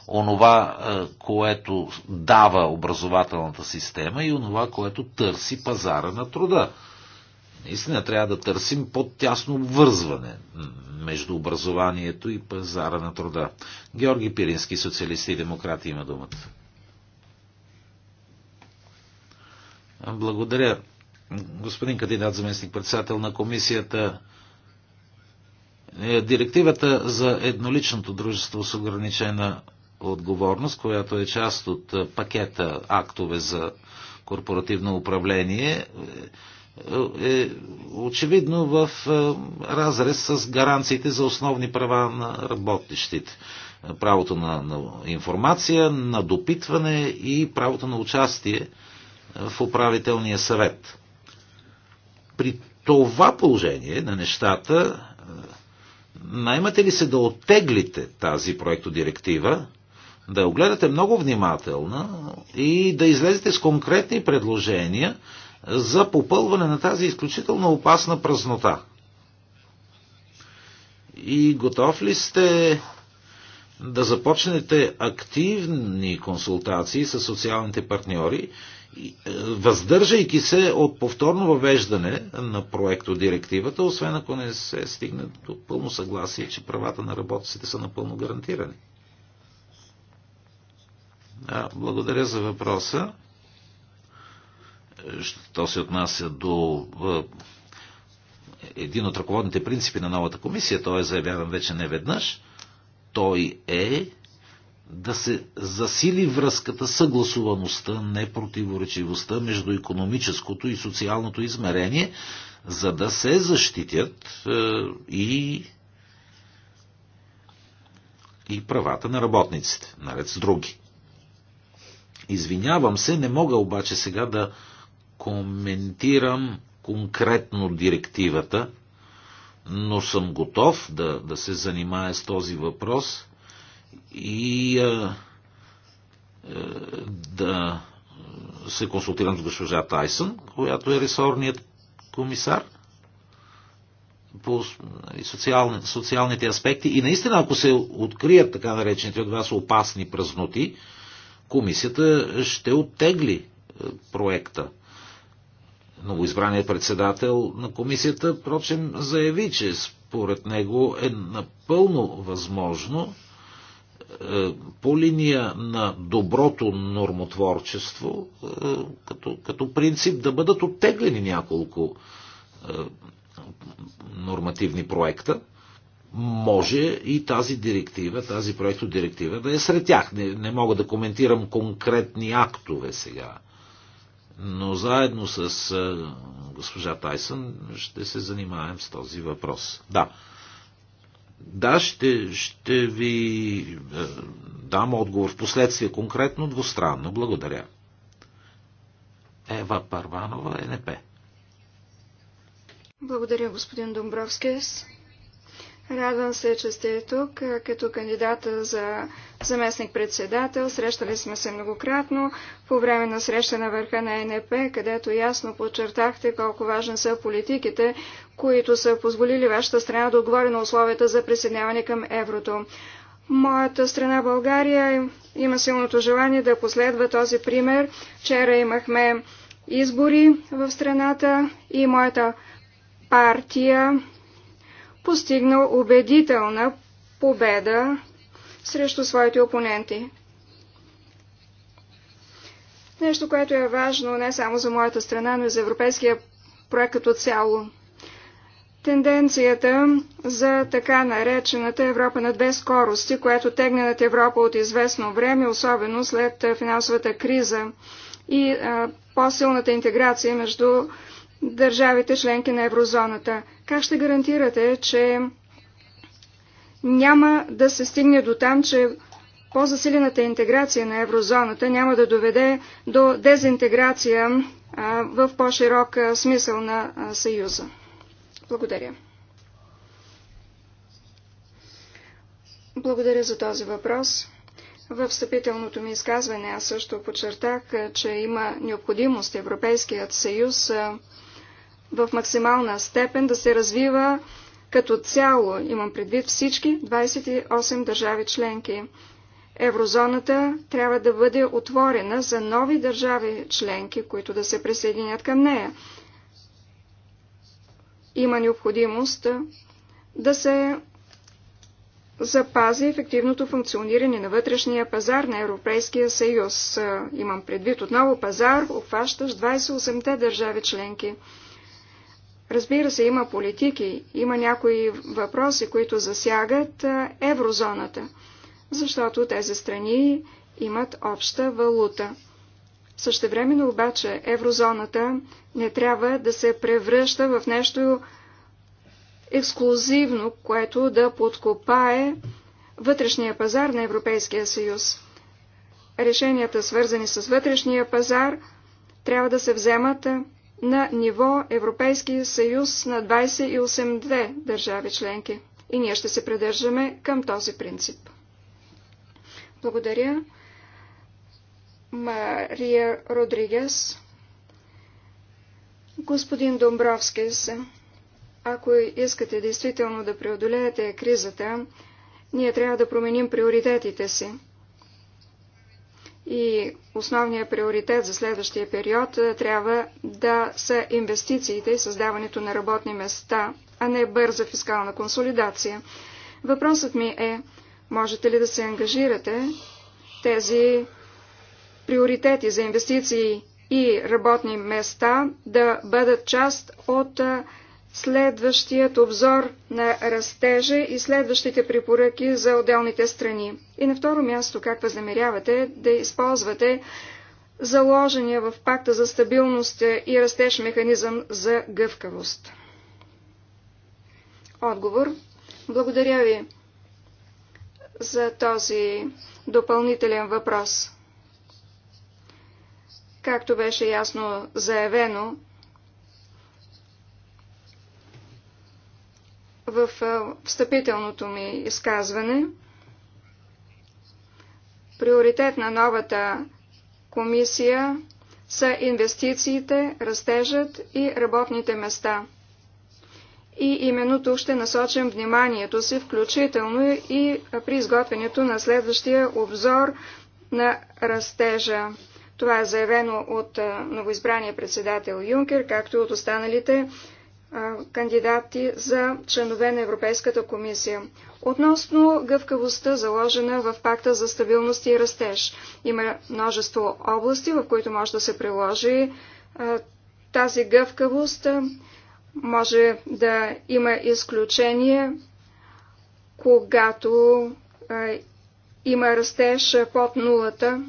онова, е, което дава образователната система и онова, което търси пазара на труда. Наистина трябва да търсим по-тясно обвързване между образованието и пазара на труда. Георги Пирински, социалисти и демократи, има думата. Благодаря, господин кандидат заместник председател на комисията. Е, директивата за едноличното дружество с ограничена отговорност, която е част от е, пакета актове за корпоративно управление, е, е, е очевидно в разрез с гаранциите за основни права на работещите. Правото на, на информация, на допитване и правото на участие в управителния съвет. При това положение на нещата, наймате ли се да оттеглите тази проектодиректива, директива, да я огледате много внимателно и да излезете с конкретни предложения за попълване на тази изключително опасна празнота. И готов ли сте да започнете активни консултации с социалните партньори, въздържайки се от повторно въвеждане на проекто директивата, освен ако не се стигне до пълно съгласие, че правата на работниците са напълно гарантирани? Да, благодаря за въпроса. Що се отнася до един от ръководните принципи на новата комисия, той е заявяван вече не веднъж, той е да се засили връзката, съгласуваността, непротиворечивостта между економическото и социалното измерение, за да се защитят и, и правата на работниците, наред с други. Извинявам се, не мога обаче сега да коментирам конкретно директивата, но съм готов да, да се занимая с този въпрос и а, а, да се консултирам с госпожа Тайсън, която е ресорният комисар по нали, социални, социалните аспекти. И наистина, ако се открият така наречените от вас опасни празноти, комисията ще оттегли е, проекта. Новоизбраният председател на комисията, впрочем, заяви, че според него е напълно възможно е, по линия на доброто нормотворчество, е, като, като принцип да бъдат оттеглени няколко нормативни проекта, може и тази директива, тази директива да е сред тях. Не, не мога да коментирам конкретни актове сега. Но заедно с а, госпожа Тайсън ще се занимаем с този въпрос. Да. Да, ще, ще ви е, дам отговор в последствие конкретно двустранно. Благодаря. Ева Парванова, е НП. Благодаря, господин Домбровски. Радвам се, че сте тук като кандидата за заместник-председател. Срещали сме се многократно по време на среща на върха на НП, където ясно подчертахте колко важни са политиките, които са позволили вашата страна да отговори на условията за присъединяване към еврото. Моята страна България има силното желание да последва този пример. Вчера имахме избори в страната и моята партия постигнал убедителна победа срещу своите опоненти. Нещо, което е важно не само за моята страна, но и за европейския проект като цяло. Тенденцията за така наречената Европа на две скорости, която тегне над Европа от известно време, особено след финансовата криза и по-силната интеграция между държавите членки на еврозоната. Как ще гарантирате, че няма да се стигне до там, че по-засилената интеграция на еврозоната няма да доведе до дезинтеграция в по-широк смисъл на Съюза. Благодаря. Благодаря за този въпрос. В встъпителното ми изказване аз също подчертах, че има необходимост Европейският съюз в максимална степен да се развива като цяло, имам предвид всички 28 държави членки. Еврозоната трябва да бъде отворена за нови държави членки, които да се присъединят към нея. Има необходимост да се запази ефективното функциониране на вътрешния пазар на Европейския съюз. Имам предвид отново пазар, обхващащ 28-те държави членки. Разбира се, има политики, има някои въпроси, които засягат еврозоната, защото тези страни имат обща валута. Същевременно обаче еврозоната не трябва да се превръща в нещо ексклюзивно, което да подкопае вътрешния пазар на Европейския съюз. Решенията, свързани с вътрешния пазар, трябва да се вземат на ниво Европейския съюз на 28 държави членки. И ние ще се придържаме към този принцип. Благодаря. Мария Родригес. Господин Домбровски, ако искате действително да преодолеете кризата, ние трябва да променим приоритетите си и основният приоритет за следващия период е, трябва да са инвестициите и създаването на работни места, а не бърза фискална консолидация. Въпросът ми е, можете ли да се ангажирате тези приоритети за инвестиции и работни места да бъдат част от е, следващият обзор на растежа и следващите препоръки за отделните страни. И на второ място, как възнамерявате да използвате заложения в пакта за стабилност и растеж механизъм за гъвкавост? Отговор. Благодаря ви за този допълнителен въпрос. Както беше ясно заявено, в встъпителното ми изказване. Приоритет на новата комисия са инвестициите, растежът и работните места. И именно тук ще насочим вниманието си, включително и при изготвянето на следващия обзор на растежа. Това е заявено от новоизбрания председател Юнкер, както и от останалите кандидати за членове на Европейската комисия. Относно гъвкавостта, заложена в Пакта за стабилност и растеж, има множество области, в които може да се приложи тази гъвкавост. Може да има изключение, когато има растеж под нулата.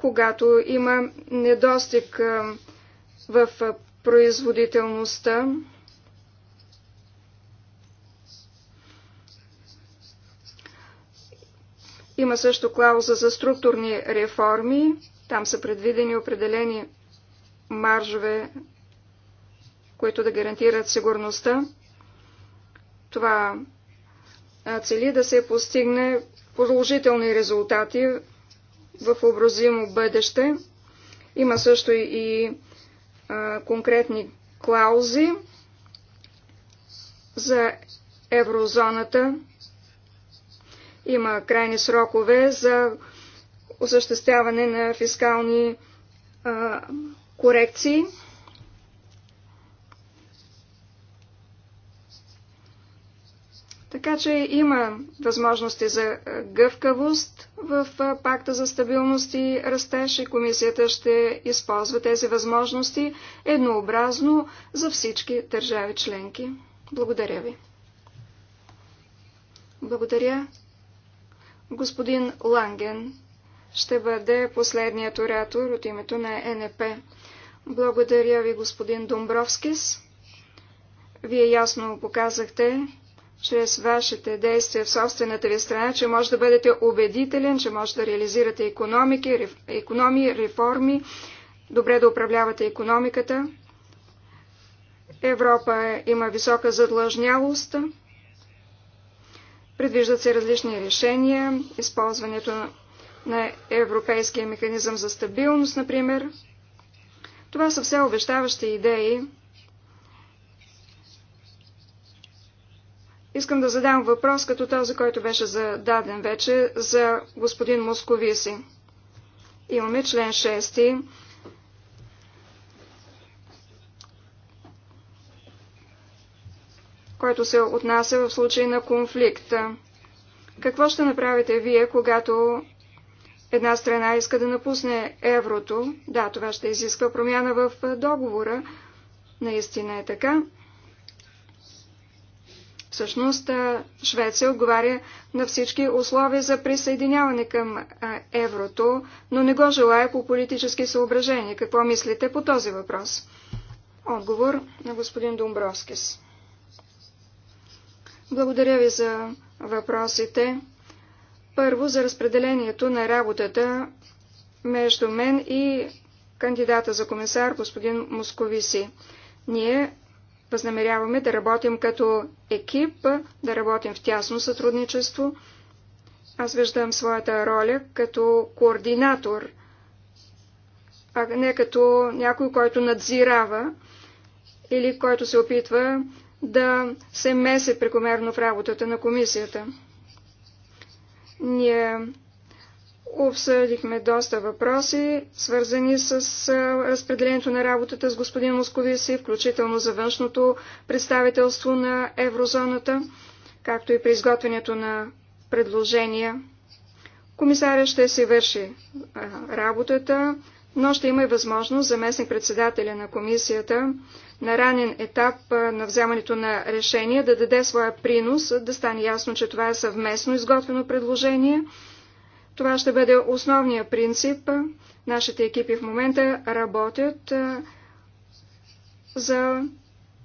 когато има недостиг в производителността. Има също клауза за структурни реформи. Там са предвидени определени маржове, които да гарантират сигурността. Това цели да се постигне положителни резултати в образимо бъдеще. Има също и а, конкретни клаузи за еврозоната. Има крайни срокове за осъществяване на фискални а, корекции. Така че има възможности за е, гъвкавост в е, пакта за стабилност и растеж и комисията ще използва тези възможности еднообразно за всички държави членки. Благодаря ви. Благодаря. Господин Ланген ще бъде последният оратор от името на НП. Благодаря ви, господин Домбровскис. Вие ясно показахте, чрез вашите действия в собствената ви страна, че може да бъдете убедителен, че може да реализирате економики, реф... економии, реформи, добре да управлявате економиката. Европа има висока задлъжнялост. Предвиждат се различни решения, използването на Европейския механизъм за стабилност, например. Това са все обещаващи идеи, Искам да задам въпрос, като този, който беше зададен вече за господин Московиси. Имаме член 6. който се отнася в случай на конфликта. Какво ще направите вие, когато една страна иска да напусне еврото? Да, това ще изисква промяна в договора. Наистина е така. Всъщност Швеция отговаря на всички условия за присъединяване към еврото, но не го желая по политически съображения. Какво мислите по този въпрос? Отговор на господин Домбровскис. Благодаря ви за въпросите. Първо за разпределението на работата между мен и кандидата за комисар господин Московиси. Ние Възнамеряваме да работим като екип, да работим в тясно сътрудничество. Аз виждам своята роля като координатор, а не като някой, който надзирава или който се опитва да се месе прекомерно в работата на комисията. Ние Обсъдихме доста въпроси, свързани с разпределението на работата с господин Московиси, включително за външното представителство на еврозоната, както и при изготвянето на предложения. Комисаря ще си върши работата, но ще има и възможност заместник председателя на комисията на ранен етап на вземането на решение да даде своя принос, да стане ясно, че това е съвместно изготвено предложение – това ще бъде основния принцип. Нашите екипи в момента работят за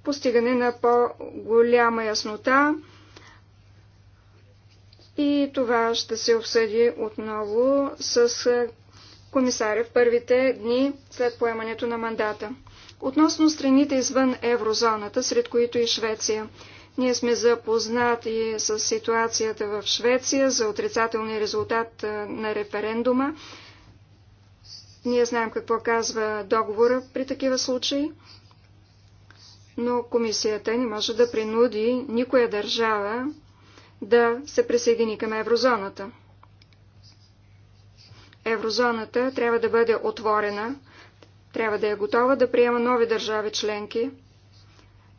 постигане на по-голяма яснота и това ще се обсъди отново с комисаря в първите дни след поемането на мандата. Относно страните извън еврозоната, сред които и Швеция – ние сме запознати с ситуацията в Швеция за отрицателния резултат на референдума. Ние знаем какво казва договора при такива случаи, но комисията не може да принуди никоя държава да се присъедини към еврозоната. Еврозоната трябва да бъде отворена, трябва да е готова да приема нови държави членки –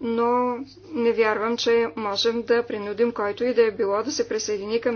но не вярвам, че можем да принудим който и да е било да се присъедини към